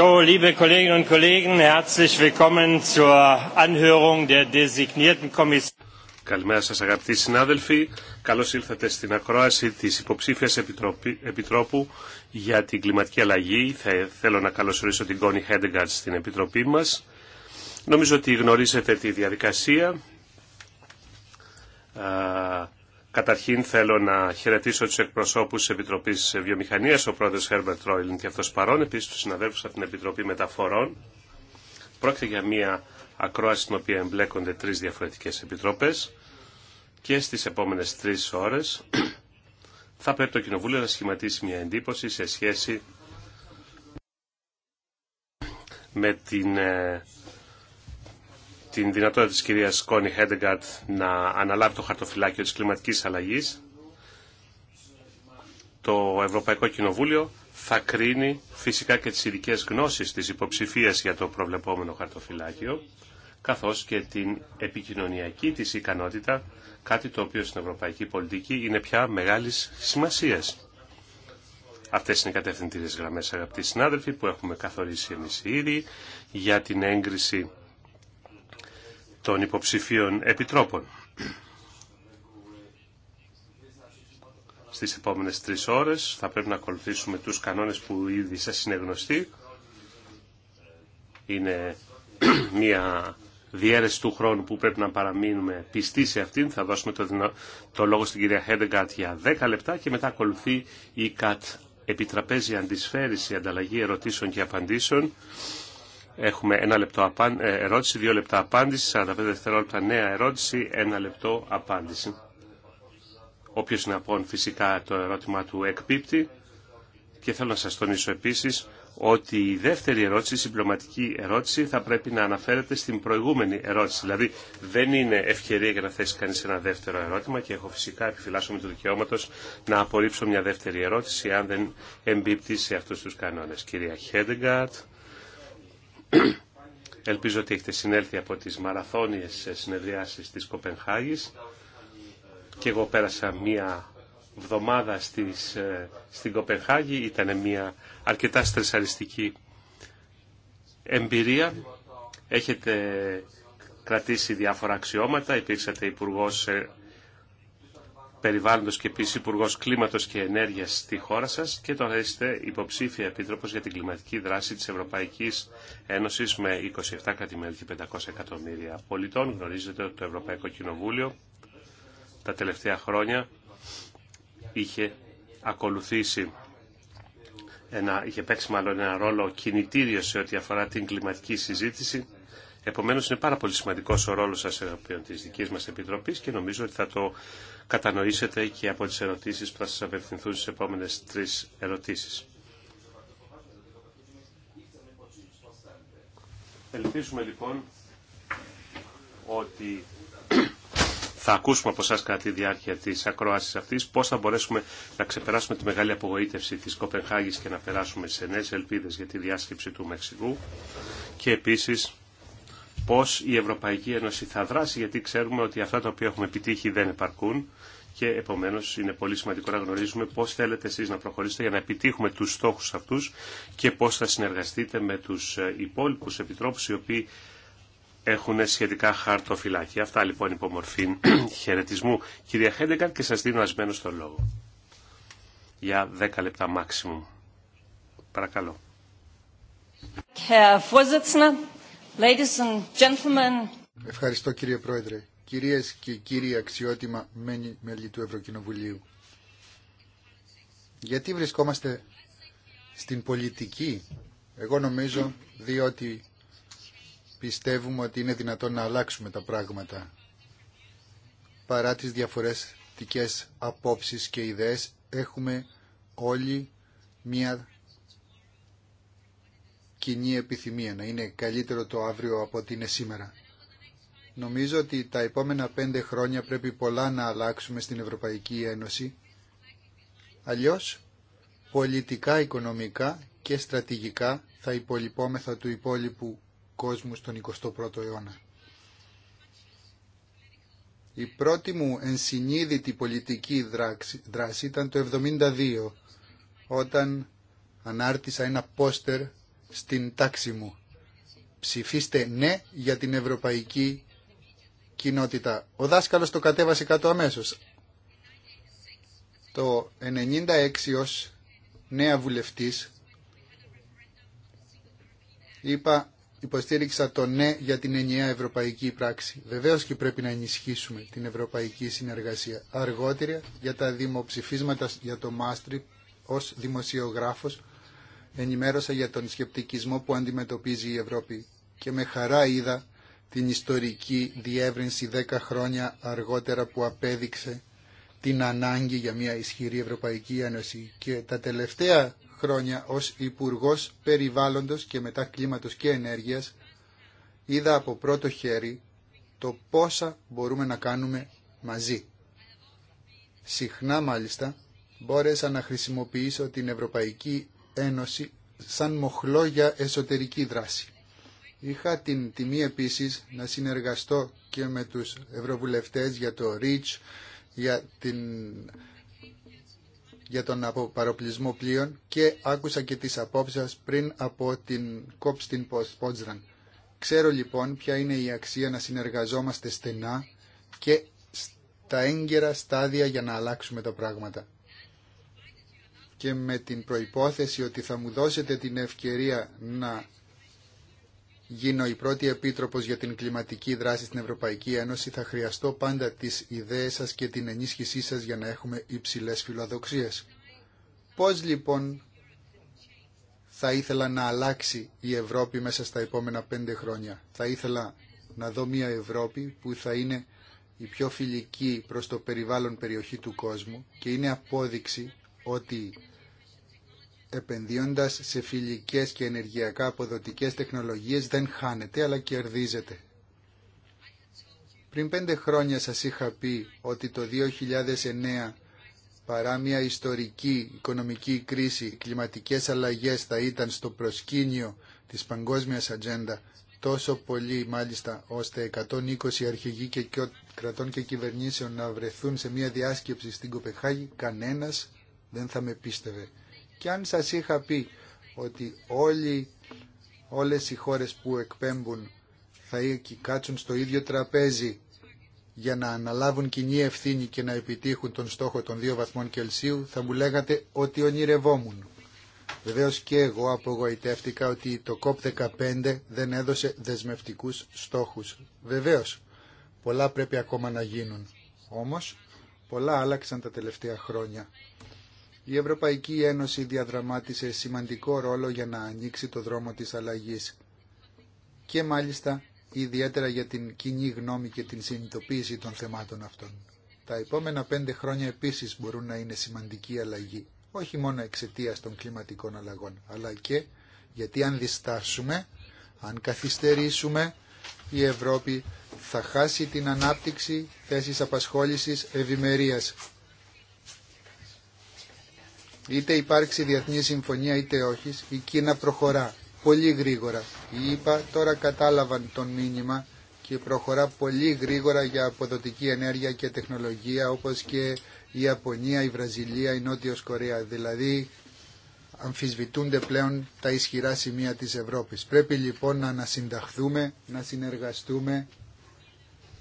So, liebe Kolleginnen und Kollegen, herzlich willkommen zur Anhörung der designierten Kommission. Καλημέρα σας αγαπητοί συνάδελφοι. Καλώς ήλθατε στην ακρόαση της υποψήφιας Επιτρόπου για την κλιματική αλλαγή. Θα, θέλω να καλωσορίσω την Κόνη Χέντεγκαρτ στην Επιτροπή μας. Νομίζω ότι γνωρίζετε τη διαδικασία. Καταρχήν θέλω να χαιρετήσω τους εκπροσώπους της Επιτροπής Βιομηχανίας, ο πρόεδρος Herbert Ρόιλιν και αυτός παρόν, επίσης τους συναδέλφους από την Επιτροπή Μεταφορών. Πρόκειται για μια ακρόαση στην οποία εμπλέκονται τρεις διαφορετικές επιτροπές και στις επόμενες τρεις ώρες θα πρέπει το Κοινοβούλιο να σχηματίσει μια εντύπωση σε σχέση με την ε, την δυνατότητα της κυρίας Κόνι Χέντεγκατ να αναλάβει το χαρτοφυλάκιο της κλιματικής αλλαγής, το Ευρωπαϊκό Κοινοβούλιο θα κρίνει φυσικά και τις ειδικέ γνώσεις της υποψηφίας για το προβλεπόμενο χαρτοφυλάκιο, καθώς και την επικοινωνιακή της ικανότητα, κάτι το οποίο στην ευρωπαϊκή πολιτική είναι πια μεγάλης σημασίας. Αυτές είναι οι κατευθυντήριες γραμμές, αγαπητοί συνάδελφοι, που έχουμε καθορίσει εμείς ήδη για την έγκριση των υποψηφίων επιτρόπων. Στις επόμενες τρεις ώρες θα πρέπει να ακολουθήσουμε τους κανόνες που ήδη σας είναι γνωστοί. Είναι μια διέρεση του χρόνου που πρέπει να παραμείνουμε πιστοί σε αυτήν. Θα δώσουμε το, το λόγο στην κυρία Χέντεγκατ για 10 λεπτά και μετά ακολουθεί η ΚΑΤ επιτραπέζια αντισφαίριση, ανταλλαγή ερωτήσεων και απαντήσεων Έχουμε ένα λεπτό ε, ερώτηση, δύο λεπτά απάντηση, 45 δευτερόλεπτα νέα ερώτηση, ένα λεπτό απάντηση. Όποιο είναι από φυσικά το ερώτημα του εκπίπτει και θέλω να σας τονίσω επίσης ότι η δεύτερη ερώτηση, η συμπληρωματική ερώτηση, θα πρέπει να αναφέρεται στην προηγούμενη ερώτηση. Δηλαδή, δεν είναι ευκαιρία για να θέσει κανεί ένα δεύτερο ερώτημα και έχω φυσικά επιφυλάσσω με το δικαιώματο να απορρίψω μια δεύτερη ερώτηση, αν δεν εμπίπτει σε αυτού του κανόνε. Κυρία Χέντεγκαρτ, Ελπίζω ότι έχετε συνέλθει από τις μαραθώνιες συνεδριάσεις της Κοπενχάγης και εγώ πέρασα μία βδομάδα στις, ε, στην Κοπενχάγη. Ήταν μία αρκετά στρεσαριστική εμπειρία. Έχετε κρατήσει διάφορα αξιώματα. Υπήρξατε υπουργό ε, Περιβάλλοντος και επίσης Υπουργό Κλίματος και Ενέργειας στη χώρα σας και τώρα είστε υποψήφια επίτροπος για την κλιματική δράση της Ευρωπαϊκής Ένωσης με 27 κρατημέρια και 500 εκατομμύρια πολιτών. Γνωρίζετε ότι το Ευρωπαϊκό Κοινοβούλιο τα τελευταία χρόνια είχε ακολουθήσει ένα, είχε παίξει μάλλον ένα ρόλο κινητήριο σε ό,τι αφορά την κλιματική συζήτηση. Επομένως είναι πάρα πολύ σημαντικός ο ρόλος σας τη της δικής μας Επιτροπής και νομίζω ότι θα το κατανοήσετε και από τις ερωτήσεις που θα σας απευθυνθούν στις επόμενες τρεις ερωτήσεις. Ελπίζουμε λοιπόν ότι θα ακούσουμε από σας κατά τη διάρκεια τη ακρόαση αυτή πώ θα μπορέσουμε να ξεπεράσουμε τη μεγάλη απογοήτευση της Κοπενχάγης και να περάσουμε σε νέες ελπίδες για τη διάσκεψη του Μεξικού και επίσης πώς η Ευρωπαϊκή Ένωση θα δράσει γιατί ξέρουμε ότι αυτά τα οποία έχουμε επιτύχει δεν επαρκούν και επομένως είναι πολύ σημαντικό να γνωρίζουμε πώς θέλετε εσείς να προχωρήσετε για να επιτύχουμε τους στόχους αυτούς και πώς θα συνεργαστείτε με τους ε, υπόλοιπου επιτρόπους οι οποίοι έχουν σχετικά χαρτοφυλάκια. Αυτά λοιπόν μορφή χαιρετισμού. Κυρία Χέντεγκαρτ και σα δίνω ασμένο τον λόγο. Για 10 λεπτά μάξιμου. Παρακαλώ. Ευχαριστώ κύριε Πρόεδρε. Κυρίες και κύριοι αξιότιμα μέλη του Ευρωκοινοβουλίου, γιατί βρισκόμαστε στην πολιτική. Εγώ νομίζω διότι πιστεύουμε ότι είναι δυνατόν να αλλάξουμε τα πράγματα. Παρά τις διαφορετικές απόψεις και ιδέες, έχουμε όλοι μια κοινή επιθυμία να είναι καλύτερο το αύριο από ότι είναι σήμερα. Νομίζω ότι τα επόμενα πέντε χρόνια πρέπει πολλά να αλλάξουμε στην Ευρωπαϊκή Ένωση. Αλλιώς, πολιτικά, οικονομικά και στρατηγικά θα υπολοιπόμεθα του υπόλοιπου κόσμου στον 21ο αιώνα. Η πρώτη μου ενσυνείδητη πολιτική δράση ήταν το 1972, όταν ανάρτησα ένα πόστερ στην τάξη μου. Ψηφίστε ναι για την Ευρωπαϊκή κοινότητα. Ο δάσκαλος το κατέβασε κάτω αμέσως. Το 96 ως νέα βουλευτής είπα υποστήριξα το ναι για την ενιαία ευρωπαϊκή πράξη. Βεβαίως και πρέπει να ενισχύσουμε την ευρωπαϊκή συνεργασία. Αργότερα για τα δημοψηφίσματα για το Μάστρι ως δημοσιογράφος ενημέρωσα για τον σκεπτικισμό που αντιμετωπίζει η Ευρώπη και με χαρά είδα την ιστορική διεύρυνση 10 χρόνια αργότερα που απέδειξε την ανάγκη για μια ισχυρή Ευρωπαϊκή Ένωση και τα τελευταία χρόνια ως υπουργό Περιβάλλοντος και μετά Κλίματος και Ενέργειας είδα από πρώτο χέρι το πόσα μπορούμε να κάνουμε μαζί. Συχνά μάλιστα μπόρεσα να χρησιμοποιήσω την Ευρωπαϊκή Ένωση σαν μοχλό για εσωτερική δράση. Είχα την τιμή επίσης να συνεργαστώ και με τους ευρωβουλευτές για το REACH, για, την... για τον παροπλισμό πλοίων και άκουσα και τις απόψεις πριν από την COP στην Πότζραν. Ξέρω λοιπόν ποια είναι η αξία να συνεργαζόμαστε στενά και στα έγκαιρα στάδια για να αλλάξουμε τα πράγματα. Και με την προϋπόθεση ότι θα μου δώσετε την ευκαιρία να γίνω η πρώτη επίτροπο για την κλιματική δράση στην Ευρωπαϊκή Ένωση, θα χρειαστώ πάντα τις ιδέες σας και την ενίσχυσή σας για να έχουμε υψηλέ φιλοδοξίες. Πώς λοιπόν θα ήθελα να αλλάξει η Ευρώπη μέσα στα επόμενα πέντε χρόνια. Θα ήθελα να δω μια Ευρώπη που θα είναι η πιο φιλική προς το περιβάλλον περιοχή του κόσμου και είναι απόδειξη ότι επενδύοντας σε φιλικές και ενεργειακά αποδοτικές τεχνολογίες δεν χάνεται αλλά κερδίζεται. Πριν πέντε χρόνια σας είχα πει ότι το 2009 παρά μια ιστορική οικονομική κρίση, κλιματικές αλλαγές θα ήταν στο προσκήνιο της παγκόσμιας ατζέντα τόσο πολύ μάλιστα ώστε 120 αρχηγοί και κρατών και κυβερνήσεων να βρεθούν σε μια διάσκεψη στην Κοπεχάγη, κανένας δεν θα με πίστευε. Και αν σας είχα πει ότι όλοι, όλες οι χώρες που εκπέμπουν θα κάτσουν στο ίδιο τραπέζι για να αναλάβουν κοινή ευθύνη και να επιτύχουν τον στόχο των δύο βαθμών Κελσίου, θα μου λέγατε ότι ονειρευόμουν. Βεβαίως και εγώ απογοητεύτηκα ότι το COP15 δεν έδωσε δεσμευτικούς στόχους. Βεβαίως, πολλά πρέπει ακόμα να γίνουν. Όμως, πολλά άλλαξαν τα τελευταία χρόνια. Η Ευρωπαϊκή Ένωση διαδραμάτισε σημαντικό ρόλο για να ανοίξει το δρόμο της αλλαγής και μάλιστα ιδιαίτερα για την κοινή γνώμη και την συνειδητοποίηση των θεμάτων αυτών. Τα επόμενα πέντε χρόνια επίσης μπορούν να είναι σημαντική αλλαγή, όχι μόνο εξαιτία των κλιματικών αλλαγών, αλλά και γιατί αν διστάσουμε, αν καθυστερήσουμε, η Ευρώπη θα χάσει την ανάπτυξη, θέσεις απασχόλησης, ευημερίας Είτε υπάρξει διεθνή συμφωνία είτε όχι, η Κίνα προχωρά πολύ γρήγορα. Οι τώρα κατάλαβαν τον μήνυμα και προχωρά πολύ γρήγορα για αποδοτική ενέργεια και τεχνολογία όπως και η Ιαπωνία, η Βραζιλία, η Νότιος Κορέα. Δηλαδή αμφισβητούνται πλέον τα ισχυρά σημεία της Ευρώπης. Πρέπει λοιπόν να ανασυνταχθούμε, να συνεργαστούμε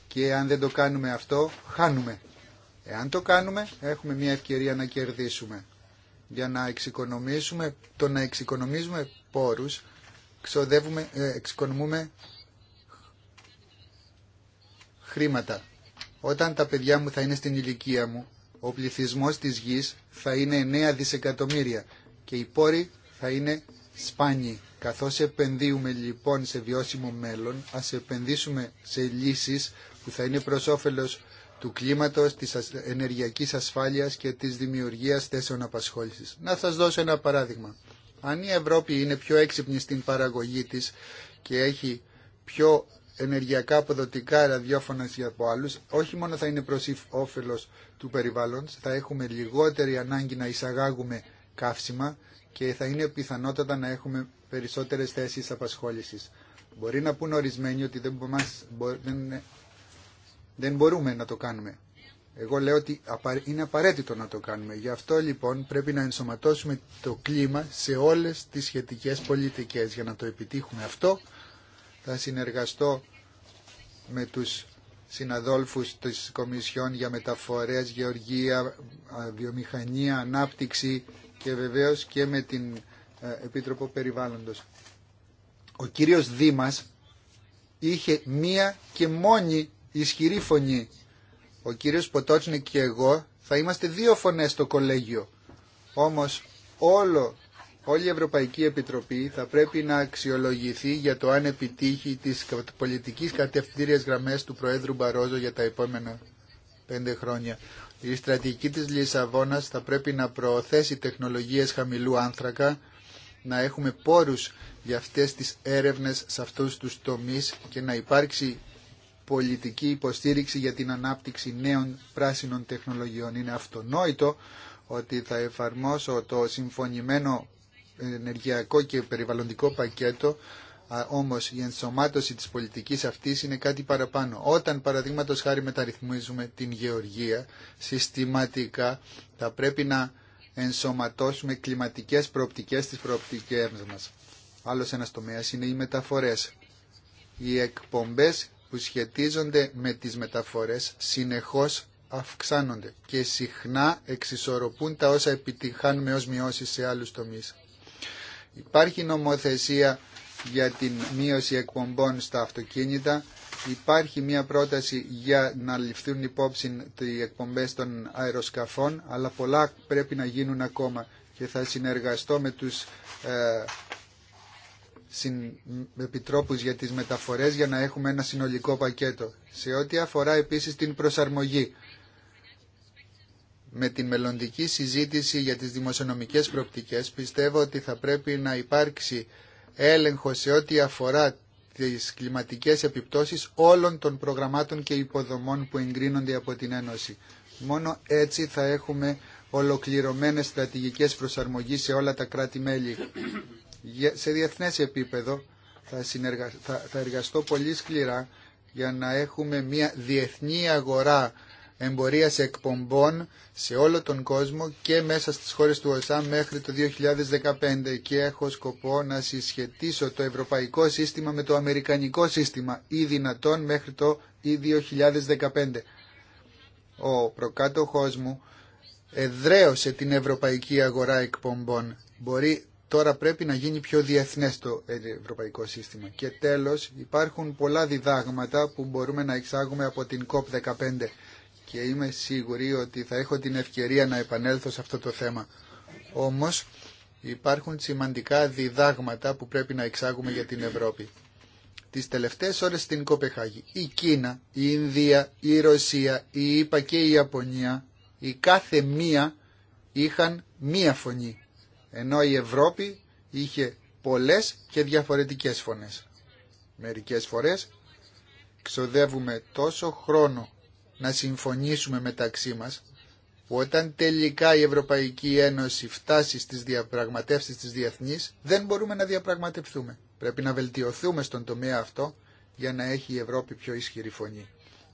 και αν δεν το κάνουμε αυτό χάνουμε. Εάν το κάνουμε έχουμε μια ευκαιρία να κερδίσουμε. Για να εξοικονομήσουμε, το να εξοικονομίζουμε πόρους, ξοδεύουμε, ε, εξοικονομούμε χρήματα. Όταν τα παιδιά μου θα είναι στην ηλικία μου, ο πληθυσμός της γης θα είναι 9 δισεκατομμύρια και οι πόροι θα είναι σπάνιοι. Καθώς επενδύουμε λοιπόν σε βιώσιμο μέλλον, ας επενδύσουμε σε λύσεις που θα είναι προς όφελος του κλίματος, της ενεργειακής ασφάλειας και της δημιουργίας θέσεων απασχόλησης. Να σας δώσω ένα παράδειγμα. Αν η Ευρώπη είναι πιο έξυπνη στην παραγωγή της και έχει πιο ενεργειακά αποδοτικά ραδιόφωνα από άλλους, όχι μόνο θα είναι προς όφελος του περιβάλλοντος, θα έχουμε λιγότερη ανάγκη να εισαγάγουμε καύσιμα και θα είναι πιθανότατα να έχουμε περισσότερες θέσεις απασχόλησης. Μπορεί να πούν ορισμένοι ότι δεν, μας, δεν δεν μπορούμε να το κάνουμε. Εγώ λέω ότι είναι απαραίτητο να το κάνουμε. Γι' αυτό λοιπόν πρέπει να ενσωματώσουμε το κλίμα σε όλες τις σχετικές πολιτικές. Για να το επιτύχουμε αυτό θα συνεργαστώ με τους συναδόλφους της Κομισιόν για Μεταφορές, Γεωργία, Βιομηχανία, Ανάπτυξη και βεβαίως και με την ε, Επίτροπο Περιβάλλοντος. Ο κύριος Δήμας είχε μία και μόνη ισχυρή φωνή. Ο κύριος Ποτότσνικ και εγώ θα είμαστε δύο φωνές στο κολέγιο. Όμως όλο, όλη η Ευρωπαϊκή Επιτροπή θα πρέπει να αξιολογηθεί για το αν επιτύχει τις πολιτικές κατευθύνσεις γραμμές του Προέδρου Μπαρόζο για τα επόμενα πέντε χρόνια. Η στρατηγική της Λισαβόνας θα πρέπει να προωθέσει τεχνολογίες χαμηλού άνθρακα, να έχουμε πόρους για αυτές τις έρευνες σε αυτούς τους τομείς και να υπάρξει πολιτική υποστήριξη για την ανάπτυξη νέων πράσινων τεχνολογιών. Είναι αυτονόητο ότι θα εφαρμόσω το συμφωνημένο ενεργειακό και περιβαλλοντικό πακέτο όμως η ενσωμάτωση της πολιτικής αυτής είναι κάτι παραπάνω. Όταν παραδείγματο χάρη μεταρρυθμίζουμε την γεωργία συστηματικά θα πρέπει να ενσωματώσουμε κλιματικές προοπτικές στις προοπτικές μας. Άλλος ένας τομέας είναι οι μεταφορές. Οι εκπομπές που σχετίζονται με τις μεταφορές συνεχώς αυξάνονται και συχνά εξισορροπούν τα όσα επιτυχάνουμε ως μειώσεις σε άλλους τομείς. Υπάρχει νομοθεσία για την μείωση εκπομπών στα αυτοκίνητα, υπάρχει μια πρόταση για να ληφθούν υπόψη οι εκπομπές των αεροσκαφών, αλλά πολλά πρέπει να γίνουν ακόμα και θα συνεργαστώ με τους ε, επιτρόπους για τις μεταφορές για να έχουμε ένα συνολικό πακέτο. Σε ό,τι αφορά επίσης την προσαρμογή με την μελλοντική συζήτηση για τις δημοσιονομικές προπτικές πιστεύω ότι θα πρέπει να υπάρξει έλεγχο σε ό,τι αφορά τις κλιματικές επιπτώσεις όλων των προγραμμάτων και υποδομών που εγκρίνονται από την Ένωση. Μόνο έτσι θα έχουμε ολοκληρωμένες στρατηγικές προσαρμογή σε όλα τα κράτη-μέλη σε διεθνές επίπεδο θα, εργαστώ πολύ σκληρά για να έχουμε μια διεθνή αγορά εμπορίας εκπομπών σε όλο τον κόσμο και μέσα στις χώρες του ΟΣΑ μέχρι το 2015 και έχω σκοπό να συσχετίσω το ευρωπαϊκό σύστημα με το αμερικανικό σύστημα ή δυνατόν μέχρι το 2015. Ο προκάτοχός μου εδραίωσε την ευρωπαϊκή αγορά εκπομπών. Μπορεί Τώρα πρέπει να γίνει πιο διεθνές το ευρωπαϊκό σύστημα. Και τέλος υπάρχουν πολλά διδάγματα που μπορούμε να εξάγουμε από την COP15 και είμαι σίγουροι ότι θα έχω την ευκαιρία να επανέλθω σε αυτό το θέμα. Όμως υπάρχουν σημαντικά διδάγματα που πρέπει να εξάγουμε για την Ευρώπη. Τις τελευταίες ώρες στην Κοπεχάγη η Κίνα, η Ινδία, η Ρωσία, η ΙΠΑ και η Ιαπωνία η κάθε μία είχαν μία φωνή ενώ η Ευρώπη είχε πολλές και διαφορετικές φωνές. Μερικές φορές ξοδεύουμε τόσο χρόνο να συμφωνήσουμε μεταξύ μας που όταν τελικά η Ευρωπαϊκή Ένωση φτάσει στις διαπραγματεύσεις της διεθνής δεν μπορούμε να διαπραγματευτούμε. Πρέπει να βελτιωθούμε στον τομέα αυτό για να έχει η Ευρώπη πιο ισχυρή φωνή.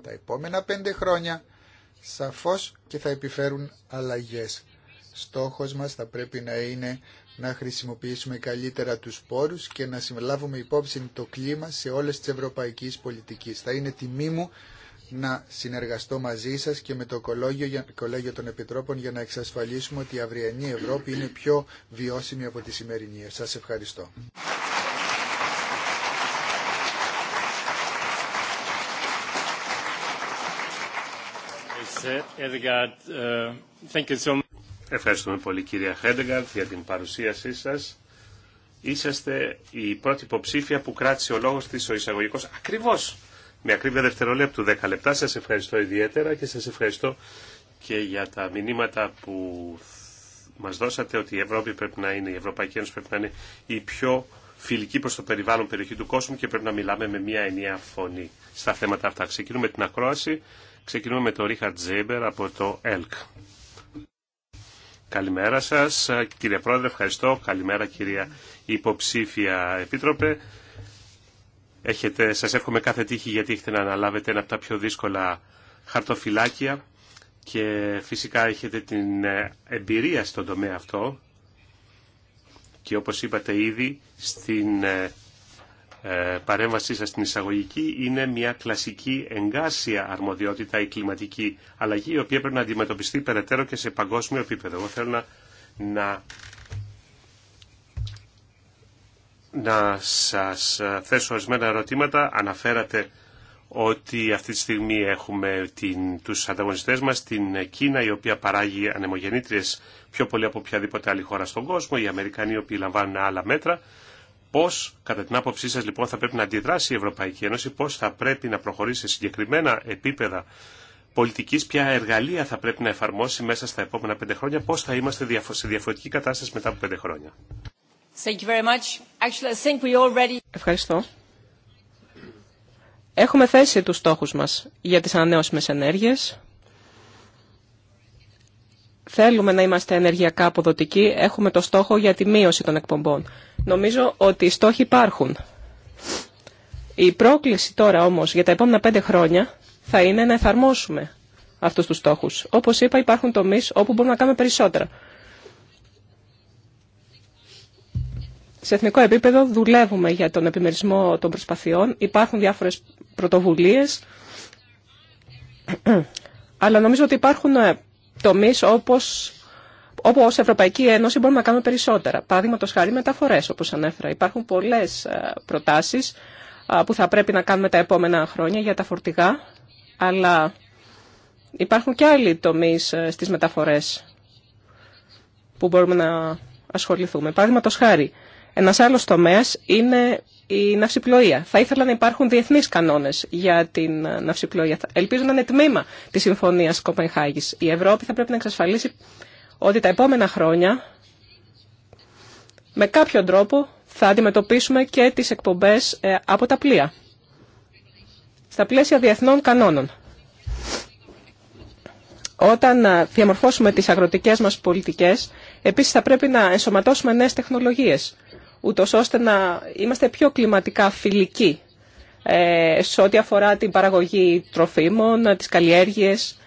Τα επόμενα πέντε χρόνια σαφώς και θα επιφέρουν αλλαγές. Στόχος μας θα πρέπει να είναι να χρησιμοποιήσουμε καλύτερα τους πόρους και να συμβλάβουμε υπόψη το κλίμα σε όλες τις ευρωπαϊκές πολιτικές. Θα είναι τιμή μου να συνεργαστώ μαζί σας και με το Κολέγιο των Επιτρόπων για να εξασφαλίσουμε ότι η αυριανή Ευρώπη είναι πιο βιώσιμη από τη σημερινή. Σας ευχαριστώ. Uh, thank you Ευχαριστούμε πολύ κυρία Χέντεγκαρτ για την παρουσίασή σας. Είσαστε η πρώτη υποψήφια που κράτησε ο λόγος της ο εισαγωγικός ακριβώς με ακρίβεια δευτερολέπτου 10 λεπτά. Σας ευχαριστώ ιδιαίτερα και σας ευχαριστώ και για τα μηνύματα που μας δώσατε ότι η Ευρώπη πρέπει να είναι, η Ευρωπαϊκή Ένωση πρέπει να είναι η πιο φιλική προς το περιβάλλον περιοχή του κόσμου και πρέπει να μιλάμε με μια ενιαία φωνή στα θέματα αυτά. Ξεκινούμε την ακρόαση. Ξεκινούμε με τον Ρίχαρτ Ζέμπερ από το ΕΛΚ. Καλημέρα σας κύριε Πρόεδρε, ευχαριστώ. Καλημέρα κυρία Υποψήφια Επίτροπε. Έχετε, σας εύχομαι κάθε τύχη γιατί έχετε να αναλάβετε ένα από τα πιο δύσκολα χαρτοφυλάκια και φυσικά έχετε την ε, εμπειρία στον τομέα αυτό και όπως είπατε ήδη στην ε, ε, παρέμβασή σας στην εισαγωγική είναι μια κλασική εγκάσια αρμοδιότητα η κλιματική αλλαγή η οποία πρέπει να αντιμετωπιστεί περαιτέρω και σε παγκόσμιο επίπεδο. Εγώ θέλω να, να, σας ε, θέσω ορισμένα ερωτήματα. Αναφέρατε ότι αυτή τη στιγμή έχουμε την, τους ανταγωνιστές μας την Κίνα η οποία παράγει ανεμογεννήτριες πιο πολύ από οποιαδήποτε άλλη χώρα στον κόσμο, οι Αμερικανοί οι οποίοι λαμβάνουν άλλα μέτρα Πώς, κατά την άποψή σας λοιπόν, θα πρέπει να αντιδράσει η Ευρωπαϊκή Ένωση, πώς θα πρέπει να προχωρήσει σε συγκεκριμένα επίπεδα πολιτικής, ποια εργαλεία θα πρέπει να εφαρμόσει μέσα στα επόμενα πέντε χρόνια, πώς θα είμαστε σε διαφορετική κατάσταση μετά από πέντε χρόνια. Ευχαριστώ. Έχουμε θέσει τους στόχους μας για τις ανανεώσιμες ενέργειες, Θέλουμε να είμαστε ενεργειακά αποδοτικοί. Έχουμε το στόχο για τη μείωση των εκπομπών. Νομίζω ότι οι στόχοι υπάρχουν. Η πρόκληση τώρα όμως για τα επόμενα πέντε χρόνια θα είναι να εφαρμόσουμε αυτούς τους στόχους. Όπως είπα υπάρχουν τομείς όπου μπορούμε να κάνουμε περισσότερα. Σε εθνικό επίπεδο δουλεύουμε για τον επιμερισμό των προσπαθειών. Υπάρχουν διάφορες πρωτοβουλίες. Αλλά νομίζω ότι υπάρχουν ε, Τομεί όπως όπου Ευρωπαϊκή Ένωση μπορούμε να κάνουμε περισσότερα. Παραδείγματος χάρη μεταφορές, όπως ανέφερα. Υπάρχουν πολλές ε, προτάσεις ε, που θα πρέπει να κάνουμε τα επόμενα χρόνια για τα φορτηγά, αλλά υπάρχουν και άλλοι τομείς ε, στις μεταφορές που μπορούμε να ασχοληθούμε. Παραδείγματος χάρη, ένα άλλο τομέα είναι η ναυσιπλοεία. Θα ήθελα να υπάρχουν διεθνείς κανόνες για την ναυσιπλοεία. Ελπίζω να είναι τμήμα της Συμφωνίας Κοπενχάγη. Η Ευρώπη θα πρέπει να εξασφαλίσει ότι τα επόμενα χρόνια με κάποιο τρόπο θα αντιμετωπίσουμε και τις εκπομπές ε, από τα πλοία. Στα πλαίσια διεθνών κανόνων. Όταν ε, διαμορφώσουμε τις αγροτικές μας πολιτικές, επίσης θα πρέπει να ενσωματώσουμε νέες τεχνολογίες ούτως ώστε να είμαστε πιο κλιματικά φιλικοί ε, σε ό,τι αφορά την παραγωγή τροφίμων, ε, τις καλλιέργειες.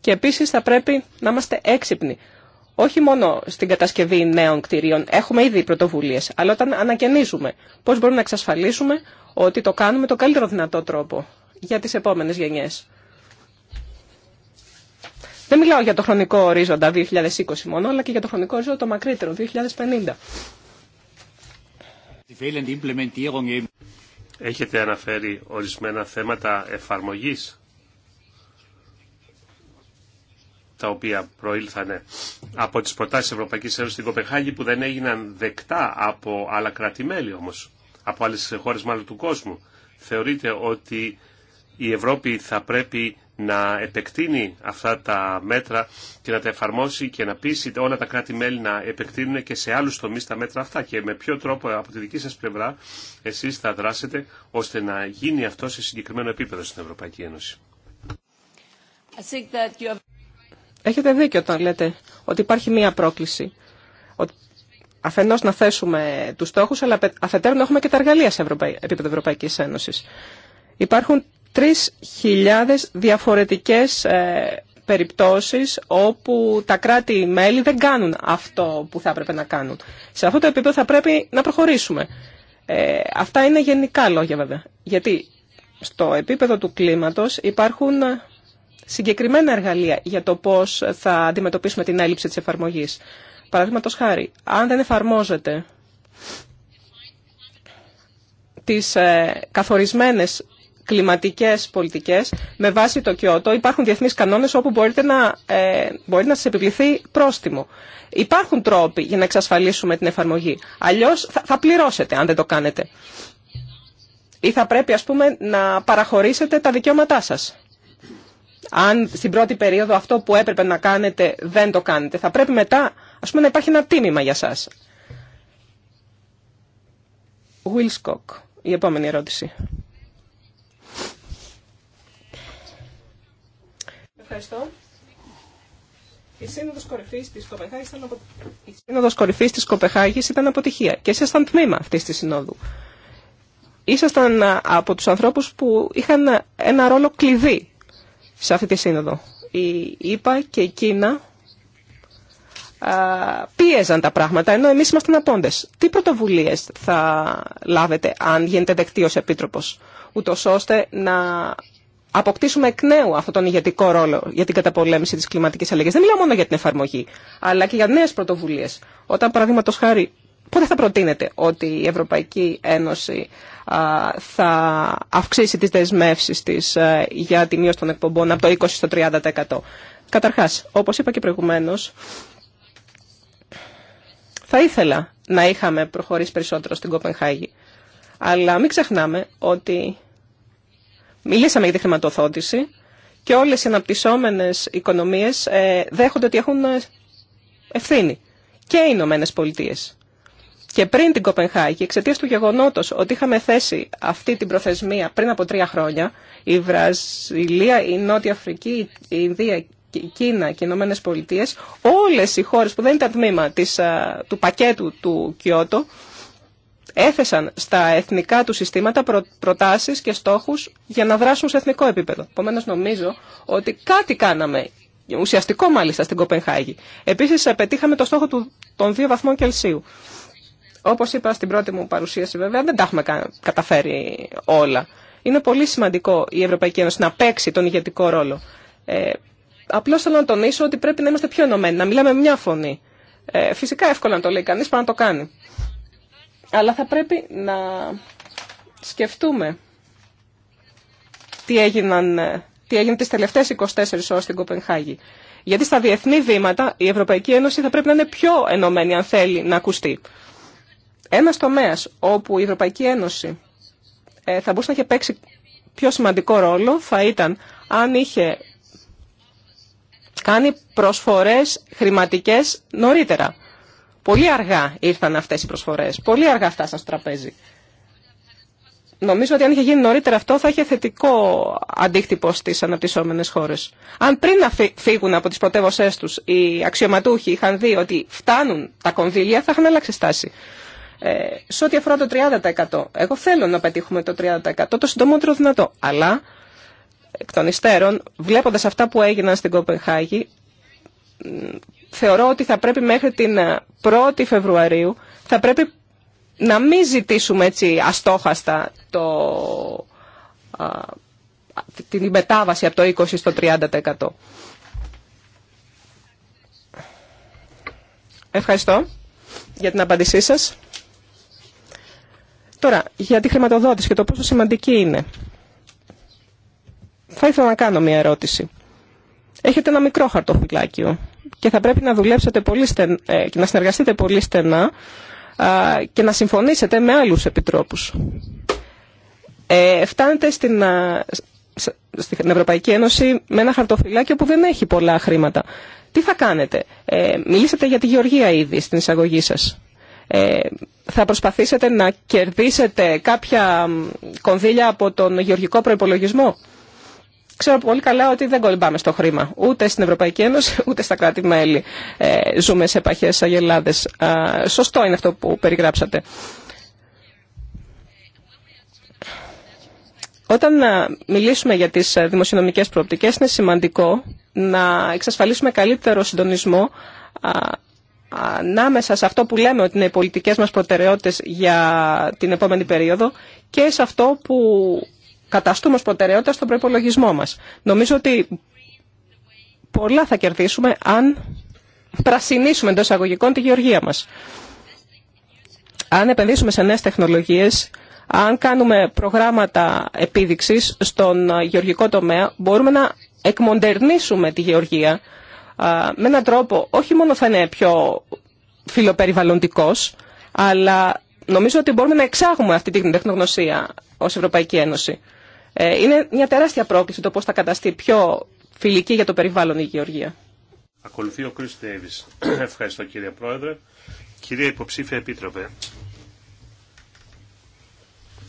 Και επίσης θα πρέπει να είμαστε έξυπνοι. Όχι μόνο στην κατασκευή νέων κτηρίων, έχουμε ήδη πρωτοβουλίες, αλλά όταν ανακαινίζουμε, πώς μπορούμε να εξασφαλίσουμε ότι το κάνουμε το καλύτερο δυνατό τρόπο για τις επόμενες γενιές. Δεν μιλάω για το χρονικό ορίζοντα 2020 μόνο, αλλά και για το χρονικό ορίζοντα το μακρύτερο, 2050. Έχετε αναφέρει ορισμένα θέματα εφαρμογής τα οποία προήλθαν από τις προτάσεις της Ευρωπαϊκής Ένωσης στην Κοπεχάγη που δεν έγιναν δεκτά από άλλα κράτη-μέλη όμως, από άλλες χώρες μάλλον του κόσμου. Θεωρείτε ότι η Ευρώπη θα πρέπει να επεκτείνει αυτά τα μέτρα και να τα εφαρμόσει και να πείσει όλα τα κράτη-μέλη να επεκτείνουν και σε άλλους τομείς τα μέτρα αυτά και με ποιο τρόπο από τη δική σας πλευρά εσείς θα δράσετε ώστε να γίνει αυτό σε συγκεκριμένο επίπεδο στην Ευρωπαϊκή Ένωση. Έχετε δίκιο όταν λέτε ότι υπάρχει μία πρόκληση. Αφενό να θέσουμε του στόχου, αλλά αφετέρου να έχουμε και τα εργαλεία σε επίπεδο Ευρωπαϊκής Ένωσης. Υπάρχουν 3.000 διαφορετικές ε, περιπτώσεις όπου τα κράτη-μέλη δεν κάνουν αυτό που θα έπρεπε να κάνουν. Σε αυτό το επίπεδο θα πρέπει να προχωρήσουμε. Ε, αυτά είναι γενικά λόγια βέβαια. Γιατί στο επίπεδο του κλίματος υπάρχουν ε, συγκεκριμένα εργαλεία για το πώς θα αντιμετωπίσουμε την έλλειψη της εφαρμογής. Παραδείγματο χάρη, αν δεν εφαρμόζεται τις καθορισμένες κλιματικές πολιτικές με βάση το Κιώτο. Υπάρχουν διεθνείς κανόνε όπου μπορείτε να, ε, μπορεί να σας επιβληθεί πρόστιμο. Υπάρχουν τρόποι για να εξασφαλίσουμε την εφαρμογή. Αλλιώς θα, πληρώσετε αν δεν το κάνετε. Ή θα πρέπει ας πούμε να παραχωρήσετε τα δικαιώματά σας. Αν στην πρώτη περίοδο αυτό που έπρεπε να κάνετε δεν το κάνετε. Θα πρέπει μετά ας πούμε να υπάρχει ένα τίμημα για σας. Will η επόμενη ερώτηση. Η σύνοδος Κορυφή τη Κοπεχάγης ήταν, απο... η σύνοδος ήταν αποτυχία και ήσασταν τμήμα αυτή τη συνόδου. Ήσασταν ε, από τους ανθρώπους που είχαν ε, ένα ρόλο κλειδί σε αυτή τη σύνοδο. Η ΕΠΑ και η Κίνα ε, πίεζαν τα πράγματα, ενώ εμείς ήμασταν απόντες. Τι πρωτοβουλίες θα λάβετε αν γίνετε δεκτή ως Επίτροπος, ούτω ώστε να αποκτήσουμε εκ νέου αυτόν τον ηγετικό ρόλο για την καταπολέμηση τη κλιματική αλλαγή. Δεν μιλάω μόνο για την εφαρμογή, αλλά και για νέε πρωτοβουλίε. Όταν, παραδείγματο χάρη, πότε θα προτείνετε ότι η Ευρωπαϊκή Ένωση θα αυξήσει τι δεσμεύσει τη για τη μείωση των εκπομπών από το 20% στο 30%. Καταρχά, όπω είπα και προηγουμένω, θα ήθελα να είχαμε προχωρήσει περισσότερο στην Κοπενχάγη. Αλλά μην ξεχνάμε ότι Μιλήσαμε για τη χρηματοδότηση και όλες οι αναπτυσσόμενες οικονομίες ε, δέχονται ότι έχουν ε, ευθύνη και οι Ηνωμένε Πολιτείε. Και πριν την Κοπενχάγη, εξαιτία του γεγονότος ότι είχαμε θέσει αυτή την προθεσμία πριν από τρία χρόνια, η Βραζιλία, η Νότια Αφρική, η Ινδία, η Κίνα και οι Ηνωμένε Πολιτείε, όλε οι χώρε που δεν ήταν τμήμα της, του πακέτου του Κιώτο, έθεσαν στα εθνικά του συστήματα προ, προτάσεις και στόχους για να δράσουν σε εθνικό επίπεδο. Επομένω, νομίζω ότι κάτι κάναμε, ουσιαστικό μάλιστα, στην Κοπενχάγη. Επίσης, πετύχαμε το στόχο του, των δύο βαθμών Κελσίου. Όπως είπα στην πρώτη μου παρουσίαση, βέβαια, δεν τα έχουμε καταφέρει όλα. Είναι πολύ σημαντικό η Ευρωπαϊκή Ένωση να παίξει τον ηγετικό ρόλο. Ε, Απλώ θέλω να τονίσω ότι πρέπει να είμαστε πιο ενωμένοι, να μιλάμε μια φωνή. Ε, φυσικά εύκολα να το λέει κανεί, πάνω να το κάνει. Αλλά θα πρέπει να σκεφτούμε τι, έγιναν, ε, τι έγινε τις τελευταίες 24 ώρες στην Κοπενχάγη. Γιατί στα διεθνή βήματα η Ευρωπαϊκή Ένωση θα πρέπει να είναι πιο ενωμένη αν θέλει να ακουστεί. Ένα τομέα όπου η Ευρωπαϊκή Ένωση ε, θα μπορούσε να είχε παίξει πιο σημαντικό ρόλο θα ήταν αν είχε κάνει προσφορές χρηματικές νωρίτερα. Πολύ αργά ήρθαν αυτέ οι προσφορέ, Πολύ αργά φτάσαν στο τραπέζι. Νομίζω ότι αν είχε γίνει νωρίτερα αυτό θα είχε θετικό αντίκτυπο στι αναπτυσσόμενες χώρε. Αν πριν να φύγουν από τι πρωτεύωσέ του, οι αξιωματούχοι είχαν δει ότι φτάνουν τα κονδύλια θα είχαν αλλάξει στάση. Ε, σε ό,τι αφορά το 30% εγώ θέλω να πετύχουμε το 30% το συντομότερο δυνατό. Αλλά εκ των υστέρων βλέποντα αυτά που έγιναν στην Κοπενχάγη θεωρώ ότι θα πρέπει μέχρι την 1η ε, Φεβρουαρίου θα πρέπει να μην ζητήσουμε έτσι αστόχαστα το, α, την μετάβαση από το 20% στο 30%. Ευχαριστώ για την απάντησή σας. Τώρα, για τη χρηματοδότηση και το πόσο σημαντική είναι. Θα ήθελα να κάνω μια ερώτηση. Έχετε ένα μικρό χαρτοφυλάκιο και θα πρέπει να δουλέψετε πολύ ε, και να συνεργαστείτε πολύ στενά και να συμφωνήσετε με άλλους επιτρόπους. Ε, φτάνετε στην, στην Ευρωπαϊκή Ένωση με ένα χαρτοφυλάκιο που δεν έχει πολλά χρήματα. Τι θα κάνετε. Ε, μιλήσατε για τη γεωργία ήδη στην εισαγωγή σας. Ε, θα προσπαθήσετε να κερδίσετε κάποια κονδύλια από τον γεωργικό προϋπολογισμό. Ξέρω πολύ καλά ότι δεν κολυμπάμε στο χρήμα. Ούτε στην Ευρωπαϊκή Ένωση, ούτε στα κράτη-μέλη ε, ζούμε σε παχέ αγελάδε. σωστό είναι αυτό που περιγράψατε. Όταν ε, μιλήσουμε για τις ε, δημοσιονομικές προοπτικές, είναι σημαντικό να εξασφαλίσουμε καλύτερο συντονισμό ανάμεσα σε αυτό που λέμε ότι είναι οι πολιτικές μας προτεραιότητες για την επόμενη περίοδο και σε αυτό που καταστούμε ως προτεραιότητα στον προπολογισμό μας. Νομίζω ότι πολλά θα κερδίσουμε αν πρασινίσουμε εντό αγωγικών τη γεωργία μας. Αν επενδύσουμε σε νέες τεχνολογίες, αν κάνουμε προγράμματα επίδειξης στον γεωργικό τομέα, μπορούμε να εκμοντερνίσουμε τη γεωργία με έναν τρόπο όχι μόνο θα είναι πιο φιλοπεριβαλλοντικός, αλλά νομίζω ότι μπορούμε να εξάγουμε αυτή την τεχνογνωσία ως Ευρωπαϊκή Ένωση. Ε, είναι μια τεράστια πρόκληση το πώς θα καταστεί πιο φιλική για το περιβάλλον η Γεωργία. Ακολουθεί ο Κρίς Ευχαριστώ κύριε Πρόεδρε. Κυρία Υποψήφια Επίτροπε,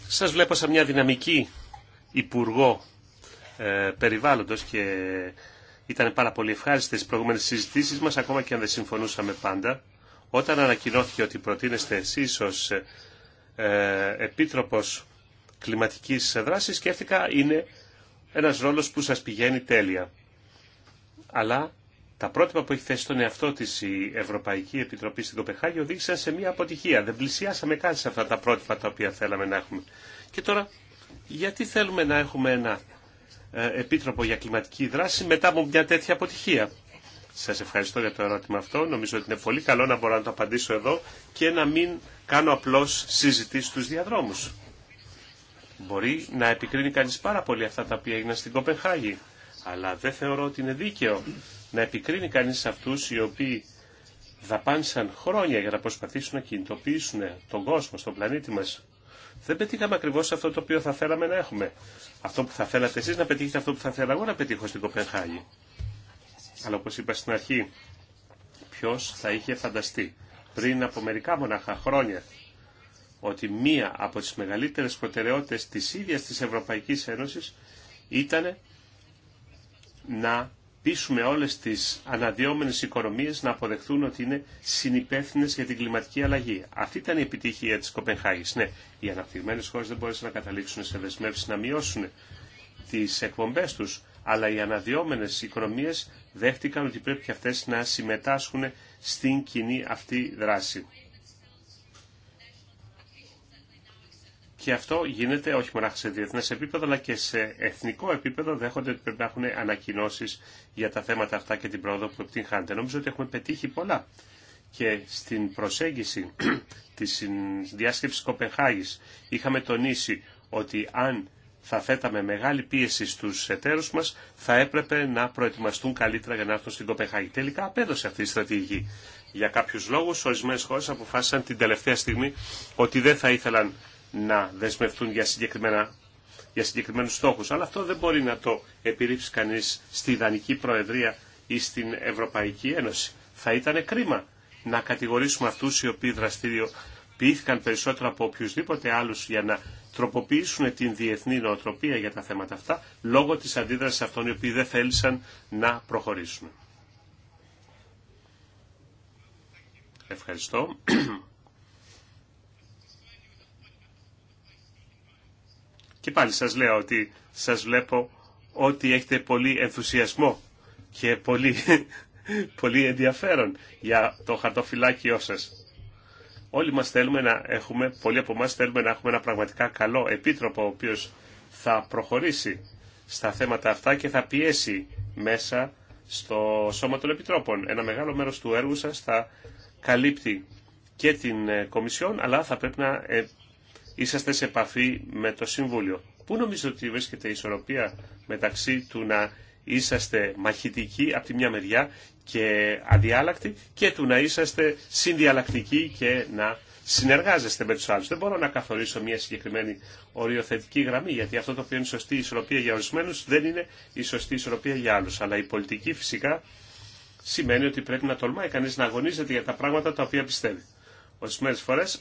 σας βλέπω σαν μια δυναμική υπουργό ε, περιβάλλοντος και ήταν πάρα πολύ ευχάριστη τις προηγούμενες συζητήσεις μας, ακόμα και αν δεν συμφωνούσαμε πάντα. Όταν ανακοινώθηκε ότι προτείνεστε εσείς ως ε, ε, επίτροπος κλιματικής δράση σκέφτηκα είναι ένας ρόλος που σας πηγαίνει τέλεια. Αλλά τα πρότυπα που έχει θέσει τον εαυτό τη η Ευρωπαϊκή Επιτροπή στην Κοπεχάγη οδήγησαν σε μια αποτυχία. Δεν πλησιάσαμε καν σε αυτά τα πρότυπα τα οποία θέλαμε να έχουμε. Και τώρα, γιατί θέλουμε να έχουμε ένα ε, επίτροπο για κλιματική δράση μετά από μια τέτοια αποτυχία. Σα ευχαριστώ για το ερώτημα αυτό. Νομίζω ότι είναι πολύ καλό να μπορώ να το απαντήσω εδώ και να μην κάνω απλώ συζητήσει στου διαδρόμου. Μπορεί να επικρίνει κανείς πάρα πολύ αυτά τα οποία έγιναν στην Κοπενχάγη, αλλά δεν θεωρώ ότι είναι δίκαιο να επικρίνει κανείς αυτούς οι οποίοι δαπάνησαν χρόνια για να προσπαθήσουν να κινητοποιήσουν τον κόσμο στον πλανήτη μας. Δεν πετύχαμε ακριβώ αυτό το οποίο θα θέλαμε να έχουμε. Αυτό που θα θέλατε εσεί να πετύχετε, αυτό που θα θέλαμε εγώ να πετύχω στην Κοπενχάγη. Αλλά όπω είπα στην αρχή, ποιο θα είχε φανταστεί πριν από μερικά μονάχα χρόνια ότι μία από τις μεγαλύτερες προτεραιότητες της ίδιας της Ευρωπαϊκής Ένωσης ήταν να πείσουμε όλες τις αναδυόμενες οικονομίες να αποδεχθούν ότι είναι συνυπεύθυνες για την κλιματική αλλαγή. Αυτή ήταν η επιτυχία της Κοπενχάγης. Ναι, οι αναπτυγμένες χώρες δεν μπορούσαν να καταλήξουν σε δεσμεύσεις να μειώσουν τις εκπομπές τους, αλλά οι αναδυόμενες οικονομίες δέχτηκαν ότι πρέπει και αυτές να συμμετάσχουν στην κοινή αυτή δράση. Και αυτό γίνεται όχι μόνο σε διεθνέ επίπεδο, αλλά και σε εθνικό επίπεδο. Δέχονται ότι πρέπει να έχουν ανακοινώσει για τα θέματα αυτά και την πρόοδο που επιτυγχάνεται. Νομίζω ότι έχουμε πετύχει πολλά. Και στην προσέγγιση τη διάσκεψη Κοπεχάγη είχαμε τονίσει ότι αν θα θέταμε μεγάλη πίεση στου εταίρου μα, θα έπρεπε να προετοιμαστούν καλύτερα για να έρθουν στην Κοπεχάγη. Τελικά απέδωσε αυτή η στρατηγική. Για κάποιου λόγου, ορισμένε χώρε αποφάσισαν την τελευταία στιγμή ότι δεν θα ήθελαν να δεσμευτούν για, συγκεκριμένα, για συγκεκριμένους στόχους. Αλλά αυτό δεν μπορεί να το επιρρύψει κανείς στη Δανική Προεδρία ή στην Ευρωπαϊκή Ένωση. Θα ήταν κρίμα να κατηγορήσουμε αυτούς οι οποίοι δραστηριοποιήθηκαν περισσότερο από οποιουσδήποτε άλλους για να τροποποιήσουν την διεθνή νοοτροπία για τα θέματα αυτά λόγω της αντίδρασης αυτών οι οποίοι δεν θέλησαν να προχωρήσουν. Ευχαριστώ. Και πάλι σας λέω ότι σας βλέπω ότι έχετε πολύ ενθουσιασμό και πολύ, πολύ ενδιαφέρον για το χαρτοφυλάκιό σας. Όλοι μας θέλουμε να έχουμε, πολλοί από εμάς θέλουμε να έχουμε ένα πραγματικά καλό επίτροπο ο οποίος θα προχωρήσει στα θέματα αυτά και θα πιέσει μέσα στο Σώμα των Επιτρόπων. Ένα μεγάλο μέρος του έργου σας θα καλύπτει και την ε, Κομισιόν, αλλά θα πρέπει να ε, είσαστε σε επαφή με το Συμβούλιο. Πού νομίζετε ότι βρίσκεται η ισορροπία μεταξύ του να είσαστε μαχητικοί από τη μια μεριά και αδιάλακτοι και του να είσαστε συνδιαλλακτικοί και να συνεργάζεστε με τους άλλους. Δεν μπορώ να καθορίσω μια συγκεκριμένη οριοθετική γραμμή γιατί αυτό το οποίο είναι σωστή ισορροπία για ορισμένους δεν είναι η σωστή ισορροπία για άλλους. Αλλά η πολιτική φυσικά σημαίνει ότι πρέπει να τολμάει κανείς να αγωνίζεται για τα πράγματα τα οποία πιστεύει. Ορισμένε φορές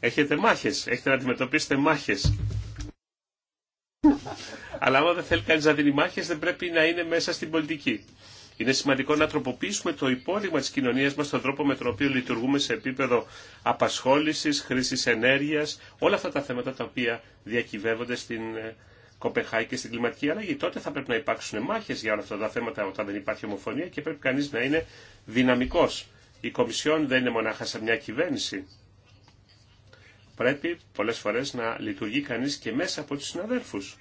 έχετε μάχε, έχετε να αντιμετωπίσετε μάχε. Αλλά άμα δεν θέλει κανεί να δίνει μάχε, δεν πρέπει να είναι μέσα στην πολιτική. Είναι σημαντικό να τροποποιήσουμε το υπόδειγμα τη κοινωνία μα στον τρόπο με τον οποίο λειτουργούμε σε επίπεδο απασχόληση, χρήση ενέργεια, όλα αυτά τα θέματα τα οποία διακυβεύονται στην ε, Κοπεχάη και στην κλιματική αλλαγή. Τότε θα πρέπει να υπάρξουν μάχε για όλα αυτά τα θέματα όταν δεν υπάρχει ομοφωνία και πρέπει κανεί να είναι δυναμικό. Η Κομισιόν δεν είναι μονάχα σε μια κυβέρνηση πρέπει πολλές φορές να λειτουργεί κανείς και μέσα από τους συναδέλφους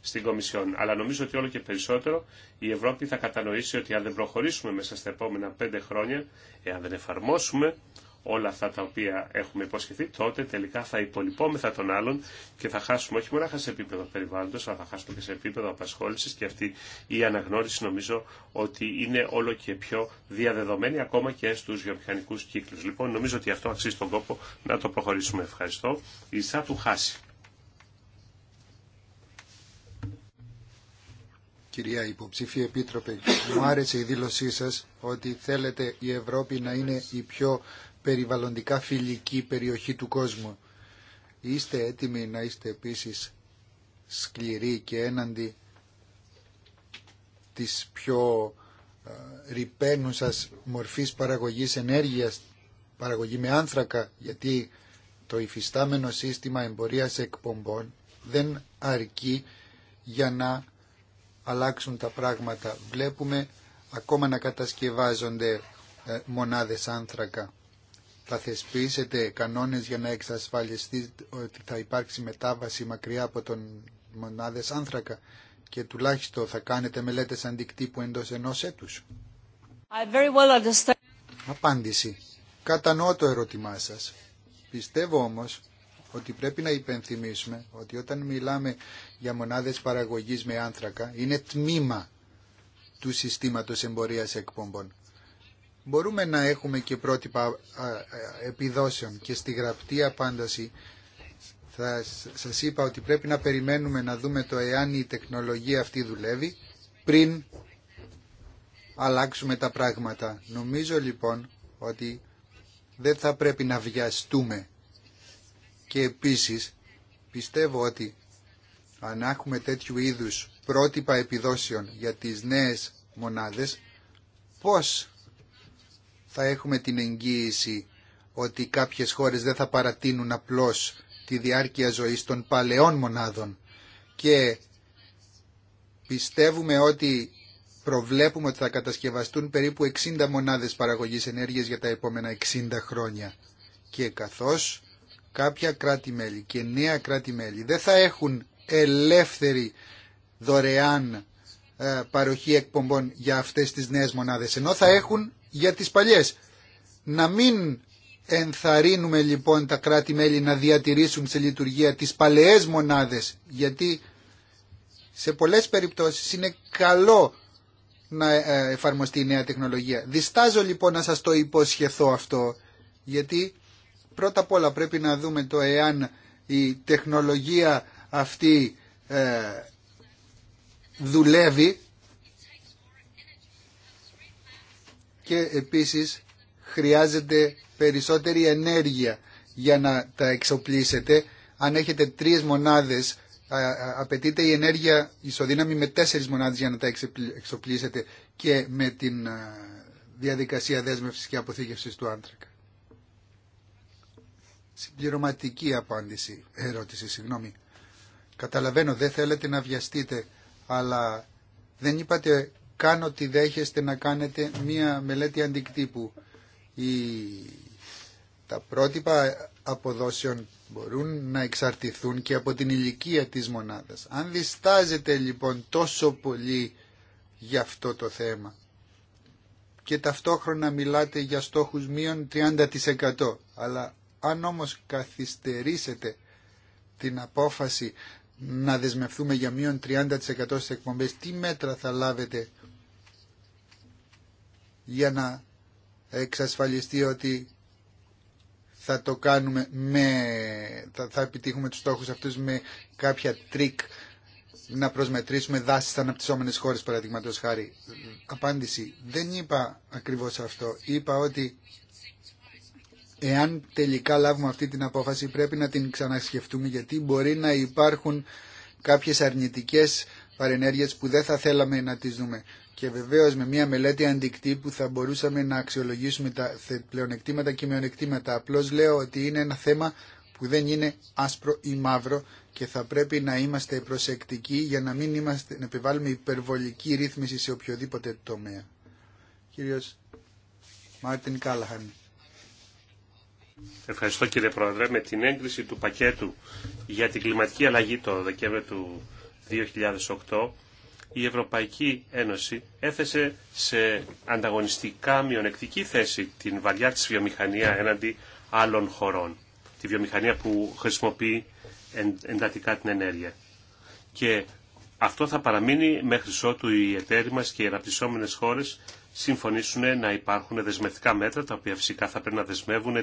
στην Κομισιόν. Αλλά νομίζω ότι όλο και περισσότερο η Ευρώπη θα κατανοήσει ότι αν δεν προχωρήσουμε μέσα στα επόμενα πέντε χρόνια, εάν δεν εφαρμόσουμε όλα αυτά τα οποία έχουμε υποσχεθεί, τότε τελικά θα υπολοιπόμεθα τον άλλον και θα χάσουμε όχι μόνο σε επίπεδο περιβάλλοντο, αλλά θα χάσουμε και σε επίπεδο απασχόληση και αυτή η αναγνώριση νομίζω ότι είναι όλο και πιο διαδεδομένη ακόμα και στου βιομηχανικού κύκλου. Λοιπόν, νομίζω ότι αυτό αξίζει τον κόπο να το προχωρήσουμε. Ευχαριστώ. Η του χάσει. Κυρία Υποψήφια Επίτροπε, μου άρεσε η δήλωσή σας ότι θέλετε η Ευρώπη να είναι η πιο περιβαλλοντικά φιλική περιοχή του κόσμου. Είστε έτοιμοι να είστε επίσης σκληροί και έναντι της πιο ε, ρηπαίνουσας μορφής παραγωγής ενέργειας, παραγωγή με άνθρακα, γιατί το υφιστάμενο σύστημα εμπορίας εκπομπών δεν αρκεί για να αλλάξουν τα πράγματα. Βλέπουμε ακόμα να κατασκευάζονται ε, μονάδες άνθρακα θα θεσπίσετε κανόνες για να εξασφαλιστεί ότι θα υπάρξει μετάβαση μακριά από τον μονάδες άνθρακα και τουλάχιστον θα κάνετε μελέτες αντικτύπου εντός ενός έτους. Απάντηση. Κατανοώ το ερώτημά σας. Πιστεύω όμως ότι πρέπει να υπενθυμίσουμε ότι όταν μιλάμε για μονάδες παραγωγής με άνθρακα είναι τμήμα του συστήματος εμπορίας εκπομπών μπορούμε να έχουμε και πρότυπα επιδόσεων και στη γραπτή απάνταση θα σας είπα ότι πρέπει να περιμένουμε να δούμε το εάν η τεχνολογία αυτή δουλεύει πριν αλλάξουμε τα πράγματα. Νομίζω λοιπόν ότι δεν θα πρέπει να βιαστούμε και επίσης πιστεύω ότι αν έχουμε τέτοιου είδους πρότυπα επιδόσεων για τις νέες μονάδες, πώς θα έχουμε την εγγύηση ότι κάποιες χώρες δεν θα παρατείνουν απλώς τη διάρκεια ζωής των παλαιών μονάδων και πιστεύουμε ότι προβλέπουμε ότι θα κατασκευαστούν περίπου 60 μονάδες παραγωγής ενέργειας για τα επόμενα 60 χρόνια και καθώς κάποια κράτη-μέλη και νέα κράτη-μέλη δεν θα έχουν ελεύθερη δωρεάν ε, παροχή εκπομπών για αυτές τις νέες μονάδες ενώ θα έχουν για τις παλιές. Να μην ενθαρρύνουμε λοιπόν τα κράτη-μέλη να διατηρήσουν σε λειτουργία τις παλαιές μονάδες, γιατί σε πολλές περιπτώσεις είναι καλό να ε, εφαρμοστεί η νέα τεχνολογία. Διστάζω λοιπόν να σας το υποσχεθώ αυτό, γιατί πρώτα απ' όλα πρέπει να δούμε το εάν η τεχνολογία αυτή ε, δουλεύει και επίσης χρειάζεται περισσότερη ενέργεια για να τα εξοπλίσετε. Αν έχετε τρεις μονάδες απαιτείται η ενέργεια ισοδύναμη με τέσσερις μονάδες για να τα εξοπλίσετε και με την διαδικασία δέσμευσης και αποθήκευσης του άνθρακα. Συμπληρωματική απάντηση, ερώτηση, συγγνώμη. Καταλαβαίνω, δεν θέλετε να βιαστείτε, αλλά δεν είπατε Κάνω ότι δέχεστε να κάνετε μία μελέτη αντικτύπου. οι Τα πρότυπα αποδόσεων μπορούν να εξαρτηθούν και από την ηλικία της μονάδας. Αν διστάζετε λοιπόν τόσο πολύ για αυτό το θέμα και ταυτόχρονα μιλάτε για στόχους μείων 30%. Αλλά αν όμως καθυστερήσετε την απόφαση να δεσμευτούμε για μείον 30% στις εκπομπές, τι μέτρα θα λάβετε για να εξασφαλιστεί ότι θα το κάνουμε με, θα, επιτύχουμε τους στόχους αυτούς με κάποια τρίκ να προσμετρήσουμε δάσεις στα αναπτυσσόμενες χώρες παραδείγματος χάρη. Απάντηση. Δεν είπα ακριβώς αυτό. Είπα ότι εάν τελικά λάβουμε αυτή την απόφαση πρέπει να την ξανασκεφτούμε γιατί μπορεί να υπάρχουν κάποιες αρνητικές παρενέργειες που δεν θα θέλαμε να τις δούμε και βεβαίω με μια μελέτη αντικτύπου θα μπορούσαμε να αξιολογήσουμε τα πλεονεκτήματα και μειονεκτήματα. Απλώ λέω ότι είναι ένα θέμα που δεν είναι άσπρο ή μαύρο και θα πρέπει να είμαστε προσεκτικοί για να μην είμαστε, να επιβάλλουμε υπερβολική ρύθμιση σε οποιοδήποτε τομέα. Κύριος Μάρτιν Κάλαχαν. Ευχαριστώ κύριε Πρόεδρε. Με την έγκριση του πακέτου για την κλιματική αλλαγή το Δεκέμβριο του 2008 η Ευρωπαϊκή Ένωση έθεσε σε ανταγωνιστικά μειονεκτική θέση την βαριά της βιομηχανία έναντι άλλων χωρών. Τη βιομηχανία που χρησιμοποιεί εντατικά την ενέργεια. Και αυτό θα παραμείνει μέχρι ότου οι εταίροι μας και οι αναπτυσσόμενες χώρες συμφωνήσουν να υπάρχουν δεσμευτικά μέτρα, τα οποία φυσικά θα πρέπει να δεσμεύουν ε,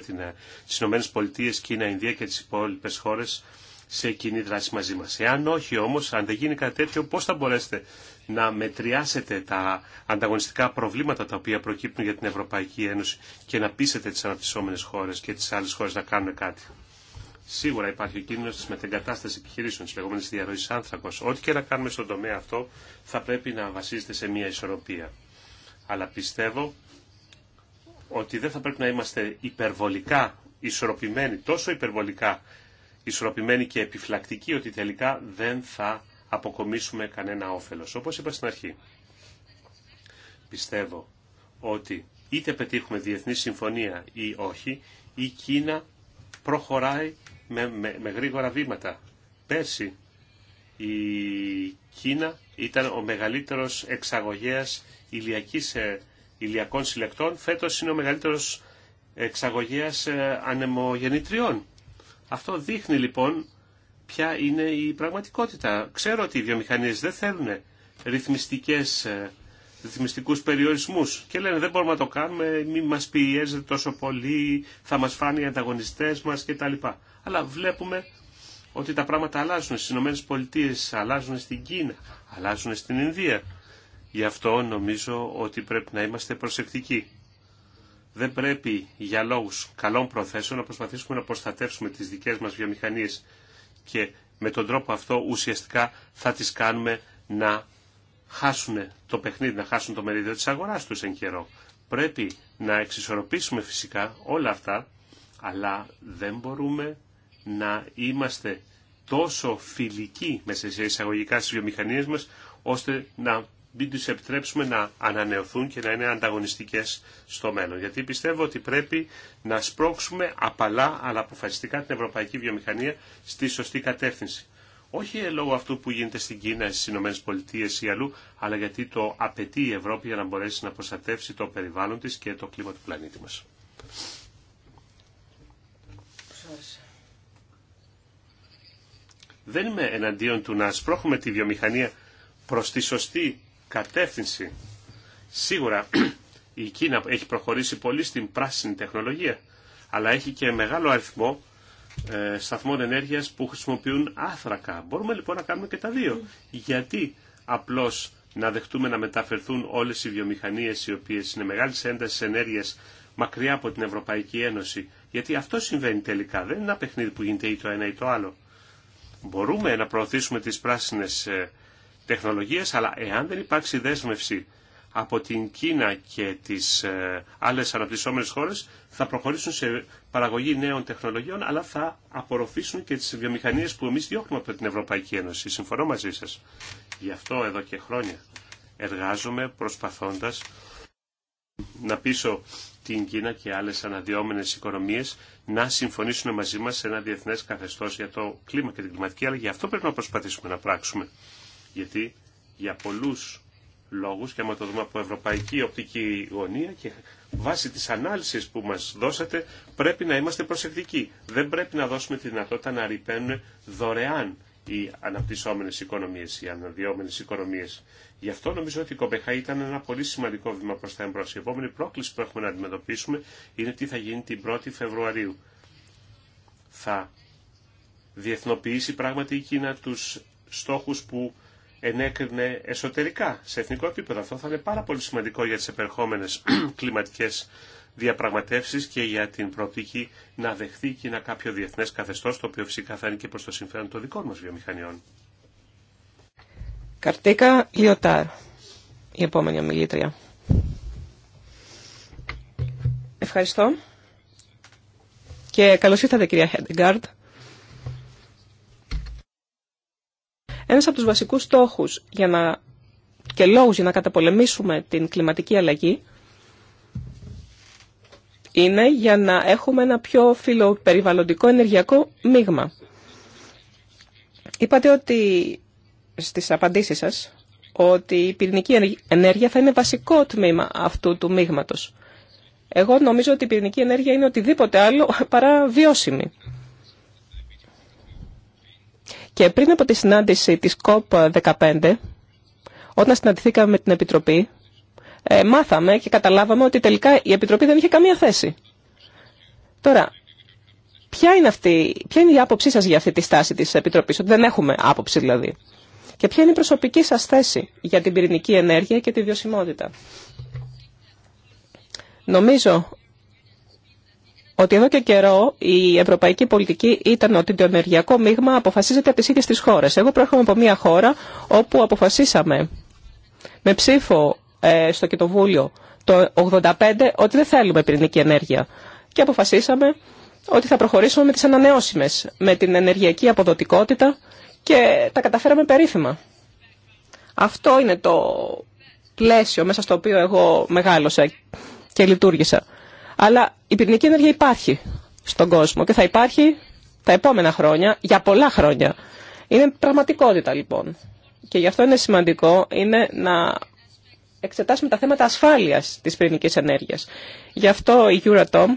τις ΗΠΑ, Κίνα, Ινδία και τις υπόλοιπες χώρες σε κοινή δράση μαζί μας. Εάν όχι όμως, αν δεν γίνει κάτι τέτοιο, πώς θα μπορέσετε να μετριάσετε τα ανταγωνιστικά προβλήματα τα οποία προκύπτουν για την Ευρωπαϊκή Ένωση και να πείσετε τις αναπτυσσόμενες χώρες και τις άλλες χώρες να κάνουν κάτι. Σίγουρα υπάρχει ο κίνδυνο τη μετεγκατάσταση επιχειρήσεων, τη λεγόμενη διαρροή άνθρακο. Ό,τι και να κάνουμε στον τομέα αυτό θα πρέπει να βασίζεται σε μια ισορροπία. Αλλά πιστεύω ότι δεν θα πρέπει να είμαστε υπερβολικά ισορροπημένοι, τόσο υπερβολικά ισορροπημένη και επιφλακτική ότι τελικά δεν θα αποκομίσουμε κανένα όφελος. Όπως είπα στην αρχή, πιστεύω ότι είτε πετύχουμε διεθνή συμφωνία ή όχι, η Κίνα προχωράει με, με, γρήγορα βήματα. Πέρσι η Κίνα ήταν ο μεγαλύτερος εξαγωγέας ηλιακής, ε, ηλιακών συλλεκτών, φέτος είναι ο μεγαλύτερος εξαγωγέας ε, ανεμογεννητριών. Αυτό δείχνει λοιπόν ποια είναι η πραγματικότητα. Ξέρω ότι οι βιομηχανίες δεν θέλουν ρυθμιστικές, ε, ρυθμιστικούς περιορισμούς και λένε δεν μπορούμε να το κάνουμε, μη μας πιέζετε τόσο πολύ, θα μας φάνει οι ανταγωνιστές μας κτλ. Αλλά βλέπουμε ότι τα πράγματα αλλάζουν στις Ηνωμένες Πολιτείες, αλλάζουν στην Κίνα, αλλάζουν στην Ινδία. Γι' αυτό νομίζω ότι πρέπει να είμαστε προσεκτικοί δεν πρέπει για λόγους καλών προθέσεων να προσπαθήσουμε να προστατεύσουμε τις δικές μας βιομηχανίε. και με τον τρόπο αυτό ουσιαστικά θα τις κάνουμε να χάσουν το παιχνίδι, να χάσουν το μερίδιο της αγοράς του εν καιρό. Πρέπει να εξισορροπήσουμε φυσικά όλα αυτά, αλλά δεν μπορούμε να είμαστε τόσο φιλικοί μέσα σε εισαγωγικά στις βιομηχανίες μας, ώστε να μην τους επιτρέψουμε να ανανεωθούν και να είναι ανταγωνιστικές στο μέλλον. Γιατί πιστεύω ότι πρέπει να σπρώξουμε απαλά αλλά αποφασιστικά την ευρωπαϊκή βιομηχανία στη σωστή κατεύθυνση. Όχι λόγω αυτού που γίνεται στην Κίνα, στις Ηνωμένε Πολιτείε ή αλλού, αλλά γιατί το απαιτεί η Ευρώπη για να μπορέσει να προστατεύσει το περιβάλλον της και το κλίμα του πλανήτη μας. Δεν είμαι εναντίον του να σπρώχουμε τη βιομηχανία προς τη σωστή κατεύθυνση. Σίγουρα η Κίνα έχει προχωρήσει πολύ στην πράσινη τεχνολογία, αλλά έχει και μεγάλο αριθμό ε, σταθμών ενέργειας που χρησιμοποιούν άθρακα. Μπορούμε λοιπόν να κάνουμε και τα δύο. Γιατί απλώς να δεχτούμε να μεταφερθούν όλες οι βιομηχανίες οι οποίες είναι μεγάλης έντασης ενέργειας μακριά από την Ευρωπαϊκή Ένωση. Γιατί αυτό συμβαίνει τελικά. Δεν είναι ένα παιχνίδι που γίνεται ή το ένα ή το άλλο. Μπορούμε να προωθήσουμε τις πράσινες ε, τεχνολογίες, αλλά εάν δεν υπάρξει δέσμευση από την Κίνα και τις ε, άλλες αναπτυσσόμενες χώρες θα προχωρήσουν σε παραγωγή νέων τεχνολογιών αλλά θα απορροφήσουν και τις βιομηχανίες που εμείς διώχνουμε από την Ευρωπαϊκή Ένωση. Συμφωνώ μαζί σας. Γι' αυτό εδώ και χρόνια εργάζομαι προσπαθώντας να πείσω την Κίνα και άλλες αναδυόμενες οικονομίες να συμφωνήσουν μαζί μας σε ένα διεθνές καθεστώς για το κλίμα και την κλιματική αλλαγή. Αυτό πρέπει να προσπαθήσουμε να πράξουμε. Γιατί για πολλούς λόγους και άμα το δούμε από ευρωπαϊκή οπτική γωνία και βάσει της ανάλυσης που μας δώσατε πρέπει να είμαστε προσεκτικοί. Δεν πρέπει να δώσουμε τη δυνατότητα να ρηπαίνουν δωρεάν οι αναπτυσσόμενες οικονομίες, οι αναδυόμενες οικονομίες. Γι' αυτό νομίζω ότι η Κομπεχά ήταν ένα πολύ σημαντικό βήμα προς τα εμπρός. Η επόμενη πρόκληση που έχουμε να αντιμετωπίσουμε είναι τι θα γίνει την 1η Φεβρουαρίου. Θα διεθνοποιήσει πράγματι η Κίνα του στόχους που ενέκρινε εσωτερικά, σε εθνικό επίπεδο. Αυτό θα είναι πάρα πολύ σημαντικό για τις επερχόμενες κλιματικές διαπραγματεύσεις και για την προοπτική να δεχθεί και ένα κάποιο διεθνές καθεστώς, το οποίο φυσικά θα είναι και προς το συμφέρον των δικών μας βιομηχανιών. Καρτίκα Λιωτάρ, η επόμενη ομιλήτρια. Ευχαριστώ. Και καλώς ήρθατε κυρία Χέντεγκάρντ. Ένας από τους βασικούς στόχους για να, και για να καταπολεμήσουμε την κλιματική αλλαγή είναι για να έχουμε ένα πιο φιλοπεριβαλλοντικό ενεργειακό μείγμα. Είπατε ότι στις απαντήσεις σας ότι η πυρηνική ενέργεια θα είναι βασικό τμήμα αυτού του μείγματος. Εγώ νομίζω ότι η πυρηνική ενέργεια είναι οτιδήποτε άλλο παρά βιώσιμη. Και πριν από τη συνάντηση της COP15, όταν συναντηθήκαμε με την Επιτροπή, ε, μάθαμε και καταλάβαμε ότι τελικά η Επιτροπή δεν είχε καμία θέση. Τώρα, ποια είναι, αυτή, ποια είναι η άποψή σας για αυτή τη στάση της Επιτροπής, ότι δεν έχουμε άποψη δηλαδή. Και ποια είναι η προσωπική σας θέση για την πυρηνική ενέργεια και τη βιωσιμότητα. Νομίζω ότι εδώ και καιρό η ευρωπαϊκή πολιτική ήταν ότι το ενεργειακό μείγμα αποφασίζεται από τις ίδιες τις χώρες. Εγώ προέρχομαι από μια χώρα όπου αποφασίσαμε με ψήφο ε, στο Κοινοβούλιο το 85 ότι δεν θέλουμε πυρηνική ενέργεια και αποφασίσαμε ότι θα προχωρήσουμε με τις ανανεώσιμες, με την ενεργειακή αποδοτικότητα και τα καταφέραμε περίφημα. Αυτό είναι το πλαίσιο μέσα στο οποίο εγώ μεγάλωσα και λειτουργήσα. Αλλά η πυρηνική ενέργεια υπάρχει στον κόσμο και θα υπάρχει τα επόμενα χρόνια, για πολλά χρόνια. Είναι πραγματικότητα λοιπόν. Και γι' αυτό είναι σημαντικό είναι να εξετάσουμε τα θέματα ασφάλειας της πυρηνικής ενέργειας. Γι' αυτό η Euratom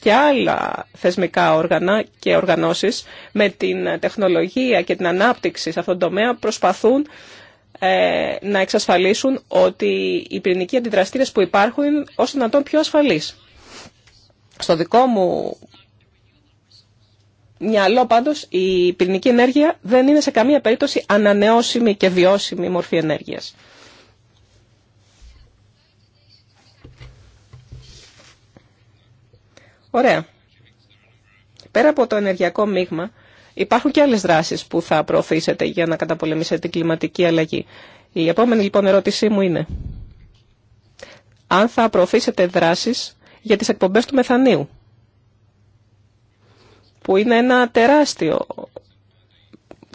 και άλλα θεσμικά όργανα και οργανώσεις με την τεχνολογία και την ανάπτυξη σε αυτόν τον τομέα προσπαθούν ε, να εξασφαλίσουν ότι οι πυρηνικοί αντιδραστήρες που υπάρχουν είναι όσο δυνατόν πιο ασφαλείς. Στο δικό μου μυαλό πάντως η πυρηνική ενέργεια δεν είναι σε καμία περίπτωση ανανεώσιμη και βιώσιμη μορφή ενέργειας. Ωραία. Πέρα από το ενεργειακό μείγμα, υπάρχουν και άλλες δράσεις που θα προωθήσετε για να καταπολεμήσετε την κλιματική αλλαγή. Η επόμενη λοιπόν ερώτησή μου είναι, αν θα προωθήσετε δράσεις για τις εκπομπές του μεθανίου, που είναι ένα τεράστιο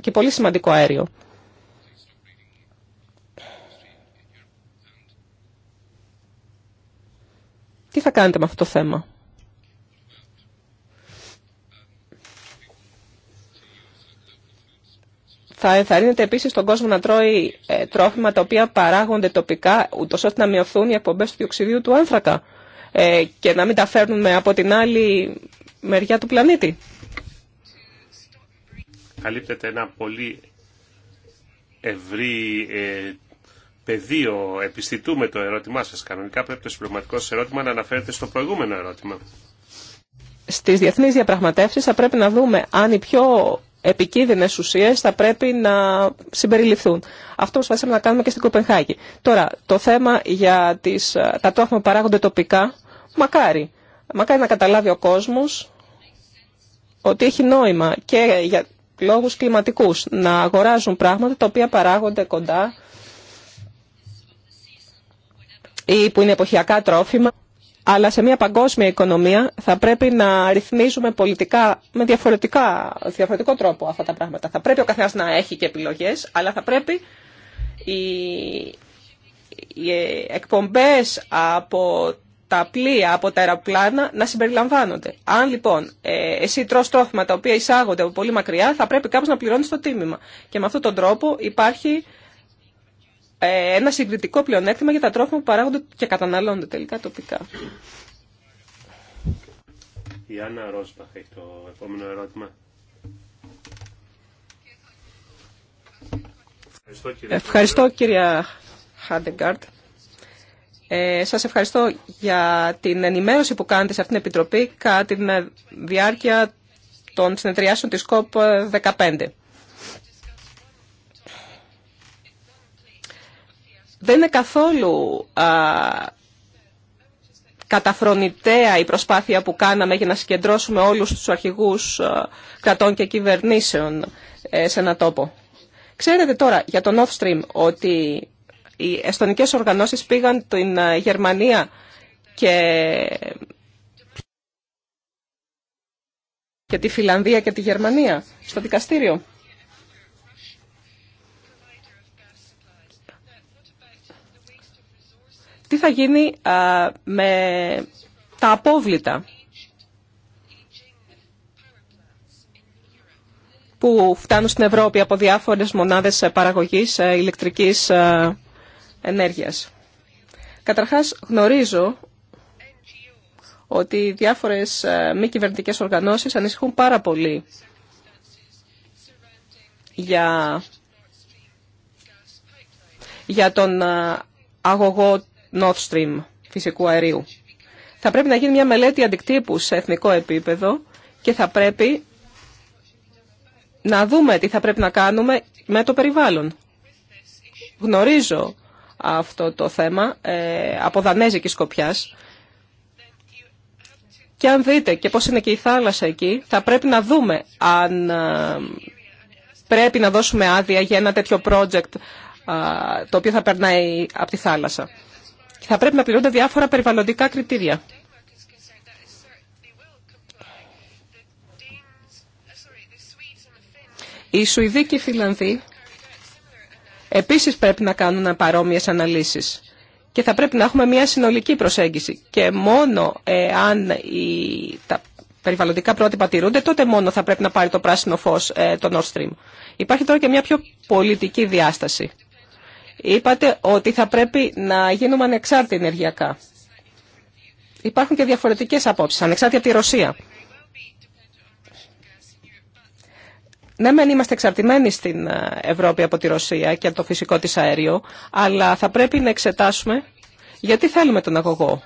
και πολύ σημαντικό αέριο. Τι θα κάνετε με αυτό το θέμα. Θα ενθαρρύνετε επίσης τον κόσμο να τρώει ε, τρόφιμα τα οποία παράγονται τοπικά, ούτως ώστε να μειωθούν οι εκπομπές του διοξιδίου του άνθρακα. Ε, και να μην τα φέρνουμε από την άλλη μεριά του πλανήτη. Καλύπτεται ένα πολύ ευρύ ε, πεδίο. Επιστητούμε το ερώτημά σας. Κανονικά πρέπει το συμπληρωματικό σας ερώτημα να αναφέρεται στο προηγούμενο ερώτημα. Στις διεθνείς διαπραγματεύσεις θα πρέπει να δούμε αν οι πιο επικίνδυνες ουσίες θα πρέπει να συμπεριληφθούν. Αυτό προσπαθήσαμε να κάνουμε και στην Κοπενχάγη. Τώρα, το θέμα για τις, ε, τα τρόφιμα που παράγονται τοπικά Μακάρι. Μακάρι να καταλάβει ο κόσμος ότι έχει νόημα και για λόγους κλιματικούς να αγοράζουν πράγματα τα οποία παράγονται κοντά ή που είναι εποχιακά τρόφιμα. Αλλά σε μια παγκόσμια οικονομία θα πρέπει να ρυθμίζουμε πολιτικά με διαφορετικά, διαφορετικό τρόπο αυτά τα πράγματα. Θα πρέπει ο καθένας να έχει και επιλογές, αλλά θα πρέπει οι, οι εκπομπές από τα πλοία, από τα αεροπλάνα να συμπεριλαμβάνονται. Αν λοιπόν ε, εσύ τρως τρόφιμα τα οποία εισάγονται από πολύ μακριά, θα πρέπει κάπως να πληρώνεις το τίμημα. Και με αυτόν τον τρόπο υπάρχει ε, ένα συγκριτικό πλεονέκτημα για τα τρόφιμα που παράγονται και καταναλώνονται τελικά τοπικά. Η Άννα Ρόσπαχ το επόμενο ερώτημα. Ευχαριστώ κυρία Χάντεγκάρτ. Ε, σας ευχαριστώ για την ενημέρωση που κάνετε σε αυτήν την Επιτροπή κατά τη διάρκεια των συνεδριάσεων της COP15. Δεν είναι καθόλου α, καταφρονητέα η προσπάθεια που κάναμε για να συγκεντρώσουμε όλους τους αρχηγούς α, κρατών και κυβερνήσεων ε, σε ένα τόπο. Ξέρετε τώρα για τον Off ότι οι εστονικές οργανώσεις πήγαν την ε, Γερμανία και... και τη Φιλανδία και τη Γερμανία στο δικαστήριο. Τι θα γίνει ε, με τα απόβλητα που φτάνουν στην Ευρώπη από διάφορες μονάδες παραγωγής ε, ηλεκτρικής ενέργειας. Καταρχάς γνωρίζω ότι διάφορες ε, μη κυβερνητικέ οργανώσεις ανησυχούν πάρα πολύ για, για τον ε, αγωγό North Stream φυσικού αερίου. Θα πρέπει να γίνει μια μελέτη αντικτύπου σε εθνικό επίπεδο και θα πρέπει να δούμε τι θα πρέπει να κάνουμε με το περιβάλλον. Γνωρίζω αυτό το θέμα ε, από Δανέζικη Σκοπιάς. Και αν δείτε και πώς είναι και η θάλασσα εκεί, θα πρέπει να δούμε αν ε, πρέπει να δώσουμε άδεια για ένα τέτοιο project ε, το οποίο θα περνάει από τη θάλασσα. θα πρέπει να πληρούνται διάφορα περιβαλλοντικά κριτήρια. Οι Σουηδοί και οι Φιλανδοί επίσης πρέπει να κάνουν παρόμοιες αναλύσεις. Και θα πρέπει να έχουμε μια συνολική προσέγγιση. Και μόνο ε, αν τα περιβαλλοντικά πρότυπα τηρούνται, τότε μόνο θα πρέπει να πάρει το πράσινο φως ε, το Nord Stream. Υπάρχει τώρα και μια πιο πολιτική διάσταση. Είπατε ότι θα πρέπει να γίνουμε ανεξάρτητοι ενεργειακά. Υπάρχουν και διαφορετικές απόψεις, ανεξάρτητα από τη Ρωσία. ναι, μεν είμαστε εξαρτημένοι στην ε, Ευρώπη από τη Ρωσία και από το φυσικό της αέριο, αλλά θα πρέπει να εξετάσουμε γιατί θέλουμε τον αγωγό.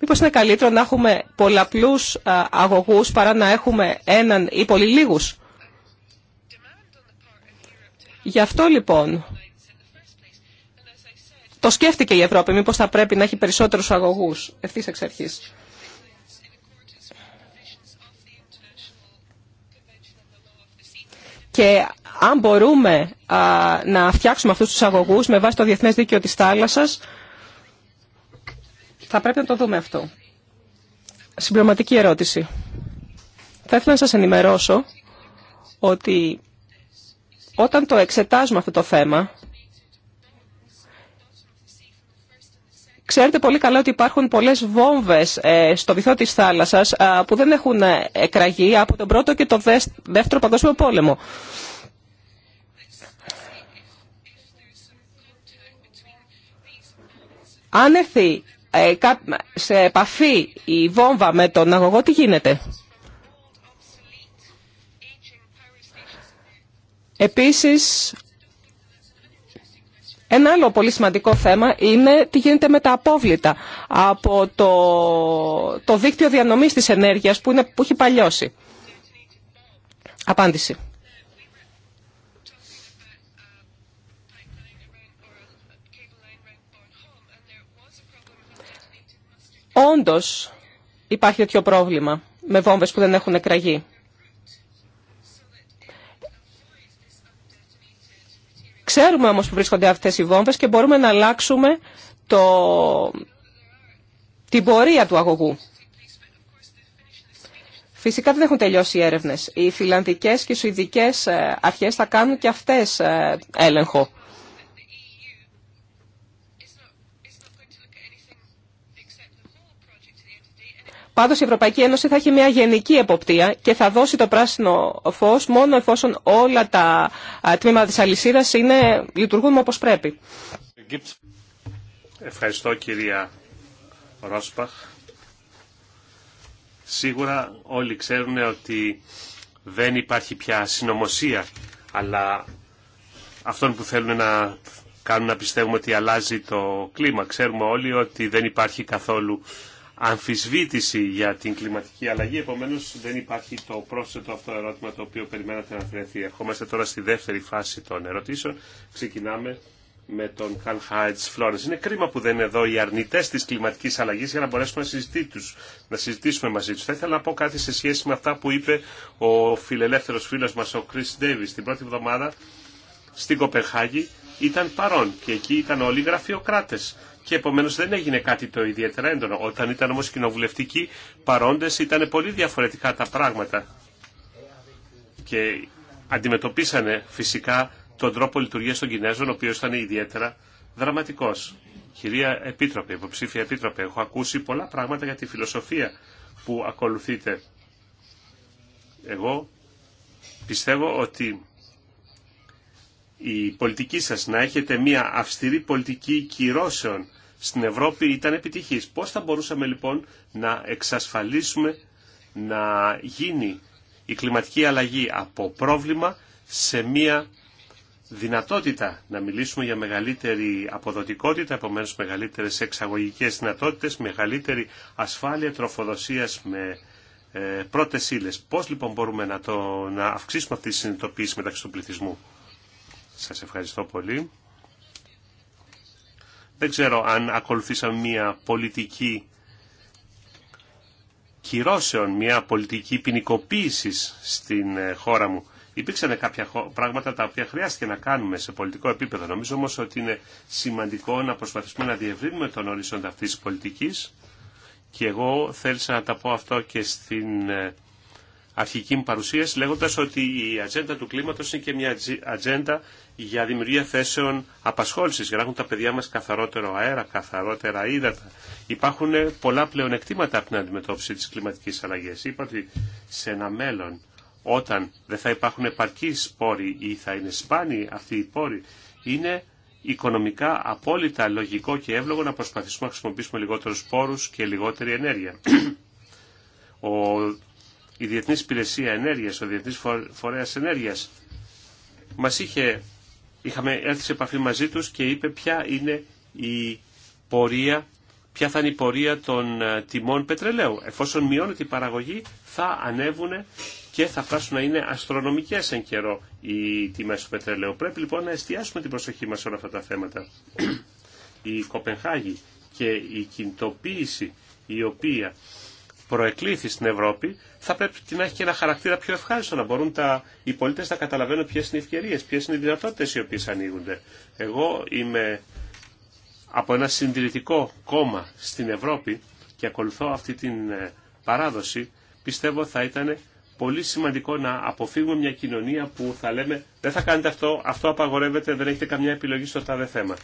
Μήπως είναι καλύτερο να έχουμε πολλαπλούς ε, αγωγούς παρά να έχουμε έναν ή πολύ λίγους. Γι' αυτό λοιπόν το σκέφτηκε η Ευρώπη, μήπως θα πρέπει να έχει περισσότερους αγωγούς ευθύς εξ αρχής. Και αν μπορούμε να φτιάξουμε αυτούς τους αγωγούς με βάση το Διεθνές Δίκαιο της Θάλασσας, θα πρέπει να το δούμε αυτό. Συμπληρωματική ερώτηση. Θα ήθελα να σας ενημερώσω ότι όταν το εξετάζουμε αυτό το θέμα, Ξέρετε πολύ καλά ότι υπάρχουν πολλές βόμβες ε, στο βυθό της θάλασσας ε, που δεν έχουν ε, εκραγεί από τον πρώτο και τον δεύτερο παγκόσμιο πόλεμο. Αν έρθει σε επαφή η βόμβα με τον αγωγό, τι γίνεται. Επίσης, ένα άλλο πολύ σημαντικό θέμα είναι τι γίνεται με τα απόβλητα από το, το δίκτυο διανομής της ενέργειας που, είναι, που έχει παλιώσει. Απάντηση. Όντως υπάρχει τέτοιο πρόβλημα με βόμβες που δεν έχουν εκραγεί. Ξέρουμε όμως που βρίσκονται αυτές οι βόμβες και μπορούμε να αλλάξουμε το... την πορεία του αγωγού. Φυσικά δεν έχουν τελειώσει οι έρευνες. Οι φιλανδικές και οι σουηδικές ε, αρχές θα κάνουν και αυτές ε, έλεγχο. Πάντω η Ευρωπαϊκή Ένωση θα έχει μια γενική εποπτεία και θα δώσει το πράσινο φως μόνο εφόσον όλα τα τμήματα της αλυσίδα λειτουργούν όπως πρέπει. Ευχαριστώ κυρία Ρόσπαχ. Σίγουρα όλοι ξέρουν ότι δεν υπάρχει πια συνωμοσία, αλλά αυτόν που θέλουν να κάνουν να πιστεύουμε ότι αλλάζει το κλίμα. Ξέρουμε όλοι ότι δεν υπάρχει καθόλου αμφισβήτηση για την κλιματική αλλαγή. Επομένως δεν υπάρχει το πρόσθετο αυτό ερώτημα το οποίο περιμένατε να βρεθεί. Ερχόμαστε τώρα στη δεύτερη φάση των ερωτήσεων. Ξεκινάμε με τον Καλ Χάιτ Φλόρεν. Είναι κρίμα που δεν είναι εδώ οι αρνητέ τη κλιματική αλλαγή για να μπορέσουμε να, συζητήσουμε, να συζητήσουμε μαζί του. Θα ήθελα να πω κάτι σε σχέση με αυτά που είπε ο φιλελεύθερο φίλο μα, ο Κρι Ντέβι, την πρώτη εβδομάδα στην Κοπεχάγη. Ήταν παρόν και εκεί ήταν όλοι οι γραφειοκράτε και επομένω δεν έγινε κάτι το ιδιαίτερα έντονο. Όταν ήταν όμω κοινοβουλευτικοί παρόντε ήταν πολύ διαφορετικά τα πράγματα και αντιμετωπίσανε φυσικά τον τρόπο λειτουργία των Κινέζων, ο οποίο ήταν ιδιαίτερα δραματικό. Κυρία Επίτροπε, υποψήφια Επίτροπε, έχω ακούσει πολλά πράγματα για τη φιλοσοφία που ακολουθείτε. Εγώ πιστεύω ότι η πολιτική σας να έχετε μια αυστηρή πολιτική κυρώσεων στην Ευρώπη ήταν επιτυχής. Πώς θα μπορούσαμε λοιπόν να εξασφαλίσουμε να γίνει η κλιματική αλλαγή από πρόβλημα σε μια δυνατότητα να μιλήσουμε για μεγαλύτερη αποδοτικότητα, επομένω μεγαλύτερες εξαγωγικές δυνατότητες, μεγαλύτερη ασφάλεια τροφοδοσίας με ε, πρώτες ύλες. Πώς λοιπόν μπορούμε να, το, να αυξήσουμε αυτή τη συνειδητοποίηση μεταξύ του πληθυσμού. Σας ευχαριστώ πολύ. Δεν ξέρω αν ακολουθήσαμε μια πολιτική κυρώσεων, μια πολιτική ποινικοποίηση στην ε, χώρα μου. Υπήρξαν κάποια πράγματα τα οποία χρειάστηκε να κάνουμε σε πολιτικό επίπεδο. Νομίζω όμως ότι είναι σημαντικό να προσπαθήσουμε να διευρύνουμε τον ορίζοντα αυτής της πολιτικής και εγώ θέλησα να τα πω αυτό και στην ε, αρχική μου παρουσίαση λέγοντας ότι η ατζέντα του κλίματος είναι και μια ατζέντα για δημιουργία θέσεων απασχόλησης, για να έχουν τα παιδιά μας καθαρότερο αέρα, καθαρότερα ύδατα. Υπάρχουν πολλά πλεονεκτήματα από την αντιμετώπιση της κλιματικής αλλαγής. Είπα ότι σε ένα μέλλον όταν δεν θα υπάρχουν επαρκεί πόροι ή θα είναι σπάνιοι αυτοί οι πόροι, είναι οικονομικά απόλυτα λογικό και εύλογο να προσπαθήσουμε να χρησιμοποιήσουμε λιγότερους πόρου και λιγότερη ενέργεια. Ο η Διεθνής Υπηρεσία Ενέργειας, ο Διεθνής Φορέας Ενέργειας, μας είχε, είχαμε έρθει σε επαφή μαζί τους και είπε ποια είναι η πορεία, ποια θα είναι η πορεία των ε, τιμών πετρελαίου. Εφόσον μειώνεται η παραγωγή θα ανέβουν και θα φτάσουν να είναι αστρονομικές εν καιρό οι τιμές του πετρελαίου. Πρέπει λοιπόν να εστιάσουμε την προσοχή μας σε όλα αυτά τα θέματα. η Κοπενχάγη και η κινητοποίηση η οποία προεκλήθη στην Ευρώπη, θα πρέπει να έχει και ένα χαρακτήρα πιο ευχάριστο, να μπορούν τα, οι πολίτε να καταλαβαίνουν ποιε είναι οι ευκαιρίε, ποιε είναι οι δυνατότητε οι οποίε ανοίγονται. Εγώ είμαι από ένα συντηρητικό κόμμα στην Ευρώπη και ακολουθώ αυτή την ε, παράδοση, πιστεύω θα ήταν πολύ σημαντικό να αποφύγουμε μια κοινωνία που θα λέμε δεν θα κάνετε αυτό, αυτό απαγορεύεται, δεν έχετε καμιά επιλογή στο τάδε θέμα.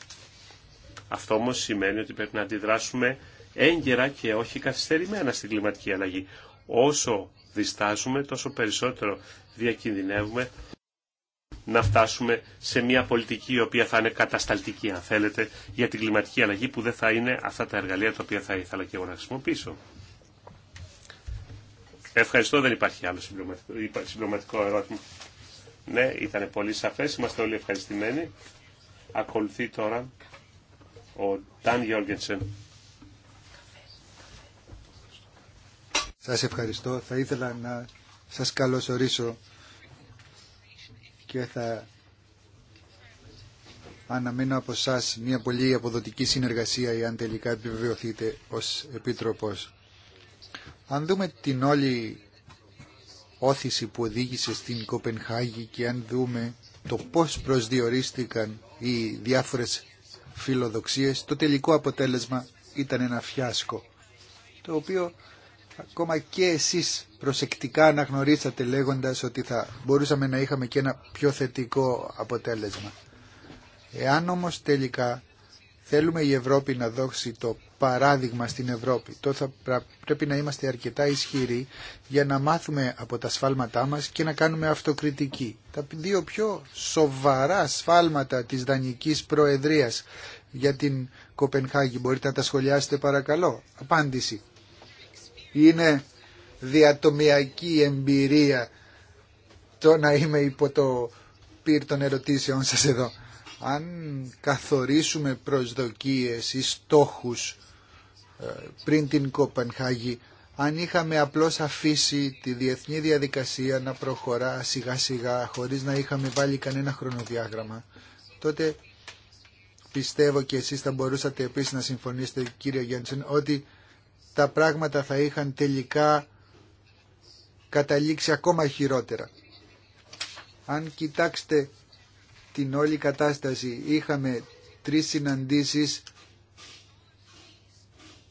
Αυτό όμως σημαίνει ότι πρέπει να αντιδράσουμε έγκαιρα και όχι καθυστερημένα στην κλιματική αλλαγή. Όσο διστάζουμε, τόσο περισσότερο διακινδυνεύουμε να φτάσουμε σε μια πολιτική η οποία θα είναι κατασταλτική, αν θέλετε, για την κλιματική αλλαγή που δεν θα είναι αυτά τα εργαλεία τα οποία θα ήθελα και εγώ να χρησιμοποιήσω. Ευχαριστώ, δεν υπάρχει άλλο συμπληρωματικό ερώτημα. Ναι, ήταν πολύ σαφές, είμαστε όλοι ευχαριστημένοι. Ακολουθεί τώρα ο Ταν Γιόργενσεν. Σας ευχαριστώ. Θα ήθελα να σας καλωσορίσω και θα αναμένω από εσά μια πολύ αποδοτική συνεργασία εάν τελικά επιβεβαιωθείτε ως Επίτροπος. Αν δούμε την όλη όθηση που οδήγησε στην Κοπενχάγη και αν δούμε το πώς προσδιορίστηκαν οι διάφορες φιλοδοξίες, το τελικό αποτέλεσμα ήταν ένα φιάσκο, το οποίο ακόμα και εσείς προσεκτικά αναγνωρίσατε λέγοντας ότι θα μπορούσαμε να είχαμε και ένα πιο θετικό αποτέλεσμα. Εάν όμως τελικά θέλουμε η Ευρώπη να δώσει το παράδειγμα στην Ευρώπη, τότε θα πρέπει να είμαστε αρκετά ισχυροί για να μάθουμε από τα σφάλματά μας και να κάνουμε αυτοκριτική. Τα δύο πιο σοβαρά σφάλματα της Δανικής Προεδρίας για την Κοπενχάγη μπορείτε να τα σχολιάσετε παρακαλώ. Απάντηση είναι διατομιακή εμπειρία το να είμαι υπό το πυρ των ερωτήσεων σας εδώ. Αν καθορίσουμε προσδοκίες ή στόχους ε, πριν την Κοπενχάγη, αν είχαμε απλώς αφήσει τη διεθνή διαδικασία να προχωρά σιγά σιγά χωρίς να είχαμε βάλει κανένα χρονοδιάγραμμα, τότε πιστεύω και εσείς θα μπορούσατε επίσης να συμφωνήσετε κύριε Γιάννησεν ότι τα πράγματα θα είχαν τελικά καταλήξει ακόμα χειρότερα. Αν κοιτάξετε την όλη κατάσταση, είχαμε τρεις συναντήσεις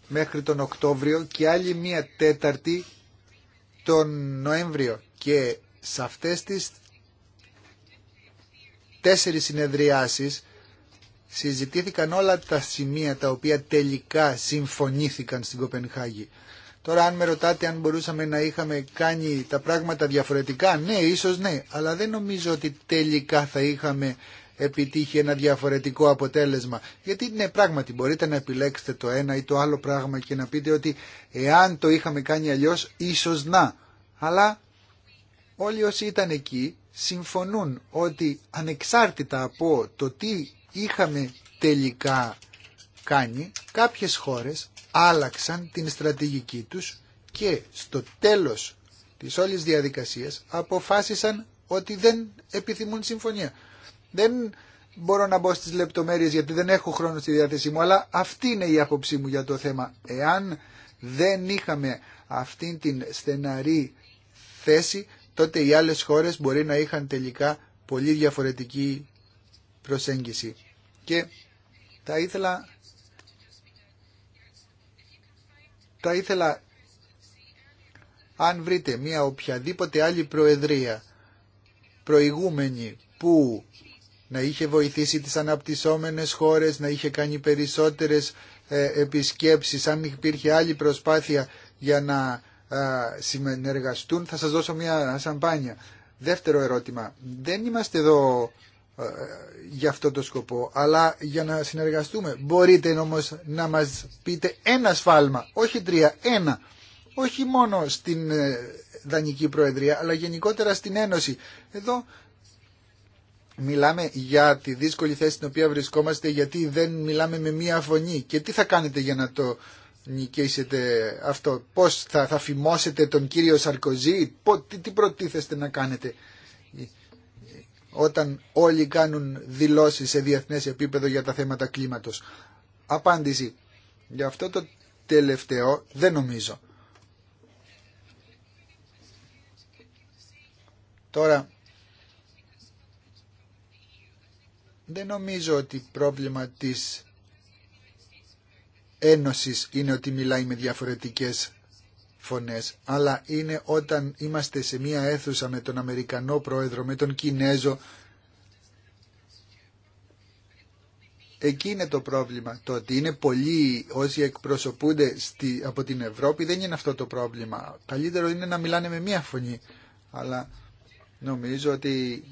μέχρι τον Οκτώβριο και άλλη μία τέταρτη τον Νοέμβριο και σε αυτές τις τέσσερις συνεδριάσεις συζητήθηκαν όλα τα σημεία τα οποία τελικά συμφωνήθηκαν στην Κοπενχάγη. Τώρα αν με ρωτάτε αν μπορούσαμε να είχαμε κάνει τα πράγματα διαφορετικά, ναι, ίσως ναι, αλλά δεν νομίζω ότι τελικά θα είχαμε επιτύχει ένα διαφορετικό αποτέλεσμα. Γιατί ναι, πράγματι μπορείτε να επιλέξετε το ένα ή το άλλο πράγμα και να πείτε ότι εάν το είχαμε κάνει αλλιώς, ίσως να. Αλλά όλοι όσοι ήταν εκεί συμφωνούν ότι ανεξάρτητα από το τι είχαμε τελικά κάνει, κάποιες χώρες άλλαξαν την στρατηγική τους και στο τέλος της όλης διαδικασίας αποφάσισαν ότι δεν επιθυμούν συμφωνία. Δεν μπορώ να μπω στις λεπτομέρειες γιατί δεν έχω χρόνο στη διάθεσή μου, αλλά αυτή είναι η άποψή μου για το θέμα. Εάν δεν είχαμε αυτήν την στεναρή θέση, τότε οι άλλες χώρες μπορεί να είχαν τελικά πολύ διαφορετική προσέγγιση. Και θα ήθελα, θα ήθελα αν βρείτε μια οποιαδήποτε άλλη προεδρία προηγούμενη που να είχε βοηθήσει τις αναπτυσσόμενες χώρες, να είχε κάνει περισσότερες ε, επισκέψεις, αν υπήρχε άλλη προσπάθεια για να συνεργαστούν, θα σας δώσω μια σαμπάνια. Δεύτερο ερώτημα. Δεν είμαστε εδώ ε, για αυτό το σκοπό, αλλά για να συνεργαστούμε. Μπορείτε όμως να μας πείτε ένα σφάλμα, όχι τρία, ένα. Όχι μόνο στην ε, Δανική Προεδρία, αλλά γενικότερα στην Ένωση. Εδώ μιλάμε για τη δύσκολη θέση στην οποία βρισκόμαστε, γιατί δεν μιλάμε με μία φωνή. Και τι θα κάνετε για να το νικήσετε αυτό, πώς θα, θα φημώσετε τον κύριο Σαρκοζή, τι, τι προτίθεστε να κάνετε όταν όλοι κάνουν δηλώσεις σε διεθνές επίπεδο για τα θέματα κλίματος. Απάντηση. Για αυτό το τελευταίο δεν νομίζω. Τώρα, δεν νομίζω ότι πρόβλημα της Ένωσης είναι ότι μιλάει με διαφορετικές αλλά είναι όταν είμαστε σε μία αίθουσα με τον Αμερικανό Πρόεδρο, με τον Κινέζο. Εκεί είναι το πρόβλημα. Το ότι είναι πολλοί όσοι εκπροσωπούνται στη, από την Ευρώπη δεν είναι αυτό το πρόβλημα. Καλύτερο είναι να μιλάνε με μία φωνή. Αλλά νομίζω ότι...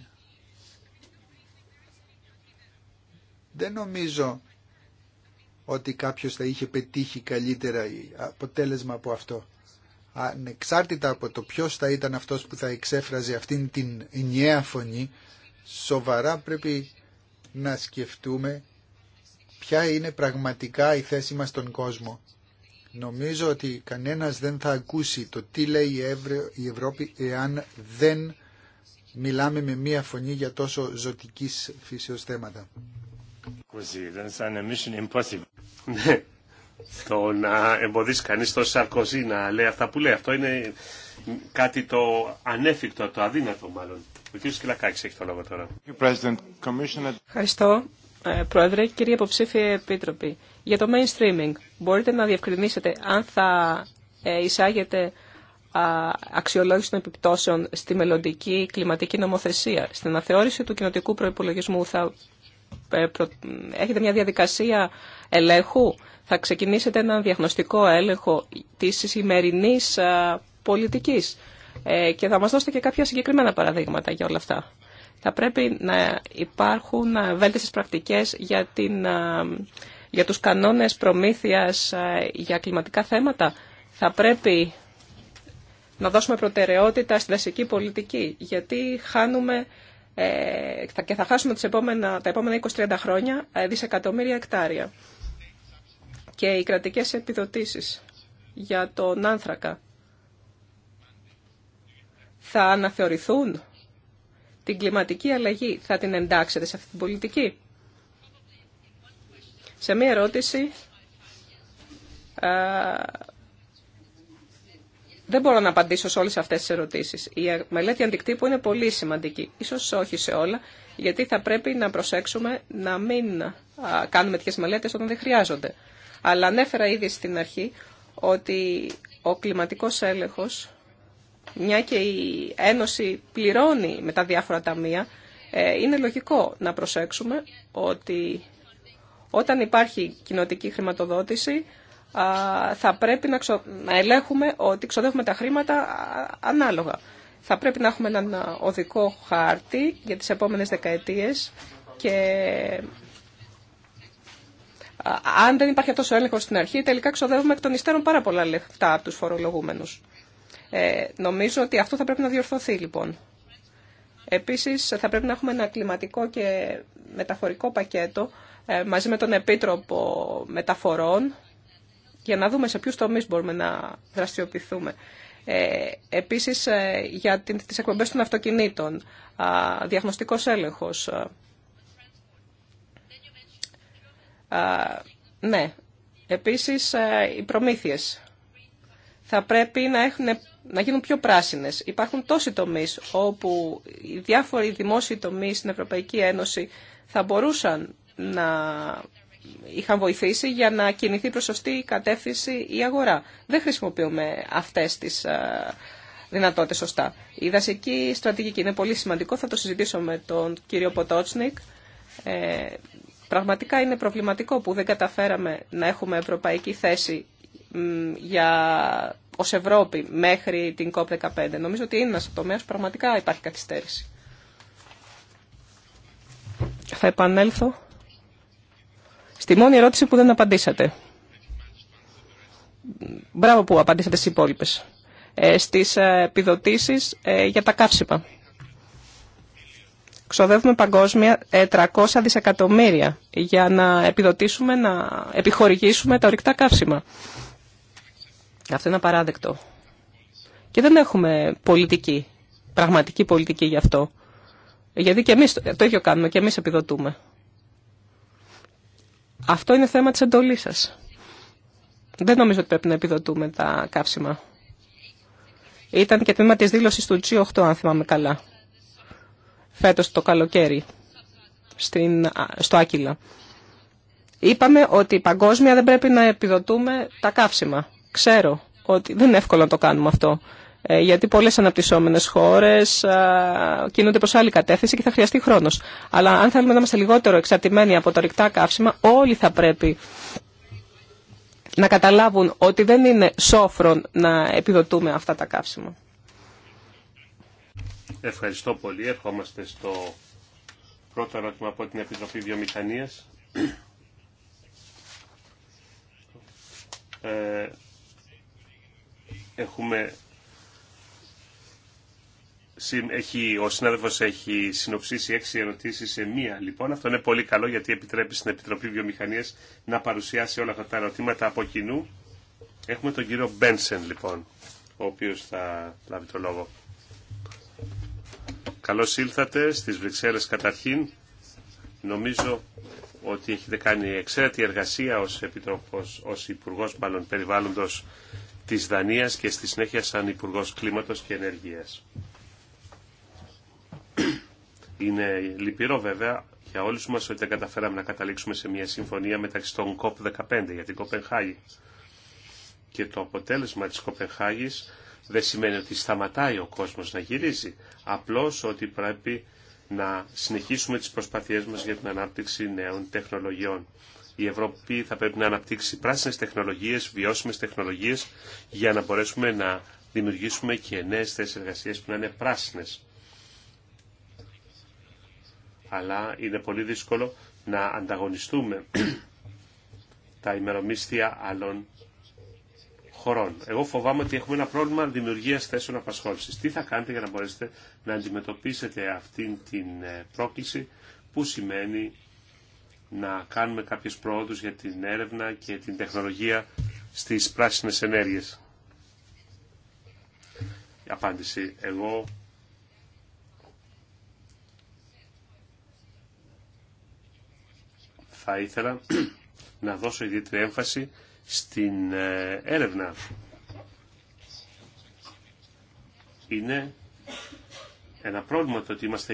Δεν νομίζω ότι κάποιος θα είχε πετύχει καλύτερα αποτέλεσμα από αυτό ανεξάρτητα από το ποιος θα ήταν αυτός που θα εξέφραζε αυτήν την νέα φωνή, σοβαρά πρέπει να σκεφτούμε ποια είναι πραγματικά η θέση μας στον κόσμο. Νομίζω ότι κανένας δεν θα ακούσει το τι λέει η Ευρώπη εάν δεν μιλάμε με μία φωνή για τόσο ζωτικής φύσεως θέματα. Το να εμποδίσει κανείς τον Σαρκοζή να λέει αυτά που λέει, αυτό είναι κάτι το ανέφικτο, το αδύνατο μάλλον. Ο κ. Σκυλακάκης έχει το λόγο τώρα. Ευχαριστώ. Ε, Πρόεδρε, κύριε υποψήφιε επίτροπη, για το mainstreaming μπορείτε να διευκρινίσετε αν θα ε, εισάγετε αξιολόγηση των επιπτώσεων στη μελλοντική κλιματική νομοθεσία. Στην αναθεώρηση του κοινοτικού προϋπολογισμού θα ε, έχετε μια διαδικασία ελέγχου. Θα ξεκινήσετε έναν διαγνωστικό έλεγχο της σημερινής πολιτικής ε, και θα μας δώσετε και κάποια συγκεκριμένα παραδείγματα για όλα αυτά. Θα πρέπει να υπάρχουν βέλτιστες πρακτικές για, την, για τους κανόνες προμήθειας για κλιματικά θέματα. Θα πρέπει να δώσουμε προτεραιότητα στη δασική πολιτική, γιατί χάνουμε ε, και θα χάσουμε τις επόμενα, τα επόμενα 20-30 χρόνια ε, δισεκατομμύρια εκτάρια και οι κρατικές επιδοτήσεις για τον άνθρακα θα αναθεωρηθούν την κλιματική αλλαγή, θα την εντάξετε σε αυτή την πολιτική. Σε μία ερώτηση α, δεν μπορώ να απαντήσω σε όλες αυτές τις ερωτήσεις. Η μελέτη αντικτύπου είναι πολύ σημαντική, ίσως όχι σε όλα, γιατί θα πρέπει να προσέξουμε να μην κάνουμε τέτοιες μελέτες όταν δεν χρειάζονται. Αλλά ανέφερα ήδη στην αρχή ότι ο κλιματικός έλεγχος, μια και η Ένωση πληρώνει με τα διάφορα ταμεία, ε, είναι λογικό να προσέξουμε ότι όταν υπάρχει κοινοτική χρηματοδότηση θα πρέπει να, ελέγχουμε ότι ξοδεύουμε τα χρήματα ανάλογα. Θα πρέπει να έχουμε έναν οδικό χάρτη για τις επόμενες δεκαετίες και αν δεν υπάρχει αυτό ο έλεγχος στην αρχή, τελικά ξοδεύουμε εκ των υστέρων πάρα πολλά λεφτά από του φορολογούμενους. Ε, νομίζω ότι αυτό θα πρέπει να διορθωθεί λοιπόν. Επίση, θα πρέπει να έχουμε ένα κλιματικό και μεταφορικό πακέτο ε, μαζί με τον Επίτροπο Μεταφορών για να δούμε σε ποιου τομεί μπορούμε να δραστηριοποιηθούμε. Ε, ε για τι εκπομπέ των αυτοκινήτων, διαγνωστικό έλεγχο ναι, επίσης οι προμήθειες θα πρέπει να, έχουν, να γίνουν πιο πράσινες. Υπάρχουν τόσοι τομείς όπου οι διάφοροι δημόσιοι τομείς στην Ευρωπαϊκή Ένωση θα μπορούσαν να είχαν βοηθήσει για να κινηθεί προς σωστή κατεύθυνση η αγορά. Δεν χρησιμοποιούμε αυτές τις δυνατότητες σωστά. Η δασική στρατηγική είναι πολύ σημαντικό, θα το συζητήσω με τον κύριο Ποτότσνικ. Ε, Πραγματικά είναι προβληματικό που δεν καταφέραμε να έχουμε ευρωπαϊκή θέση για ως Ευρώπη μέχρι την COP15. Νομίζω ότι είναι ένας τομέας που πραγματικά υπάρχει καθυστέρηση. Θα επανέλθω στη μόνη ερώτηση που δεν απαντήσατε. Μπράβο που απαντήσατε στις υπόλοιπες. Ε, στις ε, επιδοτήσεις ε, για τα καύσιμα. Ξοδεύουμε παγκόσμια 300 ε, δισεκατομμύρια για να επιδοτήσουμε, να επιχορηγήσουμε τα ορυκτά καύσιμα. Αυτό είναι απαράδεκτο. Και δεν έχουμε πολιτική, πραγματική πολιτική γι' αυτό. Γιατί και εμείς το ίδιο κάνουμε και εμείς επιδοτούμε. Αυτό είναι θέμα της εντολής σας. Δεν νομίζω ότι πρέπει να επιδοτούμε τα καύσιμα. Ήταν και τμήμα της δήλωσης του G8, αν θυμάμαι καλά φέτος το καλοκαίρι στην, στο Άκυλα. Είπαμε ότι παγκόσμια δεν πρέπει να επιδοτούμε τα καύσιμα. Ξέρω ότι δεν είναι εύκολο να το κάνουμε αυτό. Ε, γιατί πολλές αναπτυσσόμενες χώρες κινούνται προς άλλη κατεύθυνση και θα χρειαστεί χρόνος. Αλλά αν θέλουμε να είμαστε λιγότερο εξαρτημένοι από τα ρηκτά καύσιμα, όλοι θα πρέπει να καταλάβουν ότι δεν είναι σόφρον να επιδοτούμε αυτά τα καύσιμα. Ευχαριστώ πολύ. Ερχόμαστε στο πρώτο ερώτημα από την Επιτροπή Βιομηχανίας. Ε, έχουμε έχει, ο συνάδελφος έχει συνοψίσει έξι ερωτήσεις σε μία. Λοιπόν, αυτό είναι πολύ καλό γιατί επιτρέπει στην Επιτροπή Βιομηχανίας να παρουσιάσει όλα αυτά τα ερωτήματα από κοινού. Έχουμε τον κύριο Μπένσεν, λοιπόν, ο οποίος θα λάβει το λόγο. Καλώς ήλθατε στις Βρυξέλλες καταρχήν. Νομίζω ότι έχετε κάνει εξαίρετη εργασία ως, επιτροπός, ως Υπουργός μάλλον, Περιβάλλοντος της Δανίας και στη συνέχεια σαν Υπουργός Κλίματος και Ενεργείας. Είναι λυπηρό βέβαια για όλους μας ότι δεν καταφέραμε να καταλήξουμε σε μια συμφωνία μεταξύ των COP15 για την Κοπενχάγη. Και το αποτέλεσμα της Κοπενχάγης δεν σημαίνει ότι σταματάει ο κόσμος να γυρίζει, απλώς ότι πρέπει να συνεχίσουμε τις προσπαθίες μας για την ανάπτυξη νέων τεχνολογιών. Η Ευρώπη θα πρέπει να αναπτύξει πράσινες τεχνολογίες, βιώσιμες τεχνολογίες, για να μπορέσουμε να δημιουργήσουμε και νέες θέσεις που να είναι πράσινες. Αλλά είναι πολύ δύσκολο να ανταγωνιστούμε τα ημερομίσθια άλλων χωρών. Εγώ φοβάμαι ότι έχουμε ένα πρόβλημα δημιουργία θέσεων απασχόληση. Τι θα κάνετε για να μπορέσετε να αντιμετωπίσετε αυτή την ε, πρόκληση που σημαίνει να κάνουμε κάποιες πρόοδους για την έρευνα και την τεχνολογία στις πράσινες ενέργειες. Η απάντηση. Εγώ θα ήθελα να δώσω ιδιαίτερη έμφαση στην ε, έρευνα είναι ένα πρόβλημα το ότι είμαστε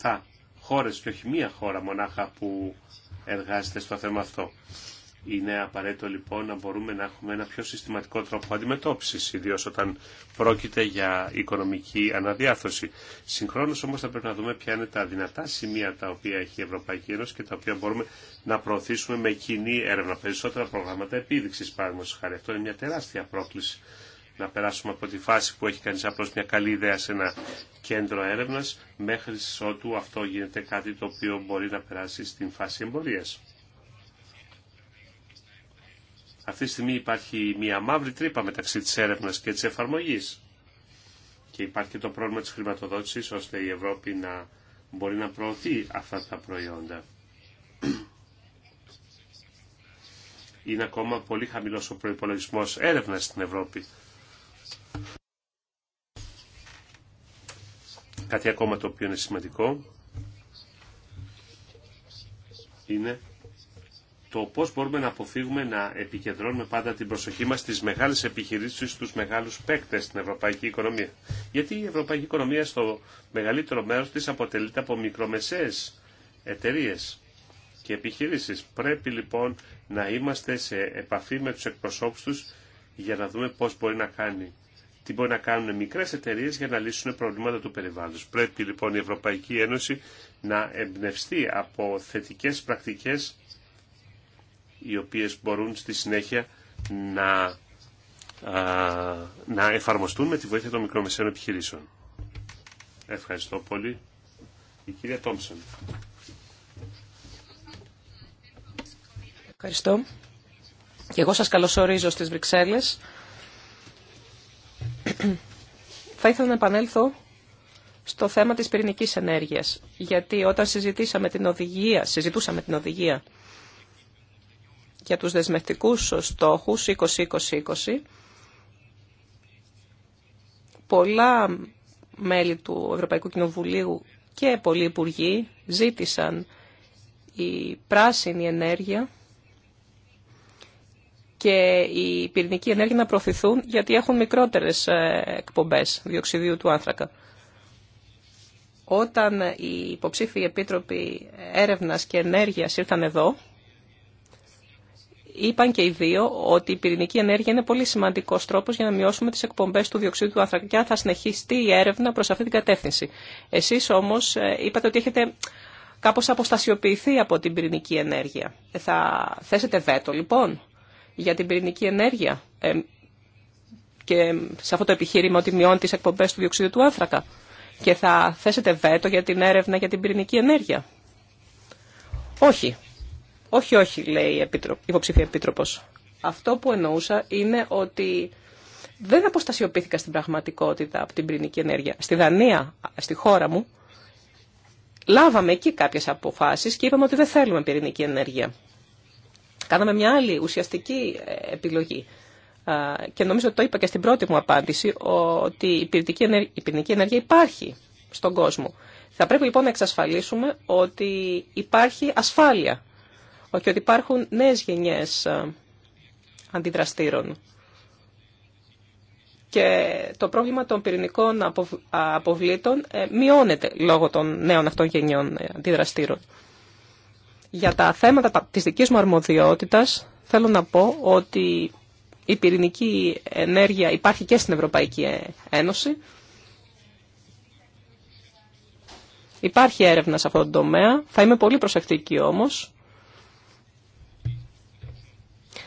27 χώρες και όχι μία χώρα μονάχα που εργάζεται στο θέμα αυτό. Είναι απαραίτητο λοιπόν να μπορούμε να έχουμε ένα πιο συστηματικό τρόπο αντιμετώπιση, ιδίω όταν πρόκειται για οικονομική αναδιάθρωση. Συγχρόνω όμω θα πρέπει να δούμε ποια είναι τα δυνατά σημεία τα οποία έχει η Ευρωπαϊκή Ένωση και τα οποία μπορούμε να προωθήσουμε με κοινή έρευνα. Περισσότερα προγράμματα επίδειξη, παραδείγματο χάρη. Αυτό είναι μια τεράστια πρόκληση. Να περάσουμε από τη φάση που έχει κανεί απλώ μια καλή ιδέα σε ένα κέντρο έρευνα μέχρι ότου αυτό γίνεται κάτι το οποίο μπορεί να περάσει στην φάση εμπορία. Αυτή τη στιγμή υπάρχει μια μαύρη τρύπα μεταξύ της έρευνας και της εφαρμογής. Και υπάρχει και το πρόβλημα της χρηματοδότησης ώστε η Ευρώπη να μπορεί να προωθεί αυτά τα προϊόντα. Είναι ακόμα πολύ χαμηλός ο προϋπολογισμός έρευνας στην Ευρώπη. Κάτι ακόμα το οποίο είναι σημαντικό είναι το πώς μπορούμε να αποφύγουμε να επικεντρώνουμε πάντα την προσοχή μας στις μεγάλες επιχειρήσεις, στους μεγάλους παίκτες στην ευρωπαϊκή οικονομία. Γιατί η ευρωπαϊκή οικονομία στο μεγαλύτερο μέρος της αποτελείται από μικρομεσαίες εταιρείε και επιχειρήσεις. Πρέπει λοιπόν να είμαστε σε επαφή με τους εκπροσώπους τους για να δούμε πώς μπορεί να κάνει τι μπορεί να κάνουν μικρές εταιρείε για να λύσουν προβλήματα του περιβάλλοντος. Πρέπει λοιπόν η Ευρωπαϊκή Ένωση να εμπνευστεί από θετικές πρακτικές οι οποίες μπορούν στη συνέχεια να, α, να εφαρμοστούν με τη βοήθεια των μικρομεσαίων επιχειρήσεων. Ευχαριστώ πολύ. Η κυρία Τόμψον. Ευχαριστώ. Και εγώ σας καλωσορίζω στις Βρυξέλλες. Θα ήθελα να επανέλθω στο θέμα της πυρηνικής ενέργειας. Γιατί όταν συζητήσαμε την οδηγία, συζητούσαμε την οδηγία για τους δεσμευτικούς 2020, 2020-2020. πολλά μέλη του Ευρωπαϊκού Κοινοβουλίου και πολλοί υπουργοί ζήτησαν η πράσινη ενέργεια και η πυρηνική ενέργεια να προωθηθούν γιατί έχουν μικρότερες ε, εκπομπές διοξιδίου του άνθρακα. Όταν οι υποψήφοι επίτροποι έρευνας και ενέργειας ήρθαν εδώ, είπαν και οι δύο ότι η πυρηνική ενέργεια είναι πολύ σημαντικό τρόπο για να μειώσουμε τι εκπομπέ του διοξείδου του άνθρακα και αν θα συνεχιστεί η έρευνα προ αυτή την κατεύθυνση. Εσεί όμω ε, είπατε ότι έχετε κάπω αποστασιοποιηθεί από την πυρηνική ενέργεια. Ε, θα θέσετε βέτο λοιπόν για την πυρηνική ενέργεια ε, και σε αυτό το επιχείρημα ότι μειώνει τι εκπομπέ του διοξείδου του άνθρακα. Και θα θέσετε βέτο για την έρευνα για την πυρηνική ενέργεια. Όχι. Όχι, όχι, λέει η υποψήφια επίτροπο. Αυτό που εννοούσα είναι ότι δεν αποστασιοποιήθηκα στην πραγματικότητα από την πυρηνική ενέργεια. Στη Δανία, στη χώρα μου, λάβαμε εκεί κάποιε αποφάσει και είπαμε ότι δεν θέλουμε πυρηνική ενέργεια. Κάναμε μια άλλη ουσιαστική ε, επιλογή. Και νομίζω ότι το είπα και στην πρώτη μου απάντηση ότι η πυρηνική ενέργεια, η πυρηνική ενέργεια υπάρχει στον κόσμο. Θα πρέπει λοιπόν να εξασφαλίσουμε ότι υπάρχει ασφάλεια και ότι υπάρχουν νέες γενιές ε, αντιδραστήρων. Και το πρόβλημα των πυρηνικών αποβλήτων ε, μειώνεται λόγω των νέων αυτών γενιών ε, αντιδραστήρων. Για τα θέματα της δικής μου αρμοδιότητας θέλω να πω ότι η πυρηνική ενέργεια υπάρχει και στην Ευρωπαϊκή Ένωση. Υπάρχει έρευνα σε αυτόν τον τομέα. Θα είμαι πολύ προσεκτική όμως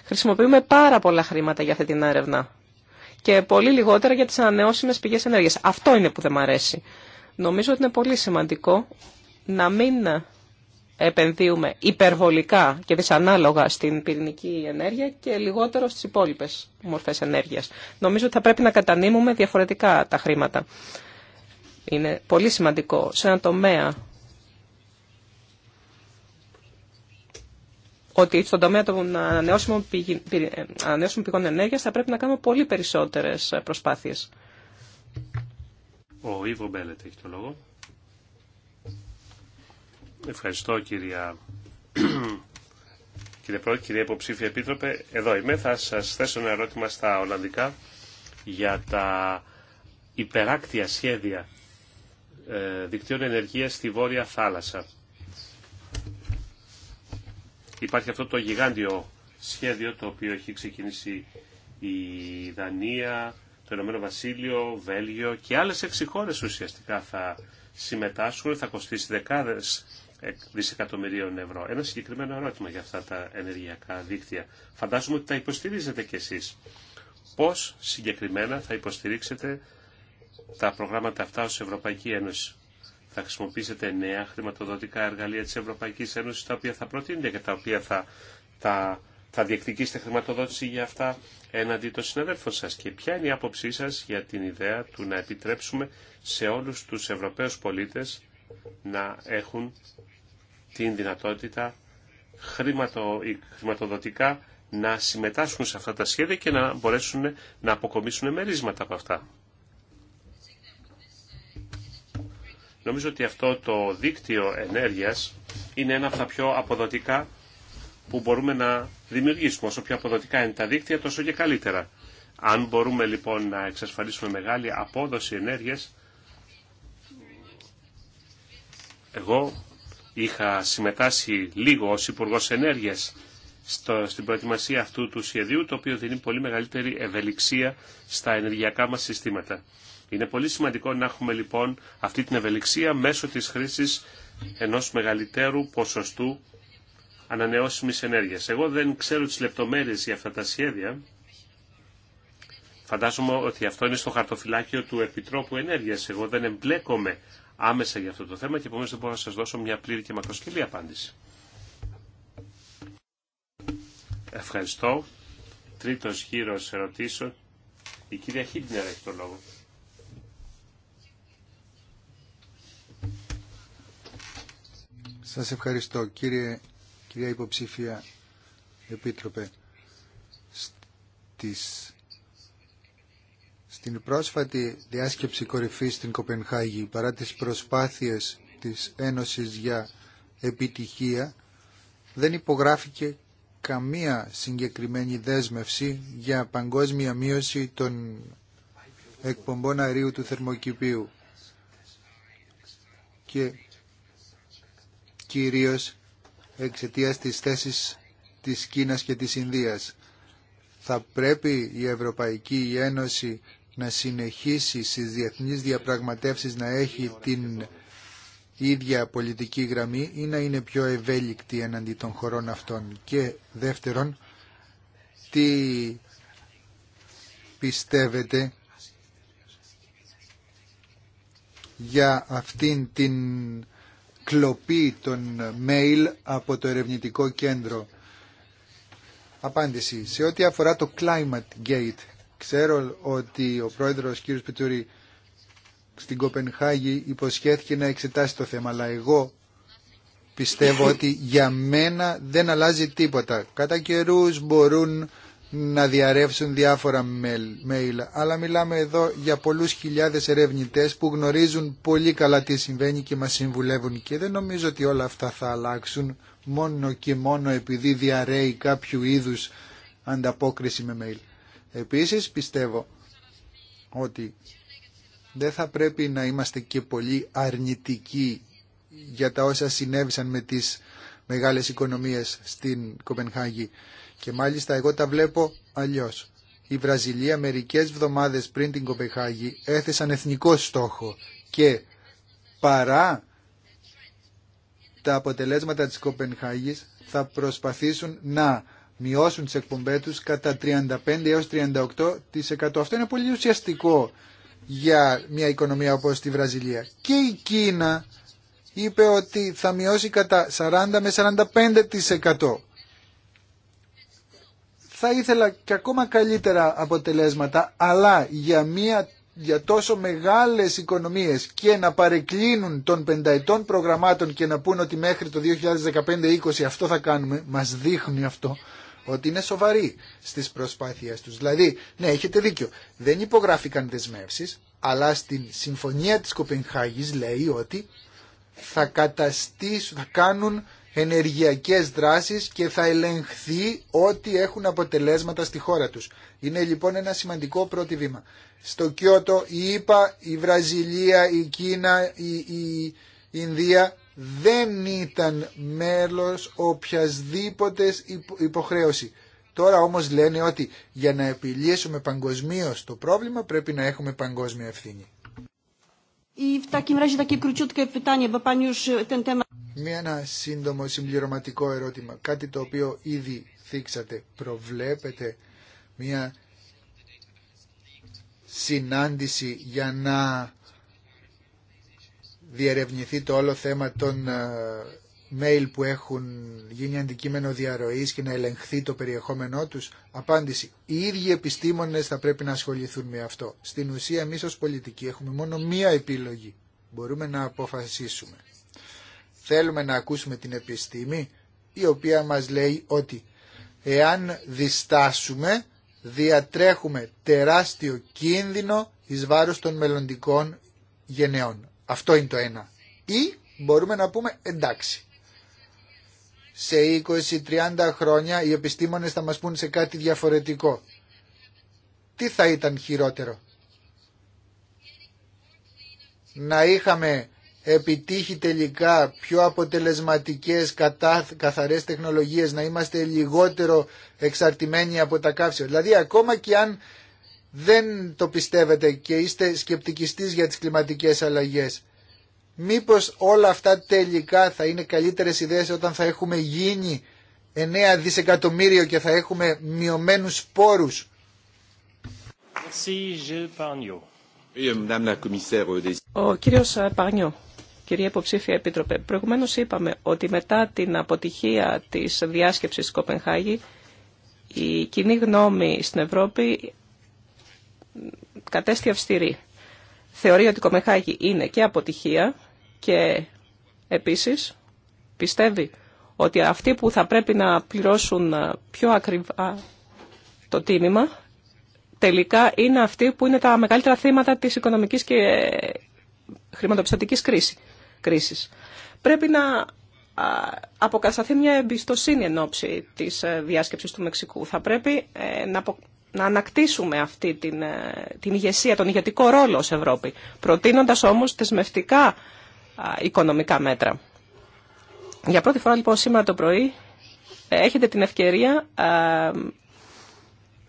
χρησιμοποιούμε πάρα πολλά χρήματα για αυτή την έρευνα και πολύ λιγότερα για τις ανανεώσιμες πηγές ενέργειας. Αυτό είναι που δεν μου αρέσει. Νομίζω ότι είναι πολύ σημαντικό να μην επενδύουμε υπερβολικά και δυσανάλογα στην πυρηνική ενέργεια και λιγότερο στις υπόλοιπες μορφές ενέργειας. Νομίζω ότι θα πρέπει να κατανείμουμε διαφορετικά τα χρήματα. Είναι πολύ σημαντικό σε ένα τομέα ότι στον τομέα των ε, ανανεώσιμων, πηγών ενέργειας θα πρέπει να κάνουμε πολύ περισσότερες προσπάθειες. Ο Ιβο Μπέλετ έχει το λόγο. Ευχαριστώ κυρία Κύριε Πρόεδρε, κύριε Υποψήφια Επίτροπε, εδώ είμαι. Θα σας θέσω ένα ερώτημα στα Ολλανδικά για τα υπεράκτια σχέδια ε, δικτύων ενεργείας στη Βόρεια Θάλασσα υπάρχει αυτό το γιγάντιο σχέδιο το οποίο έχει ξεκινήσει η Δανία, το Ηνωμένο Βασίλειο, Βέλγιο και άλλες έξι χώρες ουσιαστικά θα συμμετάσχουν, θα κοστίσει δεκάδες δισεκατομμυρίων ευρώ. Ένα συγκεκριμένο ερώτημα για αυτά τα ενεργειακά δίκτυα. Φαντάζομαι ότι τα υποστηρίζετε κι εσείς. Πώς συγκεκριμένα θα υποστηρίξετε τα προγράμματα αυτά ως Ευρωπαϊκή Ένωση θα χρησιμοποιήσετε νέα χρηματοδοτικά εργαλεία της Ευρωπαϊκής Ένωσης τα οποία θα προτείνετε και τα οποία θα, θα, θα διεκδικήσετε χρηματοδότηση για αυτά έναντι των συναδέλφων σας και ποια είναι η άποψή σας για την ιδέα του να επιτρέψουμε σε όλους τους Ευρωπαίους πολίτες να έχουν την δυνατότητα χρηματοδοτικά να συμμετάσχουν σε αυτά τα σχέδια και να μπορέσουν να αποκομίσουν μερίσματα από αυτά. Νομίζω ότι αυτό το δίκτυο ενέργειας είναι ένα από τα πιο αποδοτικά που μπορούμε να δημιουργήσουμε. Όσο πιο αποδοτικά είναι τα δίκτυα, τόσο και καλύτερα. Αν μπορούμε λοιπόν να εξασφαλίσουμε μεγάλη απόδοση ενέργειας, εγώ είχα συμμετάσχει λίγο ως υπουργό Ενέργειας στο, στην προετοιμασία αυτού του σχεδίου, το οποίο δίνει πολύ μεγαλύτερη ευελιξία στα ενεργειακά μας συστήματα. Είναι πολύ σημαντικό να έχουμε λοιπόν αυτή την ευελιξία μέσω της χρήσης ενός μεγαλύτερου ποσοστού ανανεώσιμης ενέργειας. Εγώ δεν ξέρω τις λεπτομέρειες για αυτά τα σχέδια. Φαντάζομαι ότι αυτό είναι στο χαρτοφυλάκιο του Επιτρόπου Ενέργειας. Εγώ δεν εμπλέκομαι άμεσα για αυτό το θέμα και επομένως δεν μπορώ να σας δώσω μια πλήρη και μακροσκελή απάντηση. Ευχαριστώ. Τρίτος γύρος ερωτήσεων. Η κυρία Χίμπνερ έχει το λόγο. Σας ευχαριστώ κύριε, κυρία υποψήφια επίτροπε. στην πρόσφατη διάσκεψη κορυφής στην Κοπενχάγη παρά τις προσπάθειες της Ένωσης για επιτυχία δεν υπογράφηκε καμία συγκεκριμένη δέσμευση για παγκόσμια μείωση των εκπομπών αερίου του θερμοκηπίου. Και κυρίως εξαιτία της θέσης της Κίνας και της Ινδίας. Θα πρέπει η Ευρωπαϊκή Ένωση να συνεχίσει στις διεθνείς διαπραγματεύσεις να έχει την ίδια πολιτική γραμμή ή να είναι πιο ευέλικτη εναντί των χωρών αυτών. Και δεύτερον, τι πιστεύετε για αυτήν την κλοπή των mail από το ερευνητικό κέντρο. Απάντηση. Σε ό,τι αφορά το Climate Gate, ξέρω ότι ο πρόεδρος κ. Πιτουρή στην Κοπενχάγη υποσχέθηκε να εξετάσει το θέμα, αλλά εγώ πιστεύω ότι για μένα δεν αλλάζει τίποτα. Κατά καιρού μπορούν να διαρρεύσουν διάφορα mail. Αλλά μιλάμε εδώ για πολλούς χιλιάδες ερευνητές που γνωρίζουν πολύ καλά τι συμβαίνει και μας συμβουλεύουν. Και δεν νομίζω ότι όλα αυτά θα αλλάξουν μόνο και μόνο επειδή διαρρέει κάποιο είδους ανταπόκριση με mail. Επίσης πιστεύω ότι δεν θα πρέπει να είμαστε και πολύ αρνητικοί για τα όσα συνέβησαν με τις μεγάλες οικονομίες στην Κοπενχάγη. Και μάλιστα εγώ τα βλέπω αλλιώς. Η Βραζιλία μερικέ εβδομάδε πριν την Κοπεχάγη έθεσαν εθνικό στόχο και παρά τα αποτελέσματα της Κοπενχάγης θα προσπαθήσουν να μειώσουν τις εκπομπές τους κατά 35 έως 38%. Αυτό είναι πολύ ουσιαστικό για μια οικονομία όπως τη Βραζιλία. Και η Κίνα είπε ότι θα μειώσει κατά 40 με 45% θα ήθελα και ακόμα καλύτερα αποτελέσματα, αλλά για, μια, για τόσο μεγάλες οικονομίες και να παρεκκλίνουν των πενταετών προγραμμάτων και να πούν ότι μέχρι το 2015-2020 αυτό θα κάνουμε, μας δείχνει αυτό ότι είναι σοβαροί στις προσπάθειές τους. Δηλαδή, ναι, έχετε δίκιο, δεν υπογράφηκαν δεσμεύσεις, αλλά στην συμφωνία της Κοπενχάγης λέει ότι θα καταστήσουν, θα κάνουν ενεργειακές δράσεις και θα ελεγχθεί ό,τι έχουν αποτελέσματα στη χώρα τους. Είναι λοιπόν ένα σημαντικό πρώτο βήμα. Στο Κιώτο η ΙΠΑ, η Βραζιλία, η Κίνα, η, Ινδία δεν ήταν μέλος οποιασδήποτε υποχρέωση. Τώρα όμως λένε ότι για να επιλύσουμε παγκοσμίω το πρόβλημα πρέπει να έχουμε παγκόσμια ευθύνη. Μία ένα σύντομο συμπληρωματικό ερώτημα, κάτι το οποίο ήδη θίξατε. Προβλέπετε μία συνάντηση για να διερευνηθεί το όλο θέμα των ε, mail που έχουν γίνει αντικείμενο διαρροής και να ελεγχθεί το περιεχόμενό τους. Απάντηση. Οι ίδιοι επιστήμονες θα πρέπει να ασχοληθούν με αυτό. Στην ουσία εμείς ως πολιτικοί έχουμε μόνο μία επιλογή. Μπορούμε να αποφασίσουμε. Θέλουμε να ακούσουμε την επιστήμη η οποία μας λέει ότι εάν διστάσουμε διατρέχουμε τεράστιο κίνδυνο εις βάρος των μελλοντικών γενεών. Αυτό είναι το ένα. Ή μπορούμε να πούμε εντάξει. Σε 20-30 χρόνια οι επιστήμονες θα μας πούν σε κάτι διαφορετικό. Τι θα ήταν χειρότερο. Να είχαμε επιτύχει τελικά πιο αποτελεσματικές κατά, καθαρές τεχνολογίες, να είμαστε λιγότερο εξαρτημένοι από τα καύσια. Δηλαδή ακόμα και αν δεν το πιστεύετε και είστε σκεπτικιστής για τις κλιματικές αλλαγές, μήπως όλα αυτά τελικά θα είναι καλύτερες ιδέες όταν θα έχουμε γίνει 9 δισεκατομμύριο και θα έχουμε μειωμένους σπόρους. Euh, Ο κύριος Παρνιό. Ε, Κυρία Υποψήφια Επίτροπε, προηγουμένως είπαμε ότι μετά την αποτυχία της διάσκεψης στην Κοπενχάγη, η κοινή γνώμη στην Ευρώπη κατέστη αυστηρή. Θεωρεί ότι η Κοπενχάγη είναι και αποτυχία και επίσης πιστεύει ότι αυτοί που θα πρέπει να πληρώσουν πιο ακριβά το τίμημα τελικά είναι αυτοί που είναι τα μεγαλύτερα θύματα της οικονομικής και χρηματοπιστωτικής κρίσης. Πρέπει να αποκατασταθεί μια εμπιστοσύνη εν ώψη της ε, διάσκεψης του Μεξικού. Θα πρέπει ε, να, να ανακτήσουμε αυτή την, ε, την ηγεσία, τον ηγετικό ρόλο ως Ευρώπη, προτείνοντας όμως θεσμευτικά οικονομικά μέτρα. Για πρώτη φορά λοιπόν σήμερα το πρωί έχετε την ευκαιρία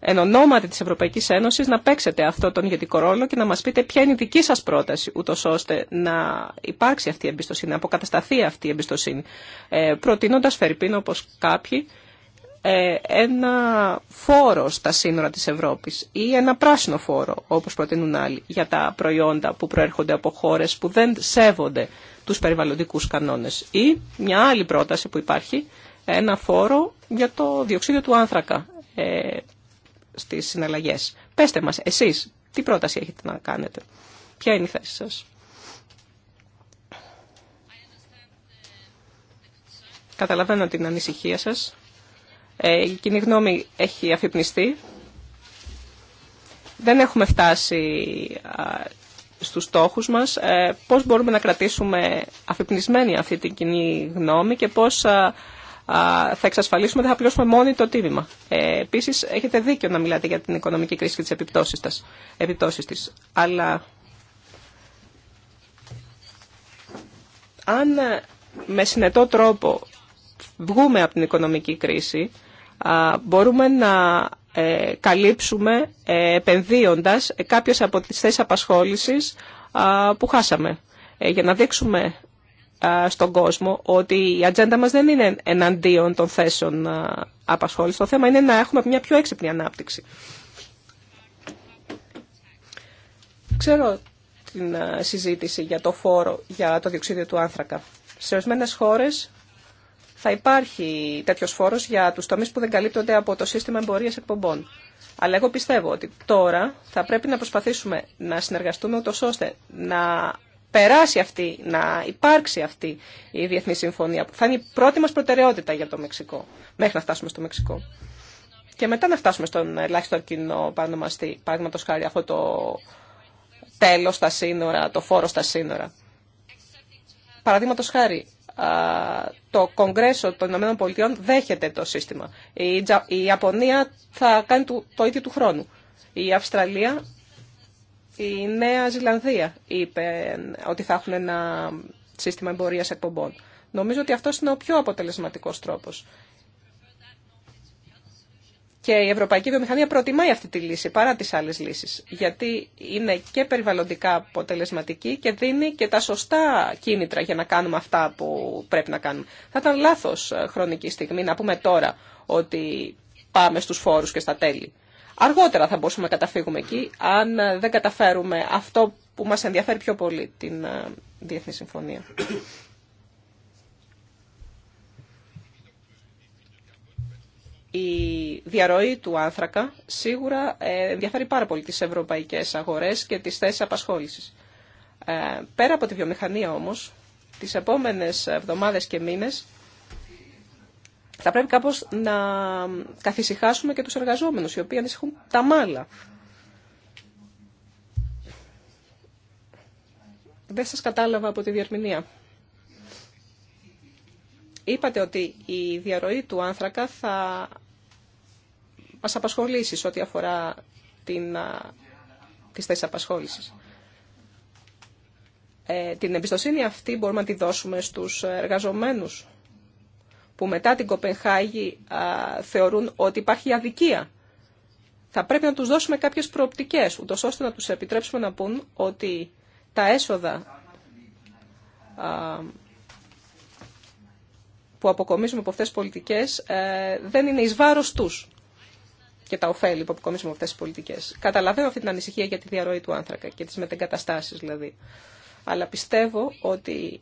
εν ονόματι της Ευρωπαϊκής Ένωσης να παίξετε αυτό τον ηγετικό ρόλο και να μας πείτε ποια είναι η δική σας πρόταση, ούτω ώστε να υπάρξει αυτή η εμπιστοσύνη, να αποκατασταθεί αυτή η εμπιστοσύνη, ε, προτείνοντας, Φερρυπίν, όπως κάποιοι, ε, ένα φόρο στα σύνορα της Ευρώπης ή ένα πράσινο φόρο, όπως προτείνουν άλλοι, για τα προϊόντα που προέρχονται από χώρες που δεν σέβονται τους περιβαλλοντικούς κανόνες. Ή μια άλλη πρόταση που υπάρχει, ένα φόρο για το διοξίδιο του άνθρακα, ε, στις συναλλαγές. Πέστε μας, εσείς, τι πρόταση έχετε να κάνετε. Ποια είναι η θέση σας. Καταλαβαίνω την ανησυχία σας. Ε, η κοινή γνώμη έχει αφυπνιστεί. Δεν έχουμε φτάσει στους στόχους μας, ε, πώς μπορούμε να κρατήσουμε αφυπνισμένη αυτή την κοινή γνώμη και πώς θα εξασφαλίσουμε δεν θα πληρώσουμε μόνοι το τίμημα. Ε, Επίση, έχετε δίκιο να μιλάτε για την οικονομική κρίση και τι επιπτώσει τη. Αλλά αν ε, με συνετό τρόπο βγούμε από την οικονομική κρίση, μπορούμε να ε, καλύψουμε ε, επενδύοντας κάποιες από τις θέσεις απασχόλησης που χάσαμε. Για να δείξουμε στον κόσμο ότι η ατζέντα μας δεν είναι εναντίον των θέσεων απασχόλησης. Το θέμα είναι να έχουμε μια πιο έξυπνη ανάπτυξη. Ξέρω την συζήτηση για το φόρο για το διοξίδιο του άνθρακα. Σε ορισμένε χώρες θα υπάρχει τέτοιο φόρος για τους τομείς που δεν καλύπτονται από το σύστημα εμπορίας εκπομπών. Αλλά εγώ πιστεύω ότι τώρα θα πρέπει να προσπαθήσουμε να συνεργαστούμε ούτως ώστε να περάσει αυτή, να υπάρξει αυτή η διεθνή συμφωνία που θα είναι η πρώτη μας προτεραιότητα για το Μεξικό, μέχρι να φτάσουμε στο Μεξικό. Και μετά να φτάσουμε στον ελάχιστο κοινό παρανομαστή, παραδείγματος χάρη αυτό το τέλος στα σύνορα, το φόρο στα σύνορα. Παραδείγματο χάρη, το Κογκρέσο των Ηνωμένων Πολιτειών δέχεται το σύστημα. Η Ιαπωνία θα κάνει το ίδιο του χρόνου. Η Αυστραλία η Νέα Ζηλανδία είπε ότι θα έχουν ένα σύστημα εμπορίας εκπομπών. Νομίζω ότι αυτό είναι ο πιο αποτελεσματικός τρόπος. Και η Ευρωπαϊκή Βιομηχανία προτιμάει αυτή τη λύση παρά τις άλλες λύσεις, γιατί είναι και περιβαλλοντικά αποτελεσματική και δίνει και τα σωστά κίνητρα για να κάνουμε αυτά που πρέπει να κάνουμε. Θα ήταν λάθο ε, χρονική στιγμή να πούμε τώρα ότι πάμε στου φόρου και στα τέλη. Αργότερα θα μπορούσαμε να καταφύγουμε εκεί, αν δεν καταφέρουμε αυτό που μας ενδιαφέρει πιο πολύ, την ε, Διεθνή Συμφωνία. Η διαρροή του άνθρακα σίγουρα ε, ενδιαφέρει πάρα πολύ τις ευρωπαϊκές αγορές και τις θέσεις απασχόλησης. Ε, πέρα από τη βιομηχανία όμως, τις επόμενες εβδομάδες και μήνες θα πρέπει κάπως να καθησυχάσουμε και τους εργαζόμενους, οι οποίοι ανησυχούν τα μάλα. Δεν σας κατάλαβα από τη διερμηνία. Είπατε ότι η διαρροή του άνθρακα θα μας απασχολήσει σε ό,τι αφορά την, τις θέσεις απασχόλησης. Ε, την εμπιστοσύνη αυτή μπορούμε να τη δώσουμε στους εργαζομένους που μετά την Κοπενχάγη θεωρούν ότι υπάρχει αδικία. Θα πρέπει να τους δώσουμε κάποιες προοπτικές, ούτως ώστε να τους επιτρέψουμε να πούν ότι τα έσοδα που αποκομίζουμε από αυτές τις πολιτικές ε, δεν είναι εις βάρος τους και τα ωφέλη που αποκομίζουμε από αυτές τις πολιτικές. Καταλαβαίνω αυτή την ανησυχία για τη διαρροή του άνθρακα και τις μετεγκαταστάσεις δηλαδή. Αλλά πιστεύω ότι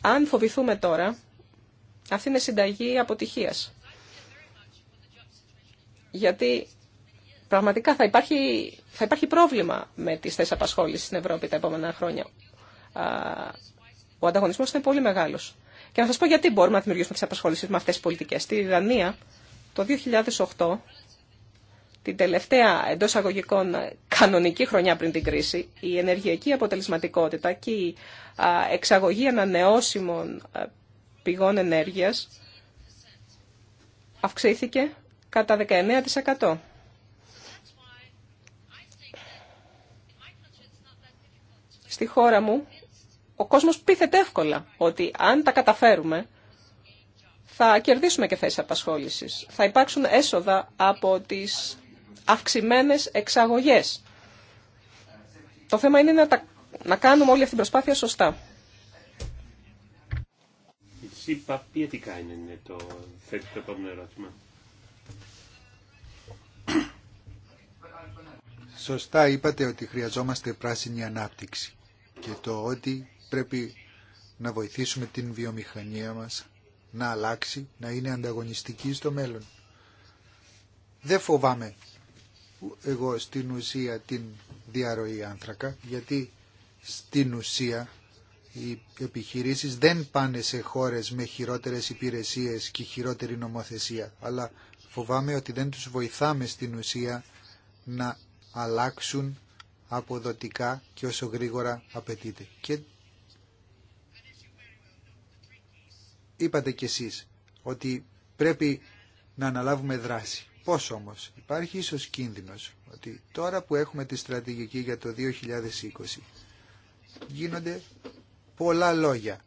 αν φοβηθούμε τώρα αυτή είναι συνταγή αποτυχίας. Γιατί πραγματικά θα υπάρχει, θα υπάρχει πρόβλημα με τις θέσεις απασχόλησης στην Ευρώπη τα επόμενα χρόνια. Ο ανταγωνισμός είναι πολύ μεγάλος. Και να σας πω γιατί μπορούμε να δημιουργήσουμε τις απασχόλησεις με αυτές τις πολιτικές. Στη Δανία το 2008, την τελευταία εντό αγωγικών κανονική χρονιά πριν την κρίση, η ενεργειακή αποτελεσματικότητα και η εξαγωγή ανανεώσιμων πηγών ενέργειας αυξήθηκε κατά 19%. Στη χώρα μου, ο κόσμος πείθεται εύκολα ότι αν τα καταφέρουμε, θα κερδίσουμε και θέσεις απασχόλησης. Θα υπάρξουν έσοδα από τις αυξημένες εξαγωγές. Το θέμα είναι να, να κάνουμε όλη αυτή την προσπάθεια σωστά. Σύπα είναι το θέτει το επόμενο ερώτημα. Σωστά είπατε ότι χρειαζόμαστε πράσινη ανάπτυξη και το ότι πρέπει να βοηθήσουμε την βιομηχανία μας να αλλάξει, να είναι ανταγωνιστική στο μέλλον. Δεν φοβάμαι εγώ στην ουσία την διαρροή άνθρακα, γιατί στην ουσία οι επιχειρήσεις δεν πάνε σε χώρες με χειρότερες υπηρεσίες και χειρότερη νομοθεσία, αλλά φοβάμαι ότι δεν τους βοηθάμε στην ουσία να αλλάξουν αποδοτικά και όσο γρήγορα απαιτείται. Και είπατε κι εσείς ότι πρέπει να αναλάβουμε δράση. Πώς όμως, υπάρχει ίσως κίνδυνος ότι τώρα που έχουμε τη στρατηγική για το 2020 γίνονται πολλά λόγια.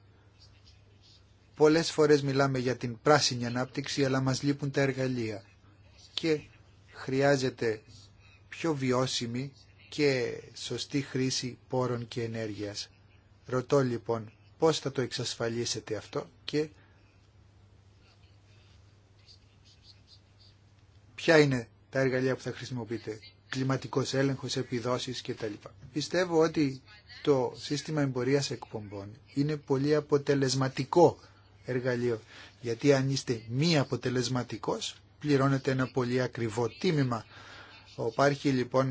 Πολλές φορές μιλάμε για την πράσινη ανάπτυξη, αλλά μας λείπουν τα εργαλεία. Και χρειάζεται πιο βιώσιμη και σωστή χρήση πόρων και ενέργειας. Ρωτώ λοιπόν πώς θα το εξασφαλίσετε αυτό και ποια είναι τα εργαλεία που θα χρησιμοποιείτε, κλιματικός έλεγχος, επιδόσεις κτλ. Πιστεύω ότι το σύστημα εμπορίας εκπομπών είναι πολύ αποτελεσματικό εργαλείο. Γιατί αν είστε μη αποτελεσματικός, πληρώνετε ένα πολύ ακριβό τίμημα. Υπάρχει λοιπόν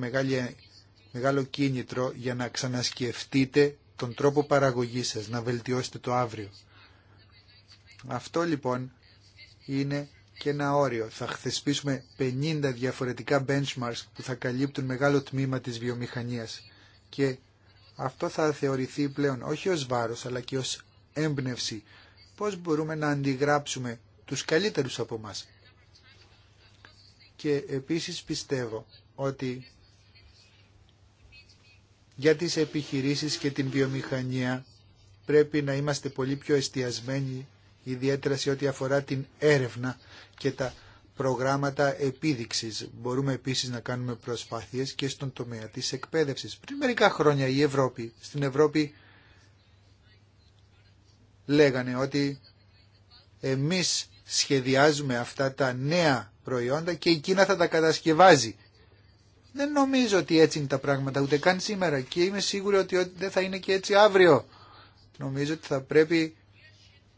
μεγάλο κίνητρο για να ξανασκεφτείτε τον τρόπο παραγωγής σας, να βελτιώσετε το αύριο. Αυτό λοιπόν είναι και ένα όριο. Θα χθεσπίσουμε 50 διαφορετικά benchmarks που θα καλύπτουν μεγάλο τμήμα της βιομηχανίας και αυτό θα θεωρηθεί πλέον όχι ως βάρος αλλά και ως έμπνευση. Πώς μπορούμε να αντιγράψουμε τους καλύτερους από μας. Και επίσης πιστεύω ότι για τις επιχειρήσεις και την βιομηχανία πρέπει να είμαστε πολύ πιο εστιασμένοι ιδιαίτερα σε ό,τι αφορά την έρευνα και τα προγράμματα επίδειξης. Μπορούμε επίσης να κάνουμε προσπάθειες και στον τομέα της εκπαίδευσης. Πριν μερικά χρόνια η Ευρώπη, στην Ευρώπη λέγανε ότι εμείς σχεδιάζουμε αυτά τα νέα προϊόντα και η Κίνα θα τα κατασκευάζει. Δεν νομίζω ότι έτσι είναι τα πράγματα ούτε καν σήμερα και είμαι σίγουρο ότι δεν θα είναι και έτσι αύριο. Νομίζω ότι θα πρέπει